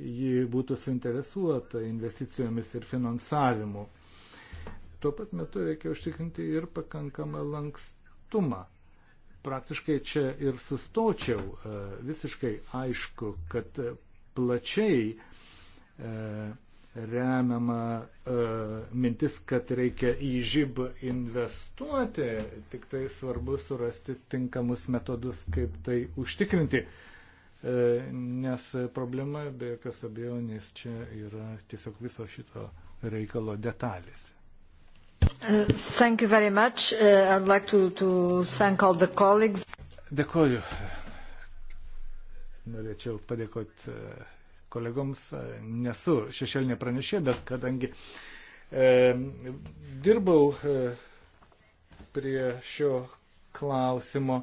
ji būtų suinteresuota investicijomis ir finansavimu. Tuo pat metu reikia užtikrinti ir pakankamą lankstumą praktiškai čia ir sustočiau. E, visiškai aišku, kad plačiai e, remiama e, mintis, kad reikia į žib investuoti, tik tai svarbu surasti tinkamus metodus, kaip tai užtikrinti. Nes problema, be jokios abejonės, čia yra tiesiog viso šito reikalo detalėse. Uh, thank you very much. Uh, I'd like to, to thank all the colleagues. Dėkoju. Norėčiau padėkoti uh, kolegoms. Uh, nesu šešėlinė pranešė, bet kadangi e, dirbau e, prie šio klausimo,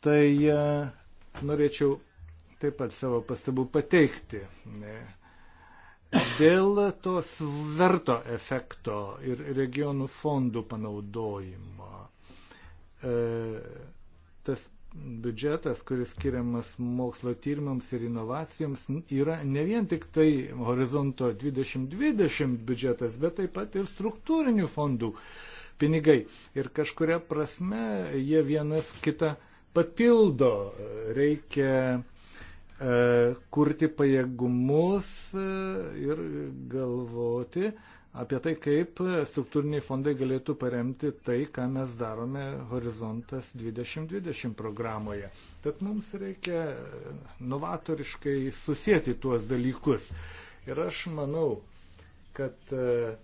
tai e, norėčiau taip pat savo pastabų pateikti. E, dėl to sverto efekto ir regionų fondų panaudojimo. E, tas biudžetas, kuris skiriamas mokslo tyrimams ir inovacijoms, yra ne vien tik tai horizonto 2020 biudžetas, bet taip pat ir struktūrinių fondų pinigai. Ir kažkuria prasme jie vienas kitą papildo. Reikia E, kurti pajėgumus e, ir galvoti apie tai, kaip struktūriniai fondai galėtų paremti tai, ką mes darome Horizontas 2020 programoje. Tad mums reikia novatoriškai susijęti tuos dalykus. Ir aš manau, kad e,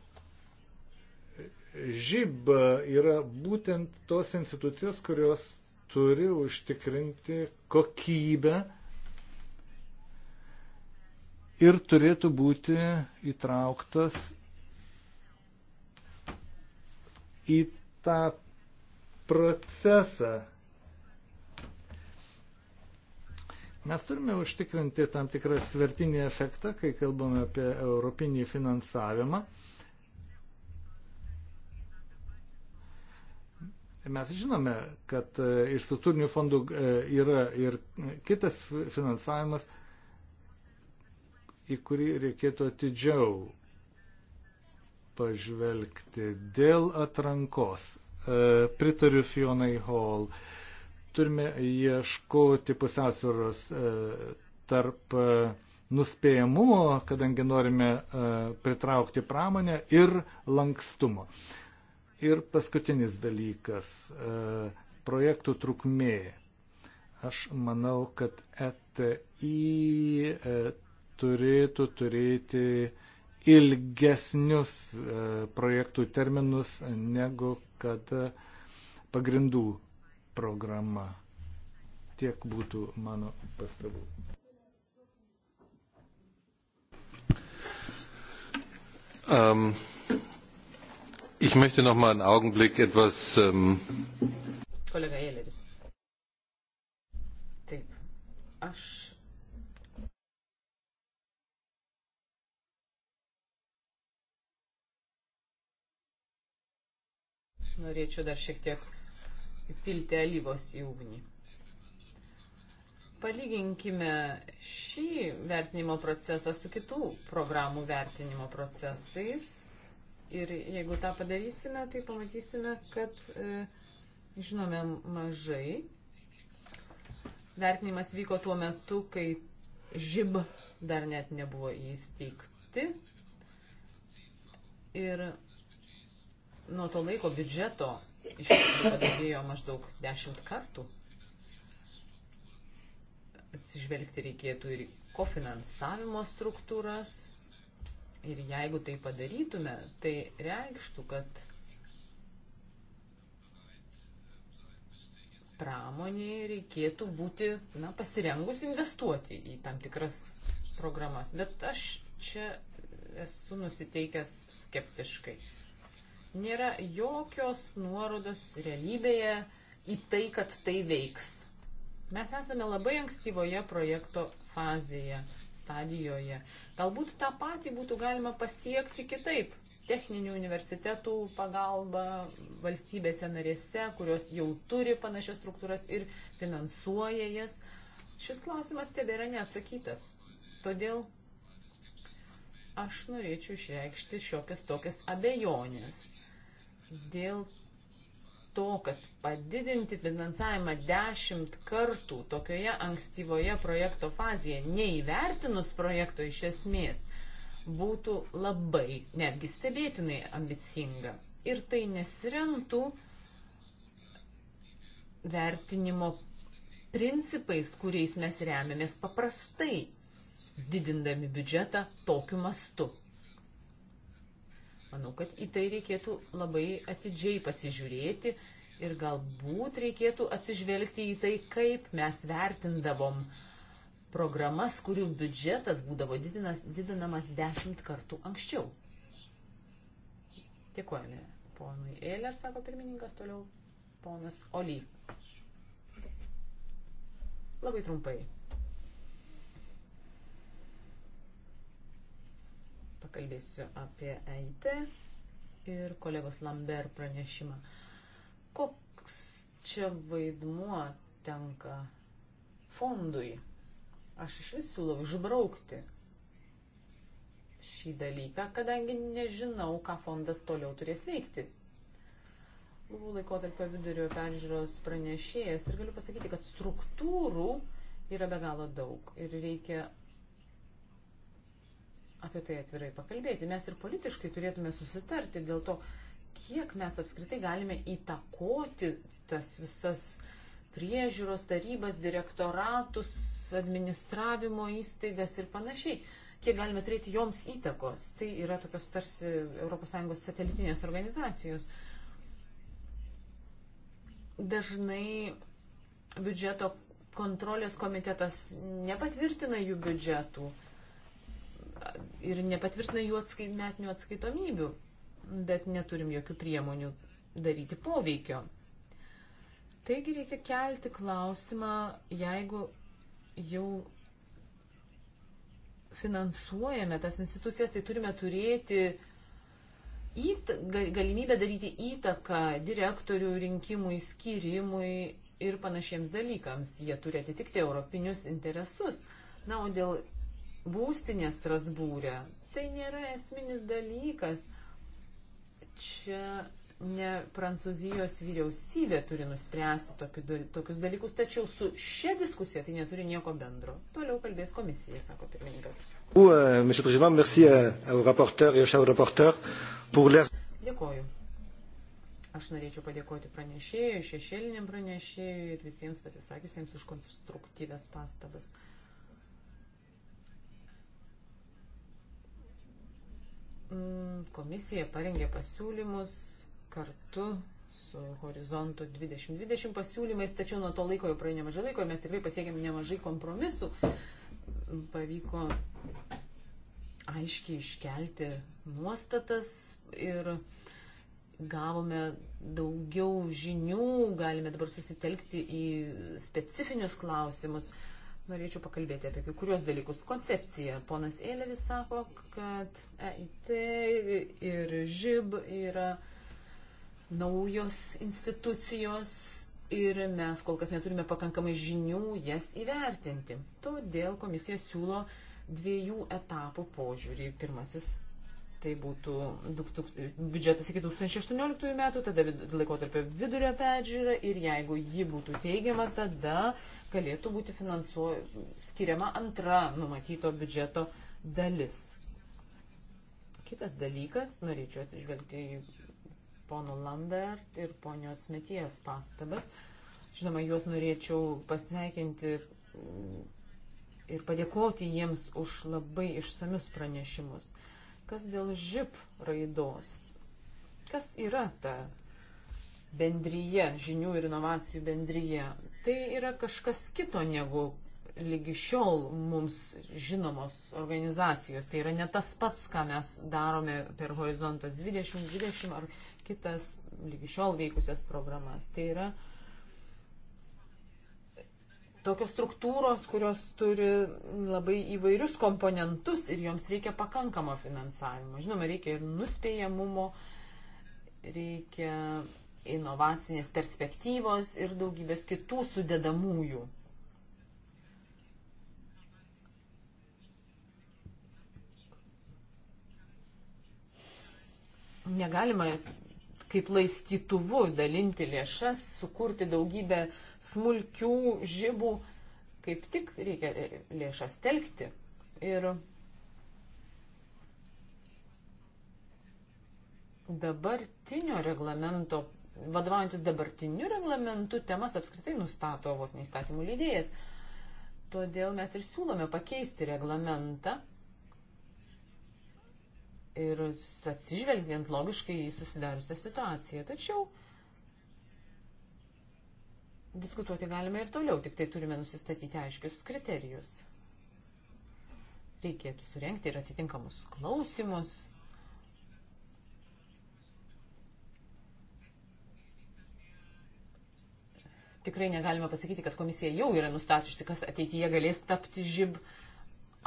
žyb yra būtent tos institucijos, kurios turi užtikrinti kokybę, ir turėtų būti įtrauktas į tą procesą. Mes turime užtikrinti tam tikrą svertinį efektą, kai kalbame apie europinį finansavimą. Mes žinome, kad iš struktūrinių fondų e, yra ir kitas finansavimas į kurį reikėtų atidžiau pažvelgti dėl atrankos. E, pritariu Fionai Hall. Turime ieškoti pusiausvėros e, tarp e, nuspėjamumo, kadangi norime pritraukti pramonę ir lankstumo. Ir paskutinis dalykas - projektų trukmė. Aš manau, kad ETI turėtų turėti ilgesnius e, projektų terminus negu kad e, pagrindų programa. Tiek būtų mano pastabų. Um, ich möchte noch mal einen Augenblick etwas. Um ähm, Kollege Ehleris. Taip, aš Norėčiau dar šiek tiek pilti alyvos į ugnį. Palyginkime šį vertinimo procesą su kitų programų vertinimo procesais. Ir jeigu tą padarysime, tai pamatysime, kad e, žinome mažai. Vertinimas vyko tuo metu, kai žib dar net nebuvo įsteigti. Ir nuo to laiko biudžeto iš tikrųjų padidėjo maždaug dešimt kartų. Atsižvelgti reikėtų ir kofinansavimo struktūras. Ir jeigu tai padarytume, tai reikštų, kad pramoniai reikėtų būti na, pasirengus investuoti į tam tikras programas. Bet aš čia esu nusiteikęs skeptiškai. Nėra jokios nuorodos realybėje į tai, kad tai veiks. Mes esame labai ankstyvoje projekto fazėje, stadijoje. Galbūt tą patį būtų galima pasiekti kitaip techninių universitetų pagalba valstybėse narėse, kurios jau turi panašias struktūras ir finansuoja jas. Šis klausimas tebėra neatsakytas. Todėl aš norėčiau išreikšti šiokias tokias abejonės dėl to, kad padidinti finansavimą dešimt kartų tokioje ankstyvoje projekto fazėje, neįvertinus projekto iš esmės, būtų labai, netgi stebėtinai ambicinga. Ir tai nesiremtų vertinimo principais, kuriais mes remiamės paprastai, didindami biudžetą tokiu mastu. Manau, kad į tai reikėtų labai atidžiai pasižiūrėti ir galbūt reikėtų atsižvelgti į tai, kaip mes vertindavom programas, kurių biudžetas būdavo didinas, didinamas dešimt kartų anksčiau. Dėkojame ponui Eiler, sako pirmininkas, toliau ponas Oly. Labai trumpai. pakalbėsiu apie EIT ir kolegos Lambert pranešimą. Koks čia vaidmuo tenka fondui? Aš iš vis siūlau išbraukti šį dalyką, kadangi nežinau, ką fondas toliau turės veikti. Buvau laikotarpio vidurio peržiūros pranešėjas ir galiu pasakyti, kad struktūrų yra be galo daug ir reikia apie tai atvirai pakalbėti. Mes ir politiškai turėtume susitarti dėl to, kiek mes apskritai galime įtakoti tas visas priežiūros tarybas, direktoratus, administravimo įstaigas ir panašiai. Kiek galime turėti joms įtakos. Tai yra tokios tarsi ES satelitinės organizacijos. Dažnai biudžeto kontrolės komitetas nepatvirtina jų biudžetų. Uh, ir nepatvirtina jų atskai, metinių atskaitomybių, bet neturim jokių priemonių daryti poveikio. Taigi reikia kelti klausimą, jeigu jau finansuojame tas institucijas, tai turime turėti įt, galimybę daryti įtaką direktorių rinkimui, skirimui ir panašiems dalykams. Jie turi atitikti europinius interesus. Na, o dėl būstinė Strasbūrė. Tai nėra esminis dalykas. Čia ne Prancūzijos vyriausybė turi nuspręsti tokius dalykus, tačiau su šia diskusija tai neturi nieko bendro. Toliau kalbės komisija, sako pirmininkas. Euh, euh, Dėkoju. Aš norėčiau padėkoti pranešėjui, šešėliniam pranešėjui ir visiems pasisakiusiems už konstruktyves pastabas. Mm, komisija parengė pasiūlymus kartu su Horizontu 2020 pasiūlymais, tačiau nuo to laiko jau praėjo nemažai laiko ir mes tikrai pasiekėm nemažai kompromisų. Mm, pavyko aiškiai iškelti nuostatas ir gavome daugiau žinių, galime dabar susitelkti į specifinius klausimus. Uh, norėčiau pakalbėti apie kai kurios dalykus. Koncepcija. Ponas Eileris sako, kad EIT ir ŽIB yra naujos institucijos ir mes kol kas neturime pakankamai žinių jas įvertinti. Todėl komisija siūlo dviejų etapų požiūrį. Pirmasis tai būtų biudžetas iki 2018 metų, tada laikotarpio vidurio peržiūra ir jeigu ji būtų teigiama, tada galėtų būti finansuo, skiriama antra numatyto biudžeto dalis. Kitas dalykas, norėčiau atsižvelgti į pono Lambert ir ponios Meties pastabas. Žinoma, juos norėčiau pasveikinti mm, ir padėkoti jiems už labai išsamius pranešimus. Kas dėl žip raidos? Kas yra ta bendryje, žinių ir inovacijų bendryje? Tai yra kažkas kito negu lygi šiol mums žinomos organizacijos. Tai yra ne tas pats, ką mes darome per Horizontas 2020 ar kitas lygi šiol veikusias programas. Tai yra uh, tokios struktūros, kurios turi labai įvairius komponentus ir joms reikia pakankamo finansavimo. Žinoma, reikia ir nuspėjamumo, reikia inovacinės perspektyvos ir daugybės kitų sudedamųjų. Negalima kaip laistytuvu dalinti lėšas, sukurti daugybę smulkių žibų, kaip tik reikia e, lėšas telkti. Ir dabartinio reglamento, vadovaujantis dabartiniu reglamentu, temas apskritai nustato vos neįstatymų leidėjas. Todėl mes ir siūlome pakeisti reglamentą ir atsižvelgiant logiškai į susidariusią situaciją. Tačiau diskutuoti galime ir toliau, tik tai turime nusistatyti aiškius kriterijus. Reikėtų surenkti ir atitinkamus klausimus. Tikrai negalime pasakyti, kad komisija jau yra nustačiusi, kas ateityje galės tapti žib,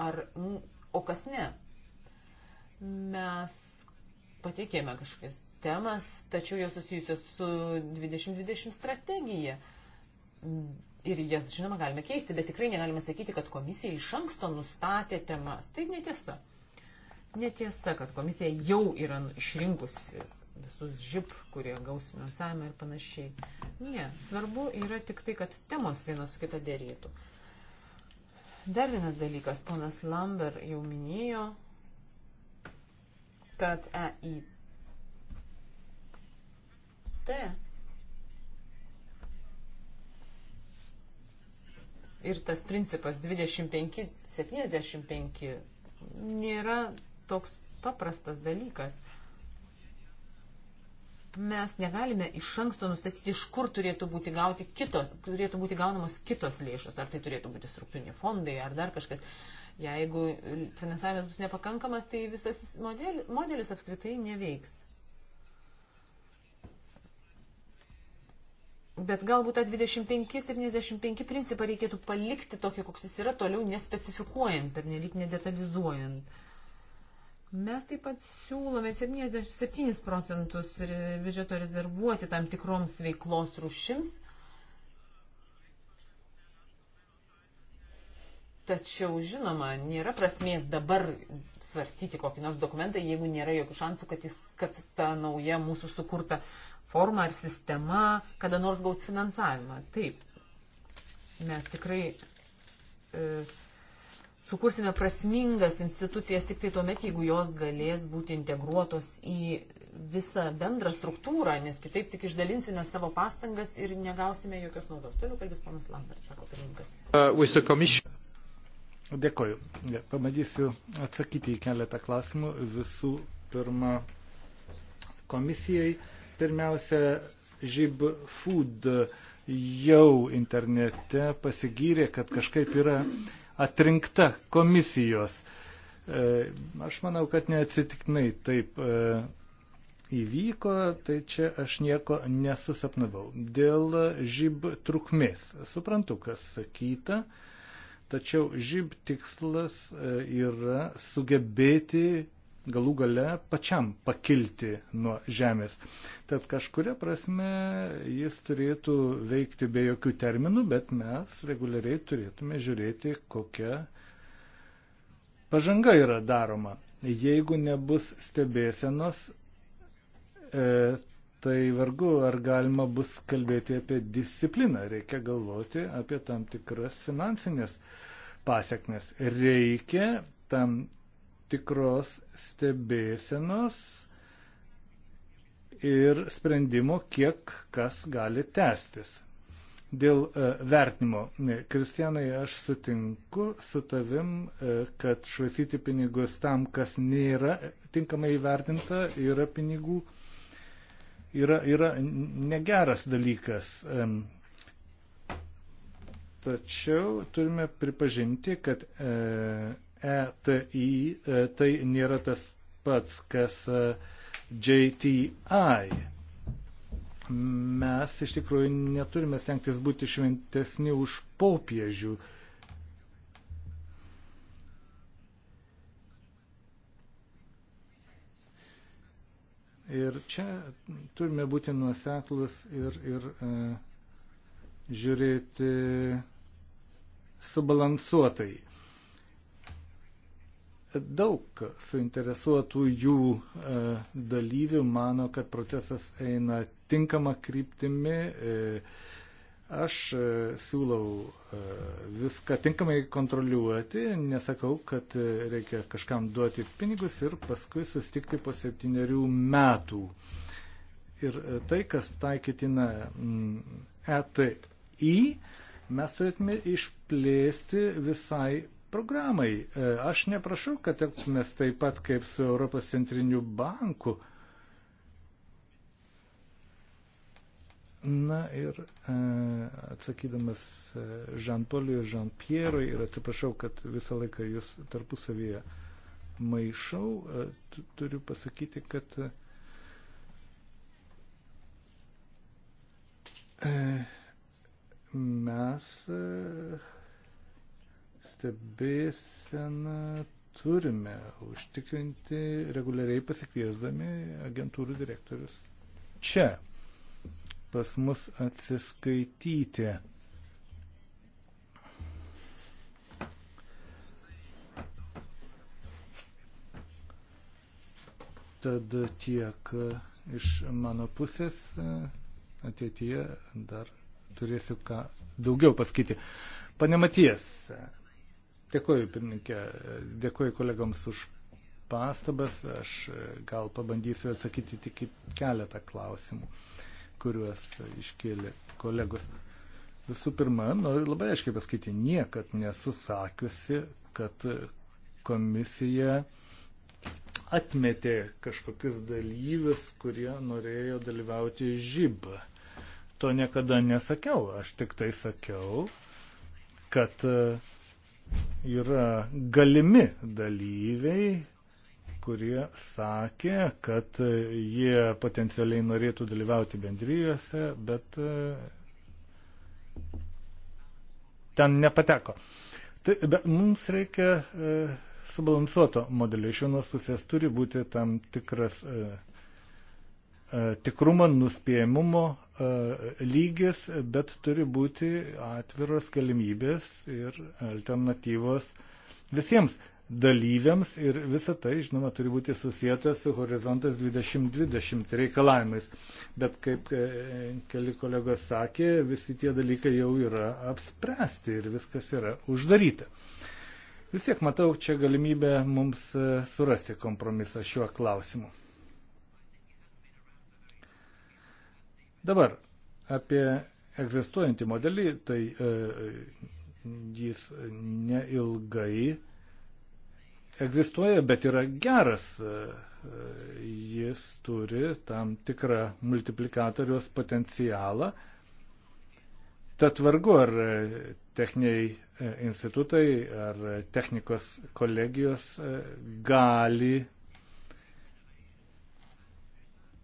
ar, o kas ne. Mes pateikėme kažkokias temas, tačiau jos susijusios su 2020 strategija. Ir jas, žinoma, galime keisti, bet tikrai negalime sakyti, kad komisija iš anksto nustatė temas. Tai netiesa. Netiesa, kad komisija jau yra išrinkusi visus žip, kurie gaus finansavimą ir panašiai. Ne, svarbu yra tik tai, kad temos viena su kita dėrėtų. Dar vienas dalykas, ponas Lambert jau minėjo, kad EIT ir tas principas 25-75 nėra toks paprastas dalykas. Mes negalime iš anksto nustatyti, iš kur turėtų būti, gauti kitos, turėtų būti gaunamos kitos lėšos, ar tai turėtų būti struktūriniai fondai, ar dar kažkas. Uh, Jeigu finansavimas bus nepakankamas, tai visas modelis, modelis apskritai neveiks. Bet galbūt tą 25-75 principą reikėtų palikti tokį, koks jis yra, toliau nespecifikuojant ir nelik nedetalizuojant. Mes taip pat siūlome 77 procentus biudžeto rezervuoti tam tikroms veiklos rušims, Tačiau, žinoma, nėra prasmės dabar svarstyti kokį nors dokumentą, jeigu nėra jokių šansų, kad, jis, kad ta nauja mūsų sukurta forma ar sistema kada nors gaus finansavimą. Taip, mes tikrai e, sukursime prasmingas institucijas tik tai tuomet, jeigu jos galės būti integruotos į visą bendrą struktūrą, nes kitaip tik išdalinsime savo pastangas ir negausime jokios naudos. Toliau kalbės panas Lambert, sako pirmininkas. Uh, Dėkoju. Pamadysiu atsakyti į keletą klausimų. Visų pirma, komisijai. Pirmiausia, Žib Food jau internete pasigyrė, kad kažkaip yra atrinkta komisijos. E, aš manau, kad neatsitiktinai taip e, įvyko, tai čia aš nieko nesusapnavau. Dėl žib trukmės. Suprantu, kas sakyta. E, Tačiau žib tikslas e, yra sugebėti galų gale pačiam pakilti nuo žemės. Tad kažkuria prasme jis turėtų veikti be jokių terminų, bet mes reguliariai turėtume žiūrėti, kokia pažanga yra daroma. Jeigu nebus stebėsenos, e, tai vargu ar galima bus kalbėti apie discipliną. Reikia galvoti apie tam tikras finansinės e, pasiekmes. Reikia tam tikros stebėsenos ir sprendimo, kiek kas gali tęstis. Dėl e, vertinimo, e, Kristianai, aš sutinku su tavim, e, kad švaistyti pinigus tam, kas nėra tinkamai įvertinta, yra pinigų, yra, yra negeras dalykas. Tačiau turime pripažinti, kad ETI e e, tai nėra tas pats, kas e, JTI. Mes iš tikrųjų neturime stengtis būti šventesni už popiežių. Ir čia turime būti nuoseklus ir, ir e, žiūrėti subalansuotai. Daug suinteresuotų jų e, dalyvių mano, kad procesas eina tinkama kryptimi. E, aš e, siūlau e, viską tinkamai kontroliuoti, nesakau, kad e, reikia kažkam duoti pinigus ir paskui sustikti po septyniarių metų. Ir tai, kas taikytina ETI, mes turėtume išplėsti visai programai. E, aš neprašau, kad mes taip pat kaip su Europos centriniu banku. Na ir e, atsakydamas Žanpoliui e, ir Žanpierui ir atsiprašau, kad visą laiką jūs tarpusavyje maišau, e, turiu pasakyti, kad e, mes e, stebėseną turime užtikrinti reguliariai pasikviesdami agentūrų direktorius čia pas mus atsiskaityti. Tad tiek iš mano pusės ateityje dar turėsiu ką daugiau pasakyti. Pane Maties, dėkoju pirmininkė, dėkoju kolegams už pastabas, aš e, gal pabandysiu atsakyti tik į keletą klausimų, kuriuos iškėlė kolegos. Visų pirma, noriu labai aiškiai pasakyti, niekad nesu sakiusi, kad komisija atmetė kažkokius dalyvius, kurie norėjo dalyvauti žybą to niekada nesakiau. Aš tik tai sakiau, kad e, yra galimi dalyviai, kurie sakė, kad e, jie potencialiai norėtų dalyvauti bendryjose, bet e, ten nepateko. Tai, bet mums reikia subalansuoto modelio. Iš vienos pusės turi būti tam tikras E, tikrumo, nuspėjimumo e, lygis, bet turi būti atviros galimybės ir alternatyvos visiems dalyviams ir visa tai, žinoma, turi būti susijęta su horizontas 2020 reikalavimais. Bet kaip e, keli kolegos sakė, visi tie dalykai jau yra apspręsti ir viskas yra uždaryta. Vis tiek matau čia galimybę mums surasti kompromisą šiuo klausimu. Dabar apie egzistuojantį modelį, tai e, jis neilgai egzistuoja, bet yra geras. E, e, jis turi tam tikrą multiplikatoriaus potencialą. Tad vargu ar e, techniniai institutai ar technikos kolegijos gali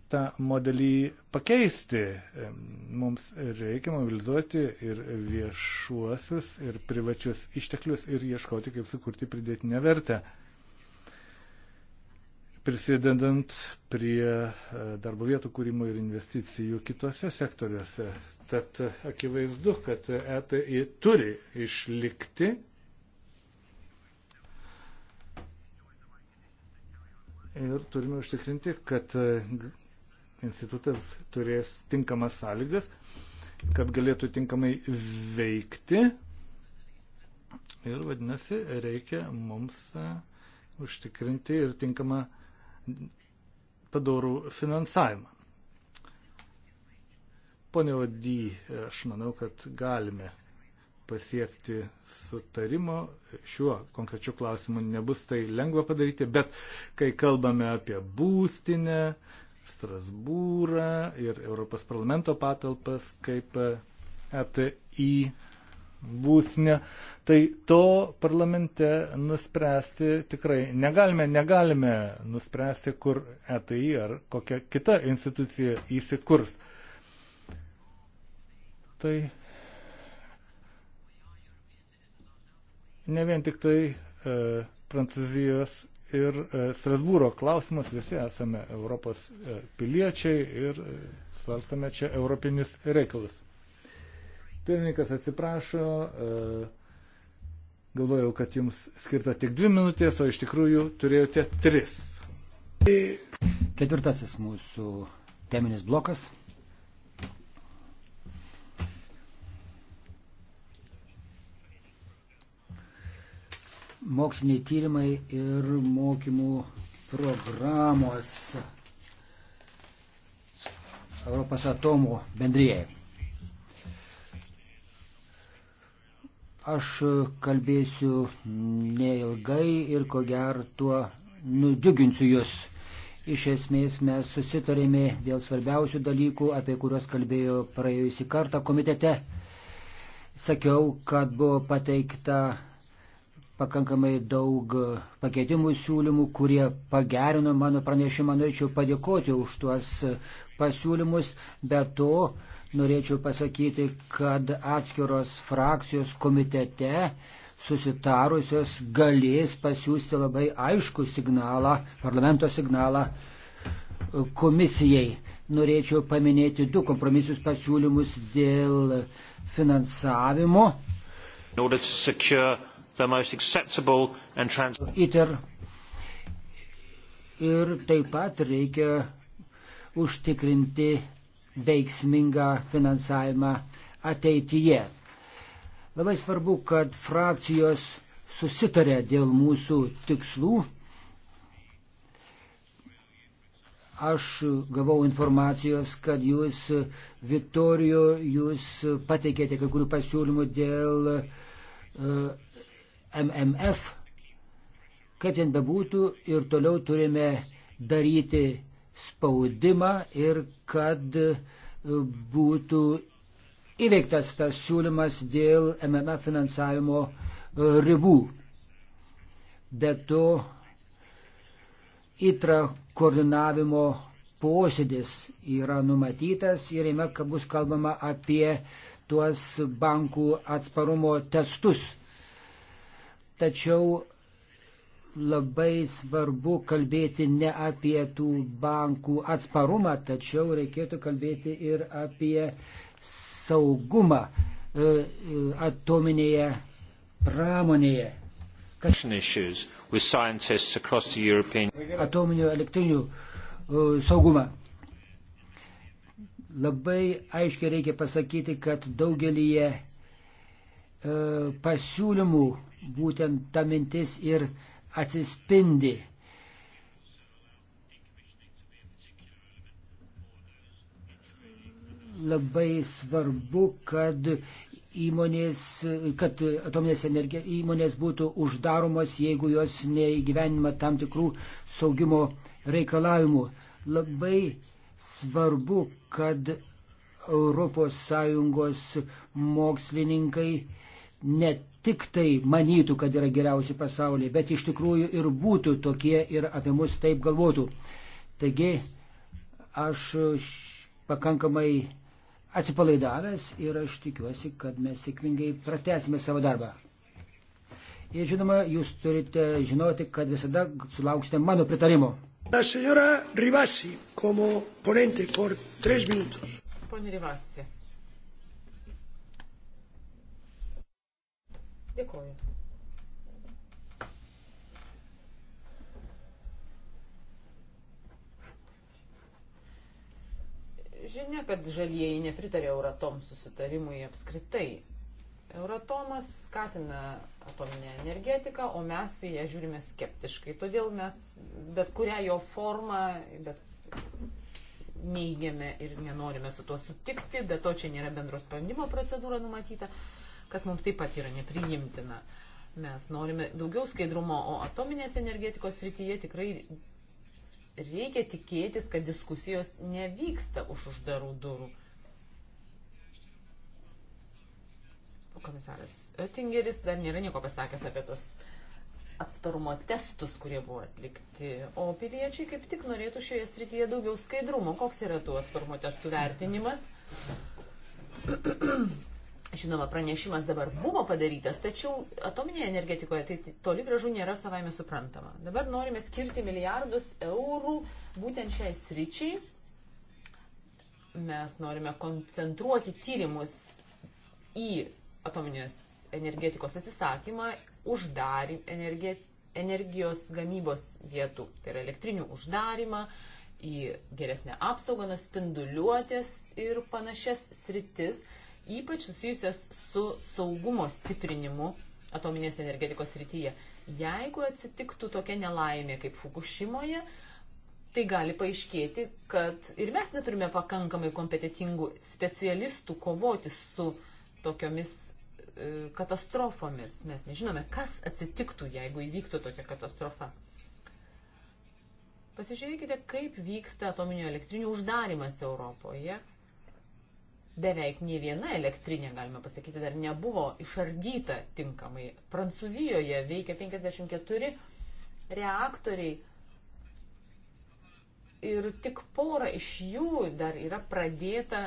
tą modelį pakeisti. Mums reikia mobilizuoti ir viešuosius, ir privačius išteklius ir ieškoti, kaip sukurti pridėtinę vertę. Prisidedant prie e, darbo vietų kūrimo ir investicijų kitose sektoriuose. Tad akivaizdu, kad ETI turi išlikti ir turime užtikrinti, kad institutas turės tinkamas sąlygas, kad galėtų tinkamai veikti. Ir vadinasi, reikia mums e, užtikrinti ir tinkamą padorų finansavimą. Pone Odį, aš manau, kad galime pasiekti sutarimo. Šiuo konkrečiu klausimu nebus tai lengva padaryti, bet kai kalbame apie būstinę, Strasbūrą ir Europos parlamento patalpas kaip ETI e būsnė, tai to parlamente nuspręsti tikrai negalime, negalime nuspręsti, kur ETI ar kokia kita institucija įsikurs. Tai ne vien tik tai e, Prancūzijos ir e, Strasbūro klausimas. Visi esame Europos e, piliečiai ir e, svarstame čia europinius reikalus. Pirmininkas atsiprašo, galvojau, kad jums skirta tik dvi minutės, o iš tikrųjų turėjote tris. Ketvirtasis mūsų teminis blokas moksliniai tyrimai ir mokymų programos Europos atomų bendrijai. Aš kalbėsiu neilgai ir ko gero tuo nudžiuginsiu jūs. Iš esmės mes susitarėme dėl svarbiausių dalykų, apie kuriuos kalbėjo praėjusi kartą komitete. Sakiau, kad buvo pateikta pakankamai daug pakeitimų siūlymų, kurie pagerino mano pranešimą. Norėčiau padėkoti už tuos pasiūlymus, bet to norėčiau pasakyti, kad atskiros frakcijos komitete susitarusios galės pasiūsti labai aišku signalą, parlamento signalą komisijai. Norėčiau paminėti du kompromisus pasiūlymus dėl finansavimo. In order to secure the most acceptable and transparent. Ir taip pat reikia užtikrinti veiksmingą finansavimą ateityje. Labai svarbu, kad frakcijos susitarė dėl mūsų tikslų. Aš gavau informacijos, kad jūs, Vitorijo, jūs pateikėte kai kurių pasiūlymų dėl uh, MMF, kaip ten bebūtų, ir toliau turime daryti spaudimą ir kad e, būtų įveiktas tas siūlymas dėl MMF finansavimo e, ribų. Be to, įtra koordinavimo posėdis yra numatytas ir jame bus kalbama apie tuos bankų atsparumo testus Tačiau labai svarbu kalbėti ne apie tų bankų atsparumą, tačiau reikėtų kalbėti ir apie saugumą e, e, atominėje pramonėje. Kas... Atominių elektrinių e, saugumą. Labai aiškiai reikia pasakyti, kad daugelįje pasiūlymų būtent ta mintis ir atsispindi. Labai svarbu, kad įmonės, kad atominės energija, įmonės būtų uždaromos, jeigu jos neįgyvenima tam tikrų saugimo reikalavimų. Labai svarbu, kad ES mokslininkai ne tik tai manytų, kad yra geriausi pasaulyje, bet iš tikrųjų ir būtų tokie ir apie mus taip galvotų. Taigi aš pakankamai atsipalaidavęs ir aš tikiuosi, kad mes sėkmingai pratesime savo darbą. Ir žinoma, jūs turite žinoti, kad visada sulauksite mano pritarimo. La señora Rivasi, como ponente, por tres minutos. Pone Rivasi. Dėkoju. Žinia, kad žalieji nepritarė Euratom susitarimui apskritai. Euratomas skatina atominę energetiką, o mes į ją žiūrime skeptiškai. Todėl mes bet kurią jo formą bet neigiame ir nenorime su tuo sutikti, bet to čia nėra bendro sprendimo procedūra numatyta. Uh, kas mums taip pat yra nepriimtina. Mes norime daugiau skaidrumo, o atominės energetikos srityje tikrai reikia tikėtis, kad diskusijos nevyksta už uždarų durų. Komisaras Oettingeris dar nėra nieko pasakęs apie tos atsparumo testus, kurie buvo atlikti, o piliečiai kaip tik norėtų šioje srityje daugiau skaidrumo. Koks yra tų atsparumo testų vertinimas? [CLEARS THROAT] Žinoma, pranešimas dabar buvo padarytas, tačiau atominėje energetikoje tai toli gražu nėra savaime suprantama. Dabar norime skirti milijardus eurų būtent šiai sričiai. Mes norime koncentruoti tyrimus į atominės energetikos atsisakymą, uždarį energijos gamybos vietų, tai yra elektrinių uždarimą, į geresnę apsaugą nuo spinduliuotės ir panašias sritis ypač susijusias su saugumo stiprinimu atominės energetikos rytyje. Jeigu atsitiktų tokia nelaimė kaip Fukushimoje, tai gali paaiškėti, kad ir mes neturime pakankamai kompetitingų specialistų kovoti su tokiomis e, katastrofomis. Mes nežinome, kas atsitiktų, jeigu įvyktų tokia katastrofa. Pasižiūrėkite, kaip vyksta atominio elektrinio uždarimas Europoje, beveik nie viena elektrinė, galima pasakyti, dar nebuvo išardyta tinkamai. Prancūzijoje veikia 54 reaktoriai ir tik pora iš jų dar yra pradėta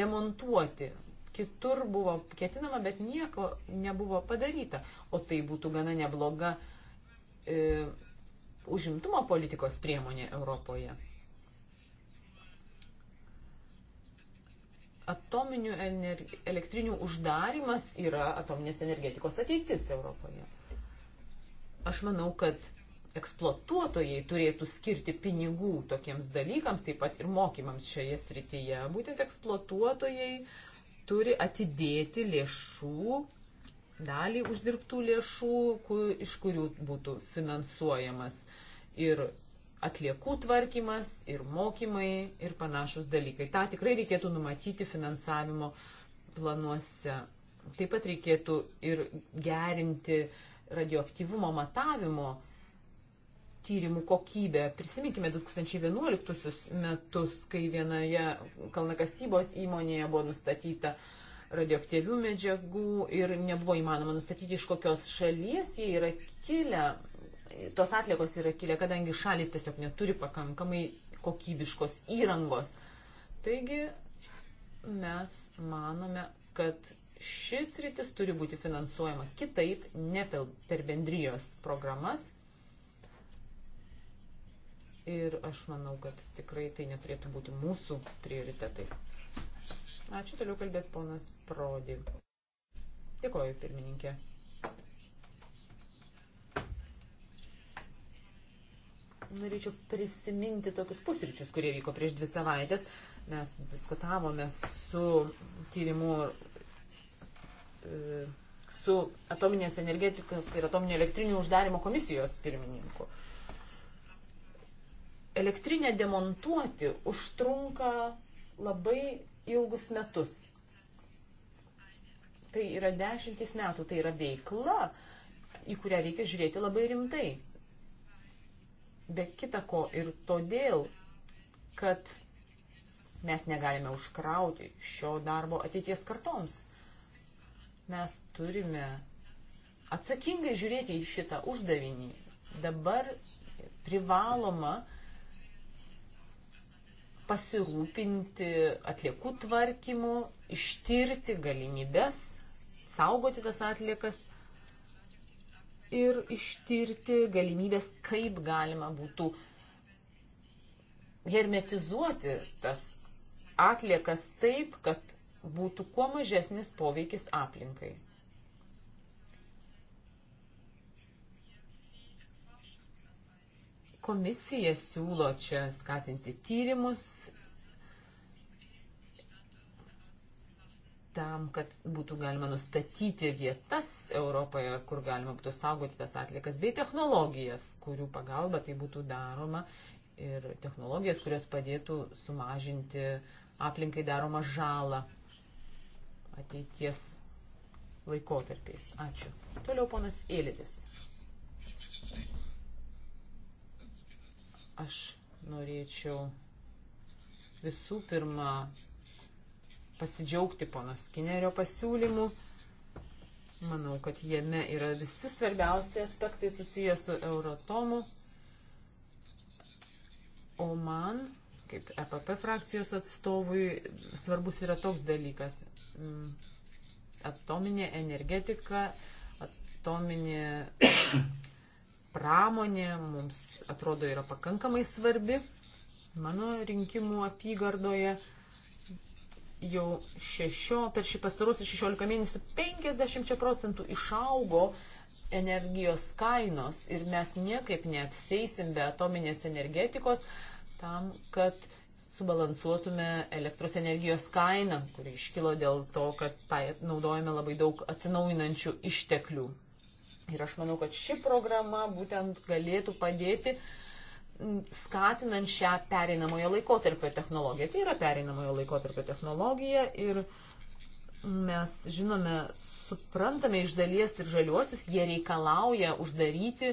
demontuoti. Kitur buvo ketinama, bet nieko nebuvo padaryta. O tai būtų gana nebloga e, užimtumo politikos priemonė Europoje. atominių elektrinių uždarimas yra atominės energetikos ateitis Europoje. Aš manau, kad eksploatuotojai turėtų skirti pinigų tokiems dalykams, taip pat ir mokymams šioje srityje. Būtent eksploatuotojai turi atidėti lėšų, dalį uždirbtų lėšų, kur, iš kurių būtų finansuojamas ir atliekų tvarkymas, ir mokymai, ir panašus dalykai. Ta tikrai reikėtų numatyti finansavimo planuose. Taip pat reikėtų ir gerinti radioaktyvumo matavimo tyrimų kokybę. Prisiminkime 2011 metus, kai vienoje kalnakasybos įmonėje buvo nustatyta radioaktyvių medžiagų ir nebuvo įmanoma nustatyti, iš kokios šalies jie yra kilę tos atliekos yra kilę, kadangi šalis tiesiog neturi pakankamai kokybiškos įrangos. Taigi mes manome, kad šis rytis turi būti finansuojama kitaip, ne per bendrijos programas. Ir aš manau, kad tikrai tai neturėtų būti mūsų prioritetai. Ačiū, toliau kalbės ponas Prodi. Dėkoju, pirmininkė. norėčiau prisiminti tokius pusryčius, kurie vyko prieš dvi savaitės. Mes diskutavome su tyrimu, e, su atominės energetikos ir atominio elektrinių uždarimo komisijos pirmininku. Elektrinę demontuoti užtrunka labai ilgus metus. Tai yra dešimtis metų, tai yra veikla, į kurią reikia žiūrėti labai rimtai. Be kita ko ir todėl, kad mes negalime užkrauti šio darbo ateities kartoms. Mes turime atsakingai žiūrėti į šitą uždavinį. Dabar privaloma pasirūpinti atliekų tvarkymu, ištirti galimybės, saugoti tas atliekas ir ištirti galimybės, kaip galima būtų hermetizuoti tas atliekas taip, kad būtų kuo mažesnis poveikis aplinkai. Komisija siūlo čia skatinti tyrimus tam, kad būtų galima nustatyti vietas Europoje, kur galima būtų saugoti tas atlikas, bei technologijas, kurių pagalba tai būtų daroma ir technologijas, kurios padėtų sumažinti aplinkai daromą žalą ateities laikotarpiais. Ačiū. Toliau ponas Ėlėris. Aš norėčiau visų pirma pasidžiaugti pono Skinerio pasiūlymu. Manau, kad jame yra visi svarbiausi aspektai susiję su Euratomu. O man, kaip EPP frakcijos atstovui, svarbus yra toks dalykas. Mm, atominė energetika, atominė [COUGHS] pramonė mums atrodo yra pakankamai svarbi. Mano rinkimų apygardoje jau šešio, per šį pastarosius 16 mėnesių 50 procentų išaugo energijos kainos ir mes niekaip neapseisim be atominės energetikos tam, kad subalansuotume elektros energijos kainą, kuri iškilo dėl to, kad tai naudojame labai daug atsinaujinančių išteklių. Ir aš manau, kad ši programa būtent galėtų padėti uh, skatinant šią pereinamojo laikotarpio technologiją. Tai yra pereinamojo laikotarpio technologija ir mes žinome, suprantame iš dalies ir žaliuosius, jie reikalauja uždaryti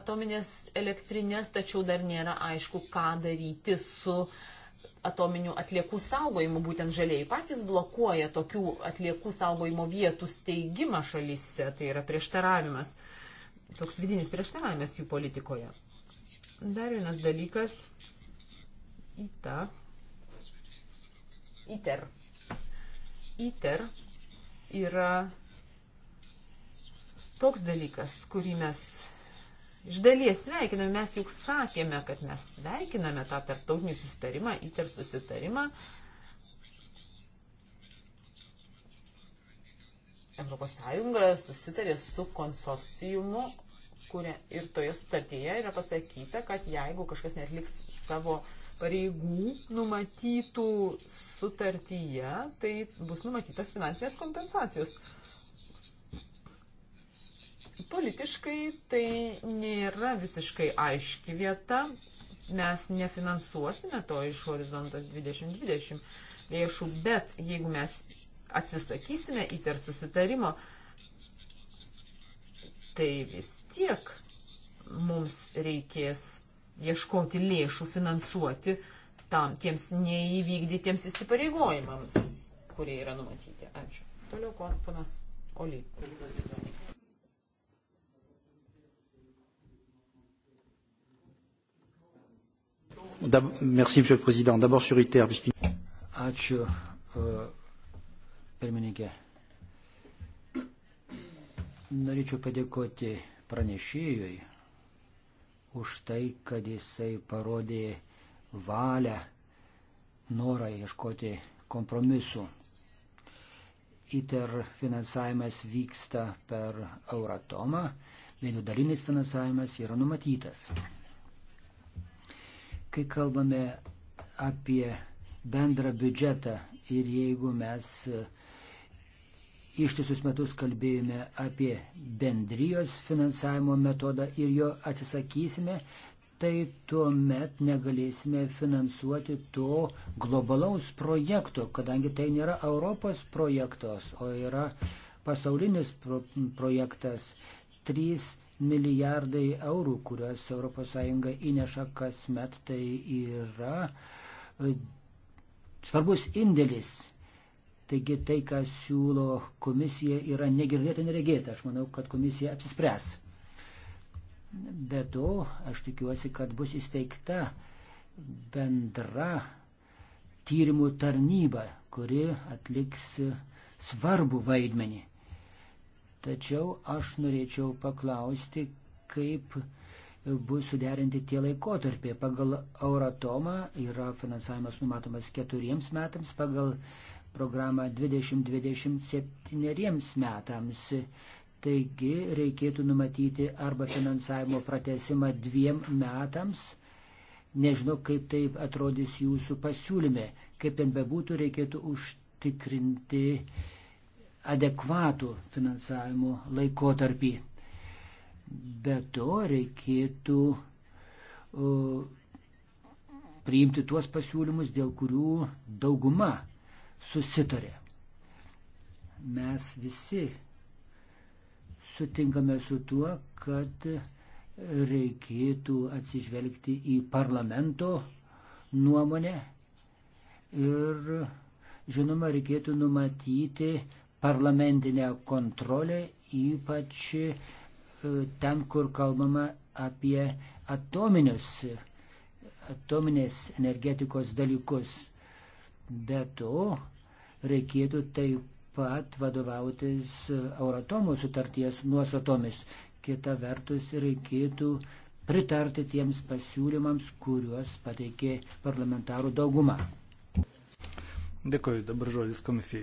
atominės elektrinės, tačiau dar nėra aišku, ką daryti su atominių atliekų saugojimu. Būtent žaliai patys blokuoja tokių atliekų saugojimo vietų steigimą šalyse, tai yra prieštaravimas, toks vidinis prieštaravimas jų politikoje. Dar vienas dalykas. ITA. ITER. ITER yra toks dalykas, kurį mes iš dalies sveikiname. Mes juk sakėme, kad mes sveikiname tą tarptautinį susitarimą, ITER susitarimą. Europos Sąjunga susitarė su konsorciumu kuria ir toje sutartyje yra pasakyta, kad jeigu kažkas netliks savo pareigų numatytų sutartyje, tai bus numatytos finansinės kompensacijos. Politiškai tai nėra visiškai aiški vieta. Mes nefinansuosime to iš horizontas 2020 lėšų, bet jeigu mes atsisakysime įter susitarimo, tai vis tiek mums reikės ieškoti lėšų finansuoti tam tiems neįvykdytiems įsipareigojimams, kurie yra numatyti. Ačiū. Toliau ponas Oli. Merci, Monsieur le Président. D'abord sur ITER. Ačiū, uh, pirmininkė. Norėčiau padėkoti pranešėjui už tai, kad jisai parodė valią, norą ieškoti kompromisų. ITER finansavimas vyksta per Euratomą, vienu dalinis finansavimas yra numatytas. Kai kalbame apie bendrą biudžetą ir jeigu mes uh, ištisus metus kalbėjome apie bendrijos finansavimo metodą ir jo atsisakysime, tai tuomet negalėsime finansuoti to globalaus projekto, kadangi tai nėra Europos projektas, o yra pasaulinis pro projektas. 3 milijardai eurų, kuriuos ES įneša kasmet, tai yra e, svarbus indėlis Taigi tai, ką siūlo komisija, yra negirdėta, neregėta. Aš manau, kad komisija apsispręs. Be to, aš tikiuosi, kad bus įsteigta bendra tyrimų tarnyba, kuri atliks svarbu vaidmenį. Tačiau aš norėčiau paklausti, kaip bus suderinti tie laikotarpiai. Pagal Euratomą yra finansavimas numatomas keturiems metams, pagal programą 2027 metams. Taigi reikėtų numatyti arba finansavimo pratesimą dviem metams. Nežinau, kaip tai atrodys jūsų pasiūlyme. Kaip ten bebūtų, reikėtų užtikrinti adekvatų finansavimo laikotarpį. Be to reikėtų priimti tuos pasiūlymus, dėl kurių dauguma susitarė. Mes visi sutinkame su tuo, kad reikėtų atsižvelgti į parlamento nuomonę ir žinoma reikėtų numatyti parlamentinę kontrolę, ypač e, ten, kur kalbama apie atominius, atominės energetikos dalykus. Be to, reikėtų taip pat vadovautis Euratomų sutarties nuostatomis. Kita vertus, reikėtų pritarti tiems pasiūlymams, kuriuos pateikė parlamentarų dauguma. Dėkuoju, dabar žodis komisijai.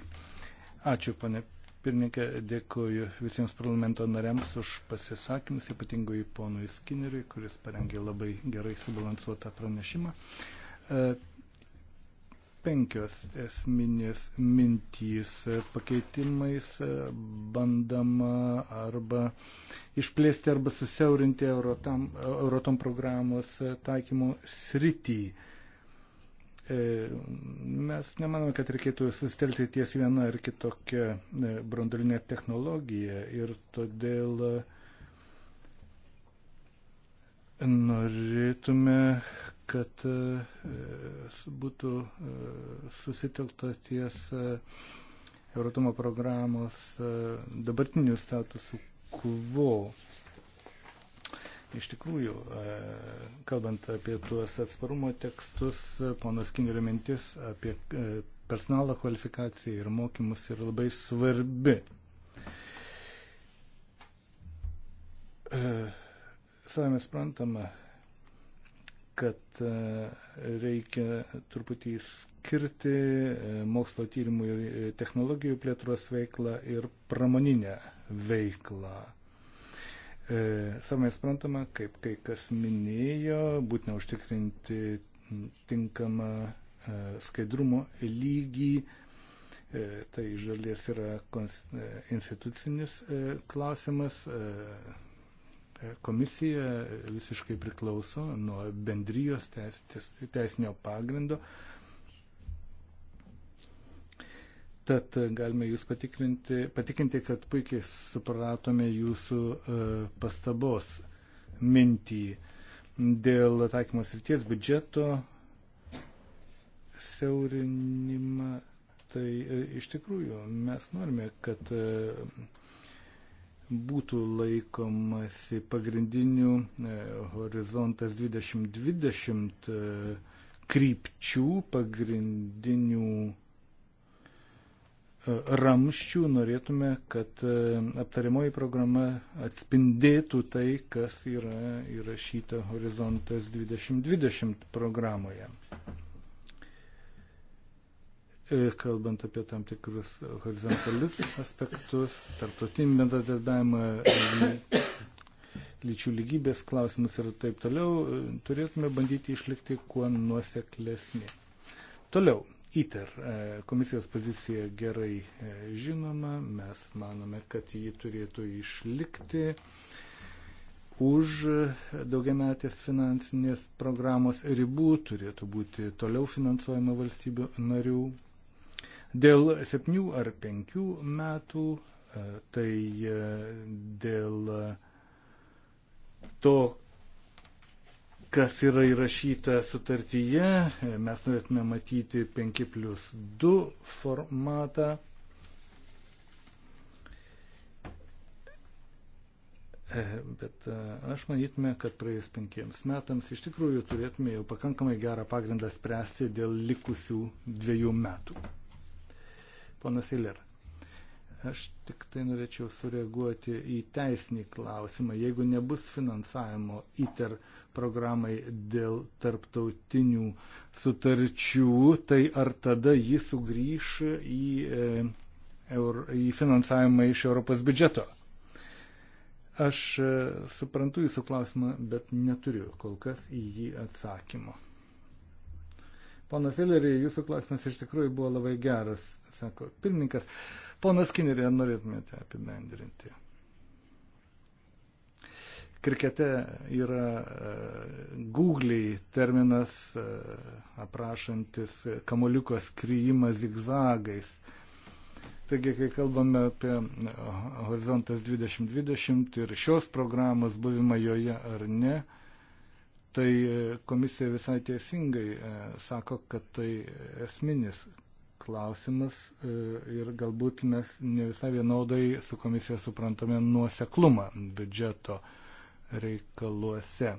Ačiū, pane pirmininkė, dėkuoju visiems parlamento nariams už pasisakymus, ypatingai ponui Skinneriui, kuris parengė labai gerai subalansuotą pranešimą. E, penkios esminės mintys pakeitimais bandama arba išplėsti arba susiaurinti Eurotam, Eurotom programos taikymo sritį. E, mes nemanome, kad reikėtų susitelti ties viena ar kitokia e, brandolinė technologija ir todėl e, norėtume, kad e, būtų e, susitelkta ties e, Euratomo programos dabartinių statusų kvo. Iš tikrųjų, kalbant apie tuos atsparumo tekstus, ponas Kingerio mintis apie personalo kvalifikaciją ir mokymus yra labai svarbi. Savame sprantama, kad e, reikia truputį skirti e, mokslo tyrimų ir e, technologijų plėtros veiklą ir pramoninę veiklą. Savai suprantama, kaip kai kas minėjo, būtina užtikrinti tinkamą skaidrumo lygį. Tai iš dalies yra institucinis klausimas, Komisija visiškai priklauso nuo bendrijos teis, teis, teisinio pagrindo. Tad galime jūs patikinti, kad puikiai supratome jūsų e, pastabos mintį dėl taikymos ryties biudžeto siaurinimą. Tai e, iš tikrųjų mes norime, kad e, būtų laikomasi pagrindinių e, horizontas 2020 e, krypčių, pagrindinių e, ramščių, norėtume, kad aptariamoji programa atspindėtų tai, kas yra įrašyta horizontas 2020 programoje. E, kalbant apie tam tikrus horizontalius aspektus, tarptautinį bendradarbiavimą, lyčių lygybės klausimus ir taip toliau, e, turėtume bandyti išlikti kuo nuoseklesnė. Toliau, ITER. E, komisijos pozicija gerai žinoma, mes manome, kad ji turėtų išlikti už daugiametės finansinės programos ribų, turėtų būti toliau finansuojama valstybių narių Dėl septynių ar penkių metų, e, tai e, dėl e, to, kas yra įrašyta sutartyje, mes norėtume matyti 5 plus 2 formatą. Bet aš manytume, kad praėjus penkiems metams iš tikrųjų turėtume jau pakankamai gerą pagrindą spręsti dėl likusių dviejų metų. Ponas Iller. Aš tik tai norėčiau sureaguoti į teisinį klausimą. Jeigu nebus finansavimo ITER programai dėl tarptautinių sutarčių, tai ar tada jis sugrįš į, e, į finansavimą iš Europos biudžeto? Aš e, suprantu jūsų klausimą, bet neturiu kol kas į jį atsakymo. Ponas Ilerį, jūsų klausimas iš tikrųjų buvo labai geras sako pirmininkas. Ponas Kinerė, norėtumėte apibendrinti? Krikete yra e, googliai terminas e, aprašantis kamoliuko skryjimą zigzagais. Taigi, kai kalbame apie e, Horizontas 2020 ir šios programos buvimą joje ar ne, tai komisija visai teisingai sako, kad tai esminis klausimus e, ir galbūt mes ne visai vienodai su komisija suprantame nuoseklumą biudžeto reikaluose.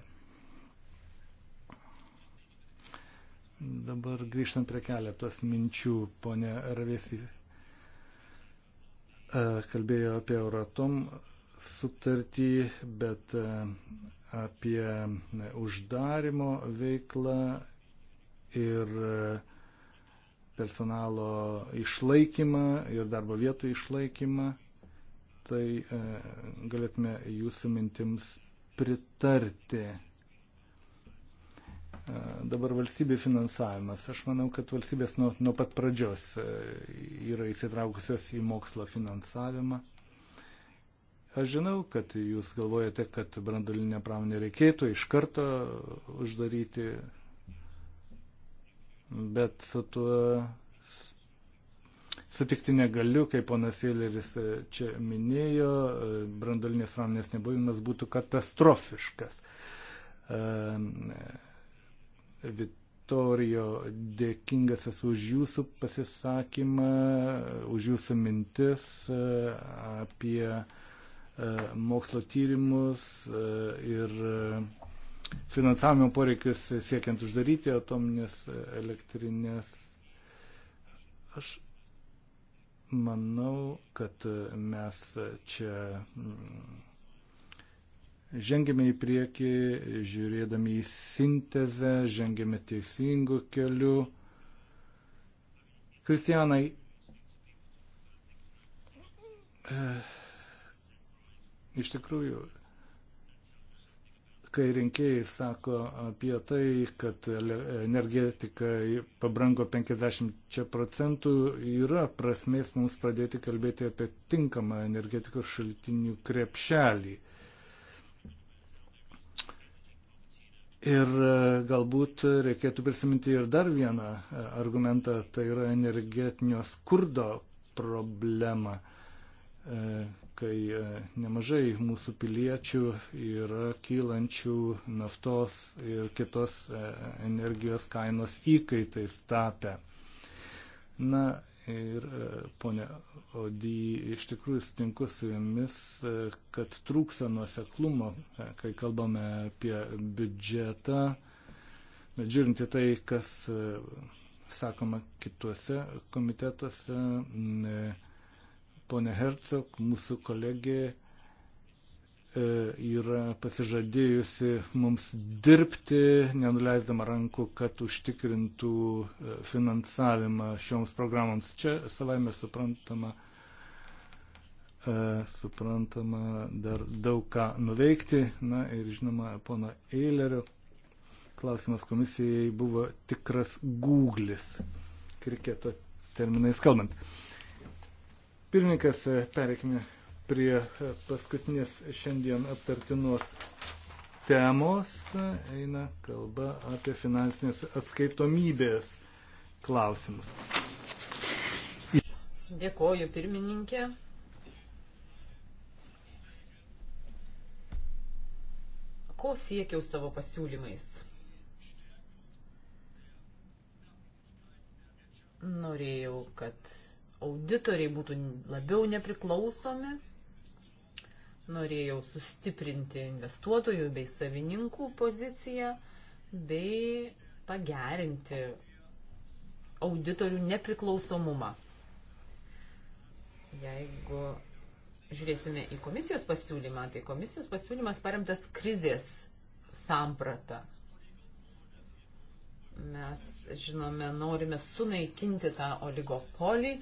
Dabar grįžtant prie keletos minčių, ponė Ravėsi e, kalbėjo apie Euratom sutartį, bet e, apie uždarimo veiklą ir uh, personalo išlaikymą ir darbo vietų išlaikymą, tai e, galėtume jūsų mintims pritarti. E, dabar valstybė finansavimas. Aš manau, kad valstybės nuo, nuo pat pradžios e, yra įsitraukusios į mokslo finansavimą. Aš žinau, kad jūs galvojate, kad brandulinę pramonę reikėtų iš karto uždaryti bet su tuo sutikti negaliu, kaip ponas Eileris e, čia minėjo, e, brandolinės pramonės nebuvimas būtų katastrofiškas. E, Vitorijo, dėkingas esu už jūsų pasisakymą, už jūsų mintis apie mokslo tyrimus ir finansavimo poreikius siekiant uždaryti atominės elektrinės. Aš manau, kad mes čia mm, žengėme į priekį, žiūrėdami į sintezę, žengėme teisingų kelių. Kristijanai, e, iš tikrųjų, kai rinkėjai sako apie tai, kad energetika pabrango 50 procentų, yra prasmės mums pradėti kalbėti apie tinkamą energetikos šaltinių krepšelį. Ir e, galbūt reikėtų prisiminti ir dar vieną e, argumentą, tai yra energetinio skurdo problema. E, kai e, nemažai mūsų piliečių yra kylančių naftos ir kitos e, energijos kainos įkaitais tapę. Na ir e, ponė Odi, iš tikrųjų sutinku su jumis, kad trūksa nuoseklumo, kai kalbame apie biudžetą, bet žiūrint į tai, kas sakoma kituose komitetuose, ponė Hercog, mūsų kolegė, e, yra pasižadėjusi mums dirbti, nenuleisdama rankų, kad užtikrintų e, finansavimą šioms programoms. Čia savaime suprantama, e, suprantama dar daug ką nuveikti. Na ir žinoma, pono Eilerio klausimas komisijai buvo tikras googlis, kriketo terminais kalbant. Uh, Pirmininkas, e, pereikime prie e, paskutinės šiandien aptartinos temos. Eina kalba apie finansinės atskaitomybės klausimus. Dėkoju, pirmininkė. Ko siekiau savo pasiūlymais? Norėjau, kad auditoriai būtų labiau nepriklausomi. Norėjau sustiprinti investuotojų bei savininkų poziciją bei pagerinti auditorių nepriklausomumą. Jeigu žiūrėsime į komisijos pasiūlymą, tai komisijos pasiūlymas paremtas krizės samprata. Mes, žinome, norime sunaikinti tą oligopolį,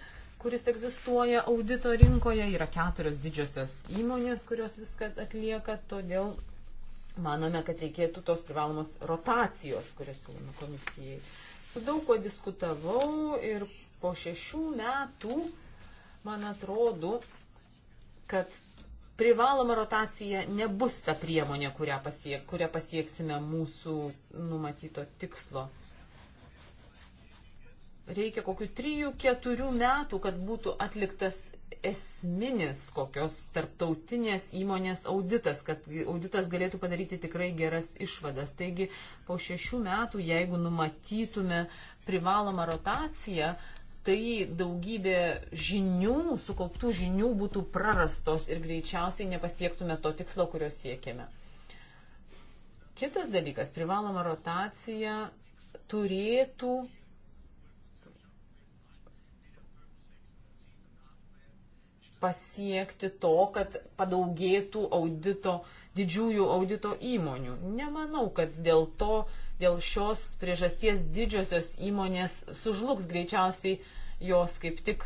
kuris egzistuoja audito rinkoje. Yra keturios didžiosios įmonės, kurios viską atlieka, todėl manome, kad reikėtų tos privalomos rotacijos, kurias siūlome komisijai. Su daug ko diskutavau ir po šešių metų, man atrodo, kad privaloma rotacija nebus ta priemonė, kurią, pasiek, kurią pasieksime mūsų numatyto tikslo reikia kokių 3-4 metų, kad būtų atliktas esminis kokios tarptautinės įmonės auditas, kad auditas galėtų padaryti tikrai geras išvadas. Taigi po 6 metų, jeigu numatytume privalomą rotaciją, tai daugybė žinių, sukauptų žinių būtų prarastos ir greičiausiai nepasiektume to tikslo, kurio siekėme. Kitas dalykas, privaloma rotacija turėtų pasiekti to, kad padaugėtų audito, didžiųjų audito įmonių. Nemanau, kad dėl to, dėl šios priežasties didžiosios įmonės sužlugs greičiausiai jos kaip tik,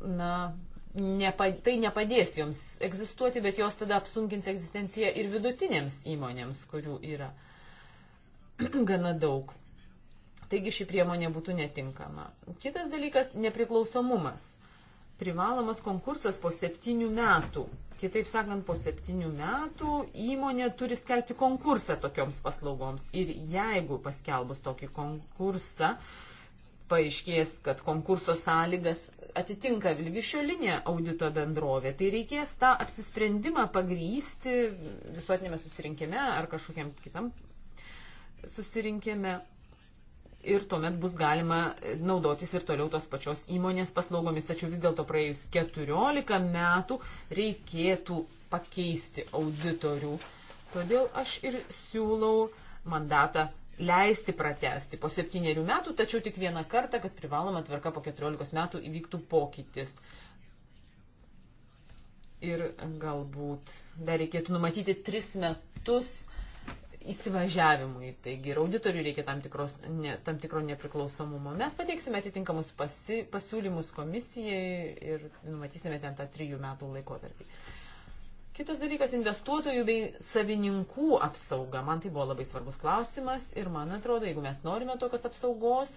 na, nepa, tai nepadės joms egzistuoti, bet jos tada apsunkins egzistenciją ir vidutinėms įmonėms, kurių yra [CLEARS THROAT] gana daug. Taigi ši priemonė būtų netinkama. Kitas dalykas - nepriklausomumas privalomas konkursas po septynių metų. Kitaip sakant, po septynių metų įmonė turi skelbti konkursą tokioms paslaugoms. Ir jeigu paskelbus tokį konkursą, paaiškės, kad konkurso sąlygas atitinka Vilgišiolinė audito bendrovė, tai reikės tą apsisprendimą pagrysti visuotinėme susirinkime ar kažkokiam kitam susirinkime ir tuomet bus galima naudotis ir toliau tos pačios įmonės paslaugomis. Tačiau vis dėlto praėjus 14 metų reikėtų pakeisti auditorių. Todėl aš ir siūlau mandatą leisti pratesti po septyniarių metų, tačiau tik vieną kartą, kad privaloma tvarka po 14 metų įvyktų pokytis. Ir galbūt dar reikėtų numatyti tris metus įsivažiavimui. Taigi ir auditoriui reikia tam, tikros, ne, tam tikro nepriklausomumo. Mes pateiksime atitinkamus pasi, pasiūlymus komisijai ir numatysime ten tą trijų metų laikotarpį. Kitas dalykas - investuotojų bei savininkų apsauga. Man tai buvo labai svarbus klausimas ir man atrodo, jeigu mes norime tokios apsaugos,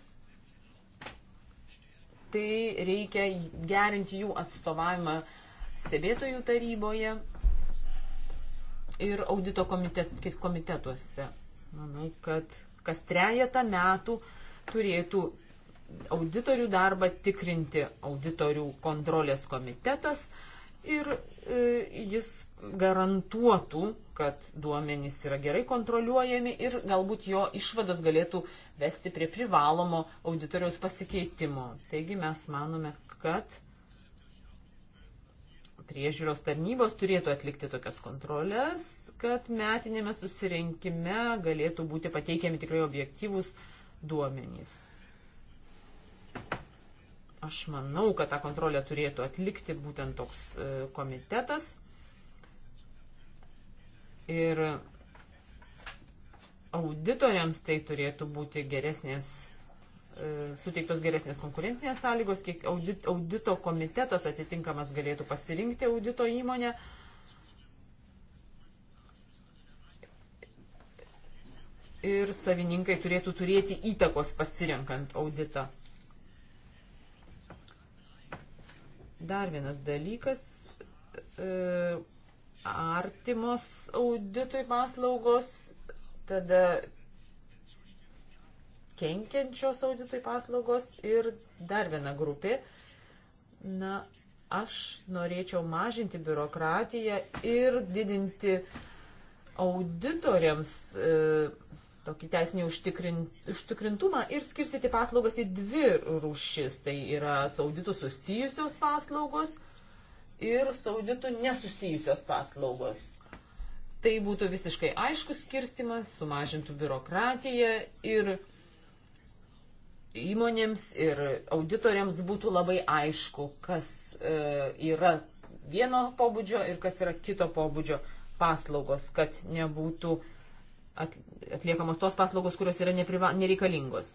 tai reikia gerinti jų atstovavimą stebėtojų taryboje ir audito komitet, komitetuose. Manau, kad kas trejata metų turėtų auditorių darbą tikrinti auditorių kontrolės komitetas ir e, jis garantuotų, kad duomenys yra gerai kontroliuojami ir galbūt jo išvados galėtų vesti prie privalomo auditoriaus pasikeitimo. Taigi mes manome, kad priežiūros tarnybos turėtų atlikti tokias kontrolės, kad metinėme susirinkime galėtų būti pateikiami tikrai objektyvūs duomenys. Aš manau, kad tą kontrolę turėtų atlikti būtent toks e, komitetas. Ir auditoriams tai turėtų būti geresnės E, suteiktos geresnės konkurencinės sąlygos, kiek audito komitetas atitinkamas galėtų pasirinkti audito įmonę. Ir savininkai turėtų turėti įtakos pasirinkant auditą. Dar vienas dalykas. E, artimos auditui paslaugos, tada kenkiančios auditui paslaugos ir dar viena grupė. Na, aš norėčiau mažinti biurokratiją ir didinti auditoriams e, tokį teisinį užtikrintumą ir skirstyti paslaugas į dvi rūšis. Tai yra su auditu susijusios paslaugos ir su auditu nesusijusios paslaugos. Tai būtų visiškai aiškus skirstimas, sumažintų biurokratiją ir įmonėms ir auditoriams būtų labai aišku, kas e, yra vieno pobūdžio ir kas yra kito pobūdžio paslaugos, kad nebūtų atliekamos tos paslaugos, kurios yra nepriva, nereikalingos.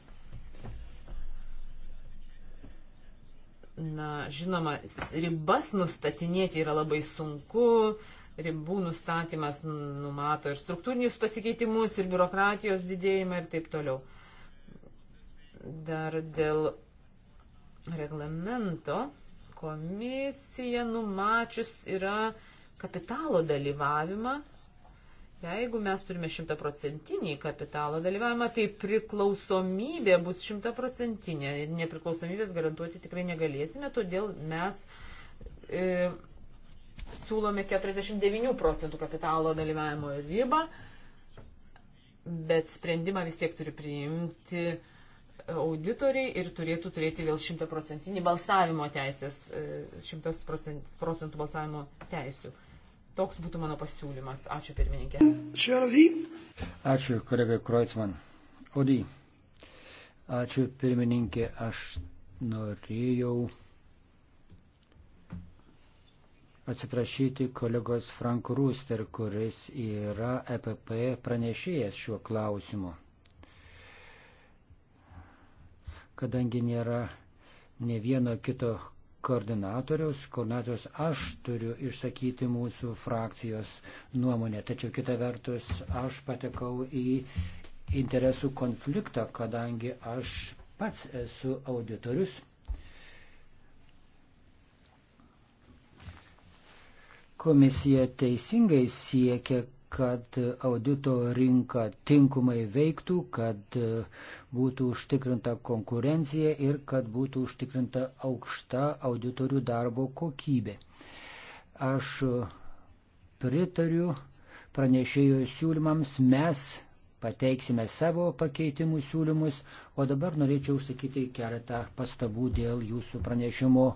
Na, žinoma, ribas nustatinėti yra labai sunku, ribų nustatymas numato ir struktūrinius pasikeitimus, ir biurokratijos didėjimą ir taip toliau. Uh, Dar dėl reglamento komisija numačius yra kapitalo dalyvavimą. Jeigu mes turime šimtaprocentinį kapitalo dalyvavimą, tai priklausomybė bus šimtaprocentinė. Nepriklausomybės garantuoti tikrai negalėsime, todėl mes e, siūlome 49 procentų kapitalo dalyvavimo ribą, bet sprendimą vis tiek turi priimti e, auditoriai ir turėtų turėti vėl šimtaprocentinį balsavimo teisės, e, šimtas procentų balsavimo teisių. Toks būtų mano pasiūlymas. Ačiū pirmininkė. Ačiū kolega Kreutzmann. Odi. Ačiū pirmininkė. Aš norėjau atsiprašyti kolegos Frank Rūster, kuris yra EPP pranešėjas šiuo klausimu. kadangi nėra ne vieno kito koordinatoriaus, koordinatorius aš turiu išsakyti mūsų frakcijos nuomonę. Tačiau kita vertus aš patekau į interesų konfliktą, kadangi aš pats esu auditorius. Komisija teisingai siekia, kad audito rinka tinkamai veiktų, kad būtų užtikrinta konkurencija ir kad būtų užtikrinta aukšta auditorių darbo kokybė. Aš pritariu pranešėjo siūlymams, mes pateiksime savo pakeitimų siūlymus, o dabar norėčiau užsakyti keletą pastabų dėl jūsų pranešimo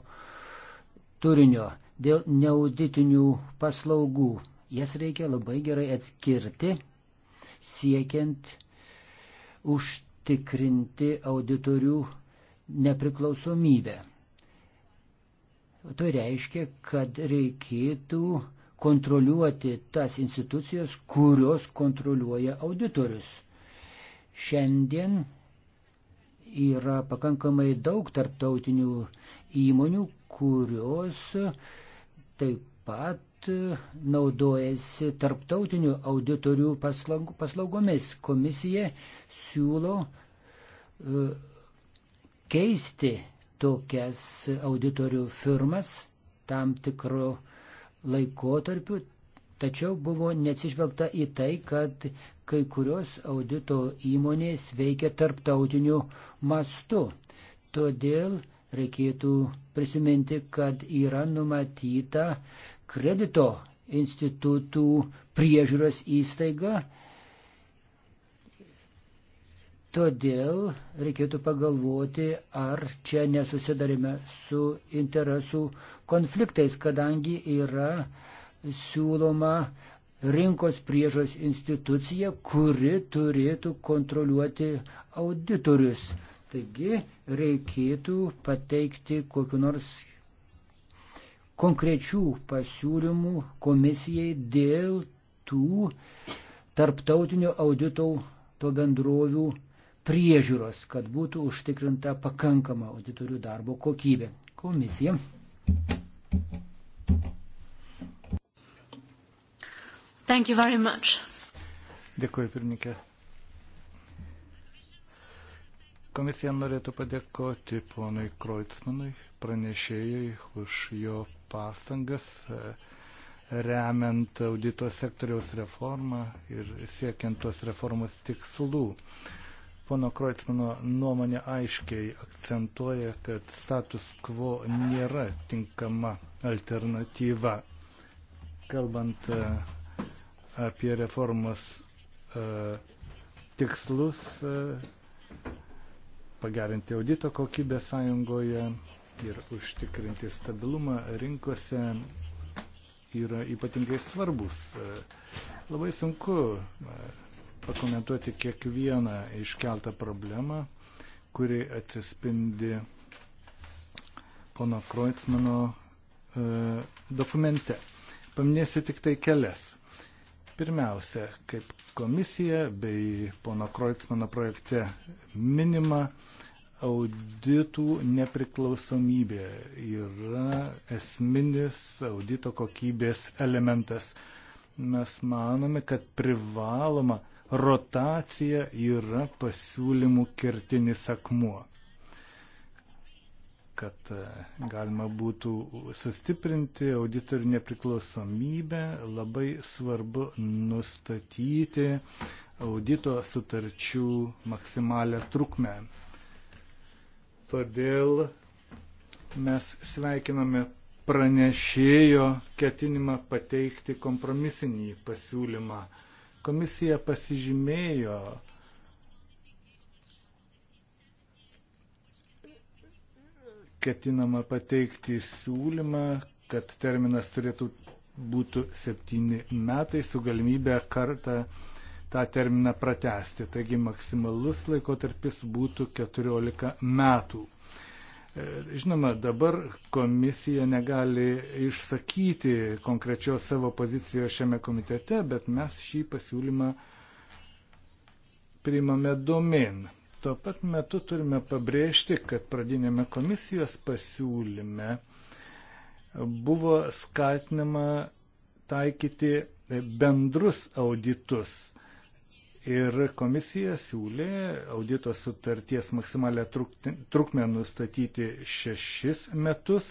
turinio, dėl neauditinių paslaugų jas reikia labai gerai atskirti, siekiant užtikrinti auditorių nepriklausomybę. Tai reiškia, kad reikėtų kontroliuoti tas institucijas, kurios kontroliuoja auditorius. Šiandien yra pakankamai daug tarptautinių įmonių, kurios taip pat naudojasi tarptautinių auditorių paslaugomis. Komisija siūlo e, keisti tokias auditorių firmas tam tikru laikotarpiu, tačiau buvo neatsižvelgta į tai, kad kai kurios audito įmonės veikia tarptautiniu mastu. Todėl reikėtų prisiminti, kad yra numatyta kredito institutų priežiūros įstaiga. Todėl reikėtų pagalvoti, ar čia nesusidarime su interesų konfliktais, kadangi yra siūloma rinkos priežos institucija, kuri turėtų kontroliuoti auditorius. Taigi reikėtų pateikti kokiu nors konkrečių pasiūlymų komisijai dėl tų tarptautinio audito to bendrovių priežiūros, kad būtų užtikrinta pakankama auditorių darbo kokybė. Komisija. Thank you very much. Dėkuoju, pirmininkė. Komisija norėtų padėkoti ponui Kreutzmanui, pranešėjai, už jo pastangas e, remiant audito sektoriaus reformą ir siekiant tos reformos tikslų. Pono Kreutzmano nuomonė aiškiai akcentuoja, kad status quo nėra tinkama alternatyva. Kalbant e, apie reformos e, tikslus, pagerinti audito kokybę sąjungoje, ir užtikrinti stabilumą rinkose yra ypatingai svarbus. Labai sunku e, pakomentuoti kiekvieną iškeltą problemą, kuri atsispindi pono Kreutzmano e, dokumente. Paminėsiu tik tai kelias. Pirmiausia, kaip komisija bei pono Kreutzmano projekte minima, Auditų nepriklausomybė yra esminis audito kokybės elementas. Mes manome, kad privaloma rotacija yra pasiūlymų kertinis akmuo kad e, galima būtų sustiprinti auditorių nepriklausomybę, labai svarbu nustatyti audito sutarčių maksimalę trukmę. Todėl mes sveikiname pranešėjo ketinimą pateikti kompromisinį pasiūlymą. Komisija pasižymėjo ketinama pateikti siūlymą, kad terminas turėtų būtų septyni metai su galimybė kartą tą terminą pratesti. Taigi maksimalus laikotarpis būtų 14 metų. E, žinoma, dabar komisija negali išsakyti konkrečios savo pozicijos šiame komitete, bet mes šį pasiūlymą priimame domin. Tuo pat metu turime pabrėžti, kad pradinėme komisijos pasiūlyme buvo skatinama taikyti bendrus auditus ir komisija siūlė audito sutarties maksimalę trukmę nustatyti šešis metus,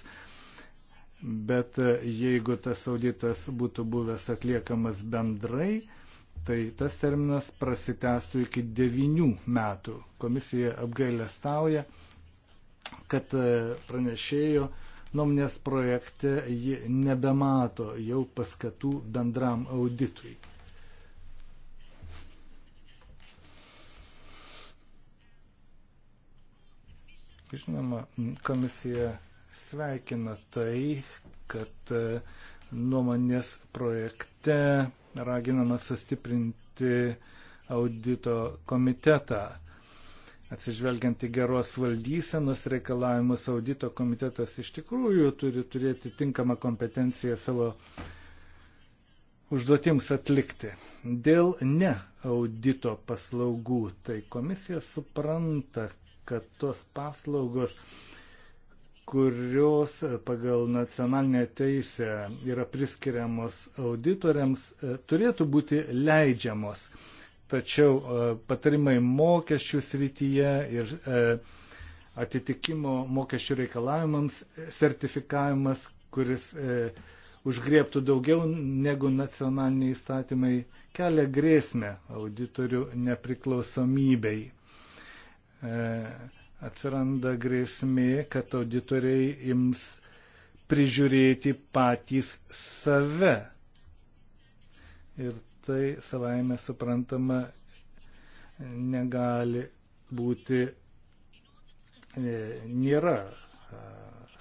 bet e, jeigu tas auditas būtų buvęs atliekamas bendrai, tai tas terminas prasitęstų iki devinių metų. Komisija apgailę stauja, kad e, pranešėjo nuomonės projekte ji nebemato jau paskatų bendram auditui. Žinoma, komisija sveikina tai, kad e, nuomonės projekte raginama sustiprinti audito komitetą. Atsižvelgiant į geros valdysenos reikalavimus, audito komitetas iš tikrųjų turi turėti tinkamą kompetenciją savo užduotims atlikti. Dėl ne audito paslaugų, tai komisija supranta, kad tos paslaugos, kurios pagal nacionalinę teisę yra priskiriamos auditoriams, e, turėtų būti leidžiamos. Tačiau e, patarimai mokesčių srityje ir e, atitikimo mokesčių reikalavimams sertifikavimas, kuris e, užgrieptų daugiau negu nacionaliniai įstatymai, kelia grėsmę auditorių nepriklausomybei. E, atsiranda grėsmė, kad auditoriai ims prižiūrėti patys save. Ir tai savaime suprantama negali būti, e, nėra e,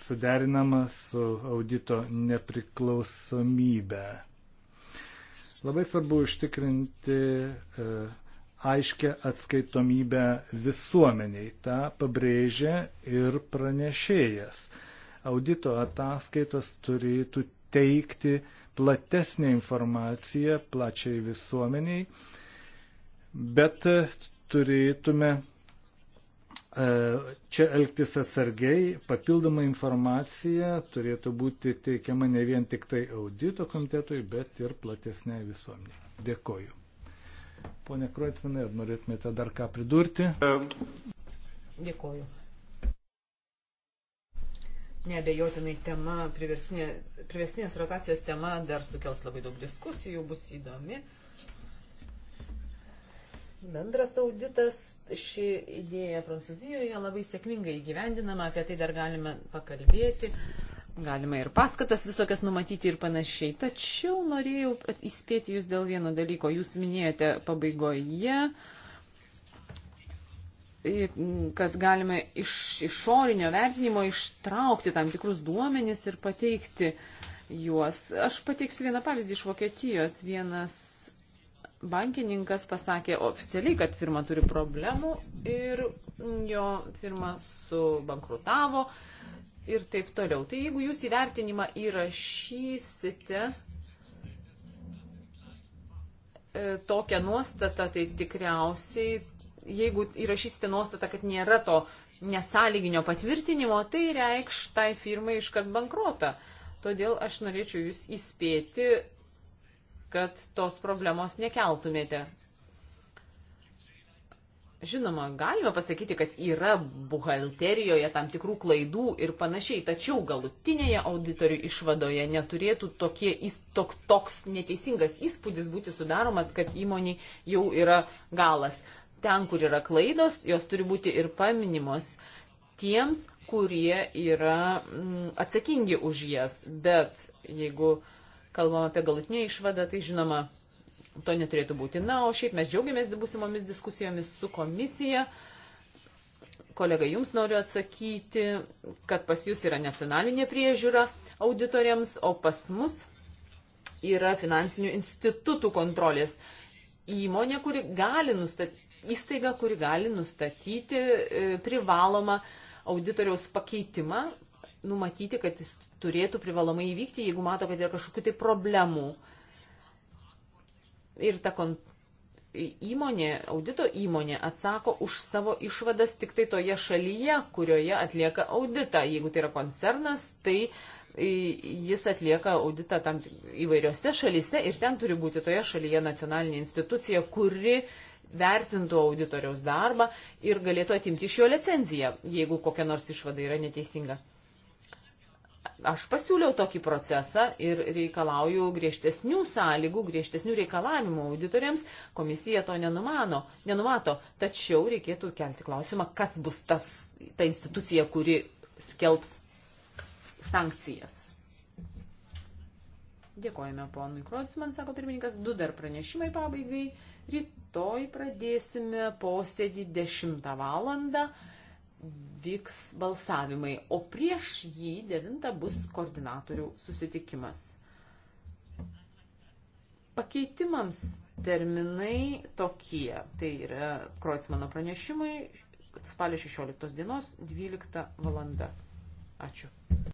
suderinama su audito nepriklausomybė. Labai svarbu užtikrinti uh, aiškę atskaitomybę visuomeniai. Ta pabrėžė ir pranešėjas. Audito ataskaitos turėtų teikti platesnę informaciją plačiai visuomeniai, bet turėtume e, čia elgtis atsargiai, papildoma informacija turėtų būti teikiama ne vien tik tai audito komitetui, bet ir platesnei visuomeniai. Dėkoju. Pone Kroitvinai, ar norėtumėte dar ką pridurti? Dėkoju. Neabejotinai tema, priversnė, priversnės rotacijos tema dar sukels labai daug diskusijų, bus įdomi. Bendras auditas, ši idėja Prancūzijoje labai sėkmingai įgyvendinama, apie tai dar galime pakalbėti. Galima ir paskatas visokias numatyti ir panašiai. Tačiau norėjau įspėti jūs dėl vieno dalyko. Jūs minėjote pabaigoje, kad galime iš išorinio vertinimo ištraukti tam tikrus duomenis ir pateikti juos. Aš pateiksiu vieną pavyzdį iš Vokietijos. Vienas bankininkas pasakė oficialiai, kad firma turi problemų ir jo firma subankrutavo ir taip toliau. Tai jeigu jūs įvertinimą įrašysite e, tokią nuostatą, tai tikriausiai, jeigu įrašysite nuostatą, kad nėra to nesąlyginio patvirtinimo, tai reikš tai firmai iškart bankrotą. Todėl aš norėčiau jūs įspėti, kad tos problemos nekeltumėte. Žinoma, galime pasakyti, kad yra buhalterijoje tam tikrų klaidų ir panašiai, tačiau galutinėje auditorių išvadoje neturėtų tokie, tok, toks neteisingas įspūdis būti sudaromas, kad įmonė jau yra galas. Ten, kur yra klaidos, jos turi būti ir paminimos tiems, kurie yra m, mm, atsakingi už jas. Bet jeigu kalbam apie galutinę išvadą, tai žinoma, to neturėtų būti. Na, o šiaip mes džiaugiamės būsimomis diskusijomis su komisija. Kolega, jums noriu atsakyti, kad pas jūs yra nacionalinė priežiūra auditoriams, o pas mus yra finansinių institutų kontrolės įmonė, kuri gali nustatyti, įstaiga, kuri gali nustatyti e, privalomą auditoriaus pakeitimą, numatyti, kad jis turėtų privalomai įvykti, jeigu mato, kad yra kažkokių tai problemų. Uh, ir ta kon... įmonė, audito įmonė atsako už savo išvadas tik tai toje šalyje, kurioje atlieka auditą. Jeigu tai yra koncernas, tai jis atlieka auditą tam įvairiose šalyse ir ten turi būti toje šalyje nacionalinė institucija, kuri vertintų auditoriaus darbą ir galėtų atimti iš jo licenciją, jeigu kokia nors išvada yra neteisinga. Aš pasiūliau tokį procesą ir reikalauju griežtesnių sąlygų, griežtesnių reikalavimų auditoriams. Komisija to nenumano, nenumato. Tačiau reikėtų kelti klausimą, kas bus tas, ta institucija, kuri skelbs sankcijas. Dėkojame ponui Krotsman, sako pirmininkas. Du dar pranešimai pabaigai. Rytoj pradėsime posėdį 10 valandą vyks balsavimai, o prieš jį 9 bus koordinatorių susitikimas. Pakeitimams terminai tokie. Tai yra Kroicmano pranešimai spalio 16 dienos 12 valanda. Ačiū.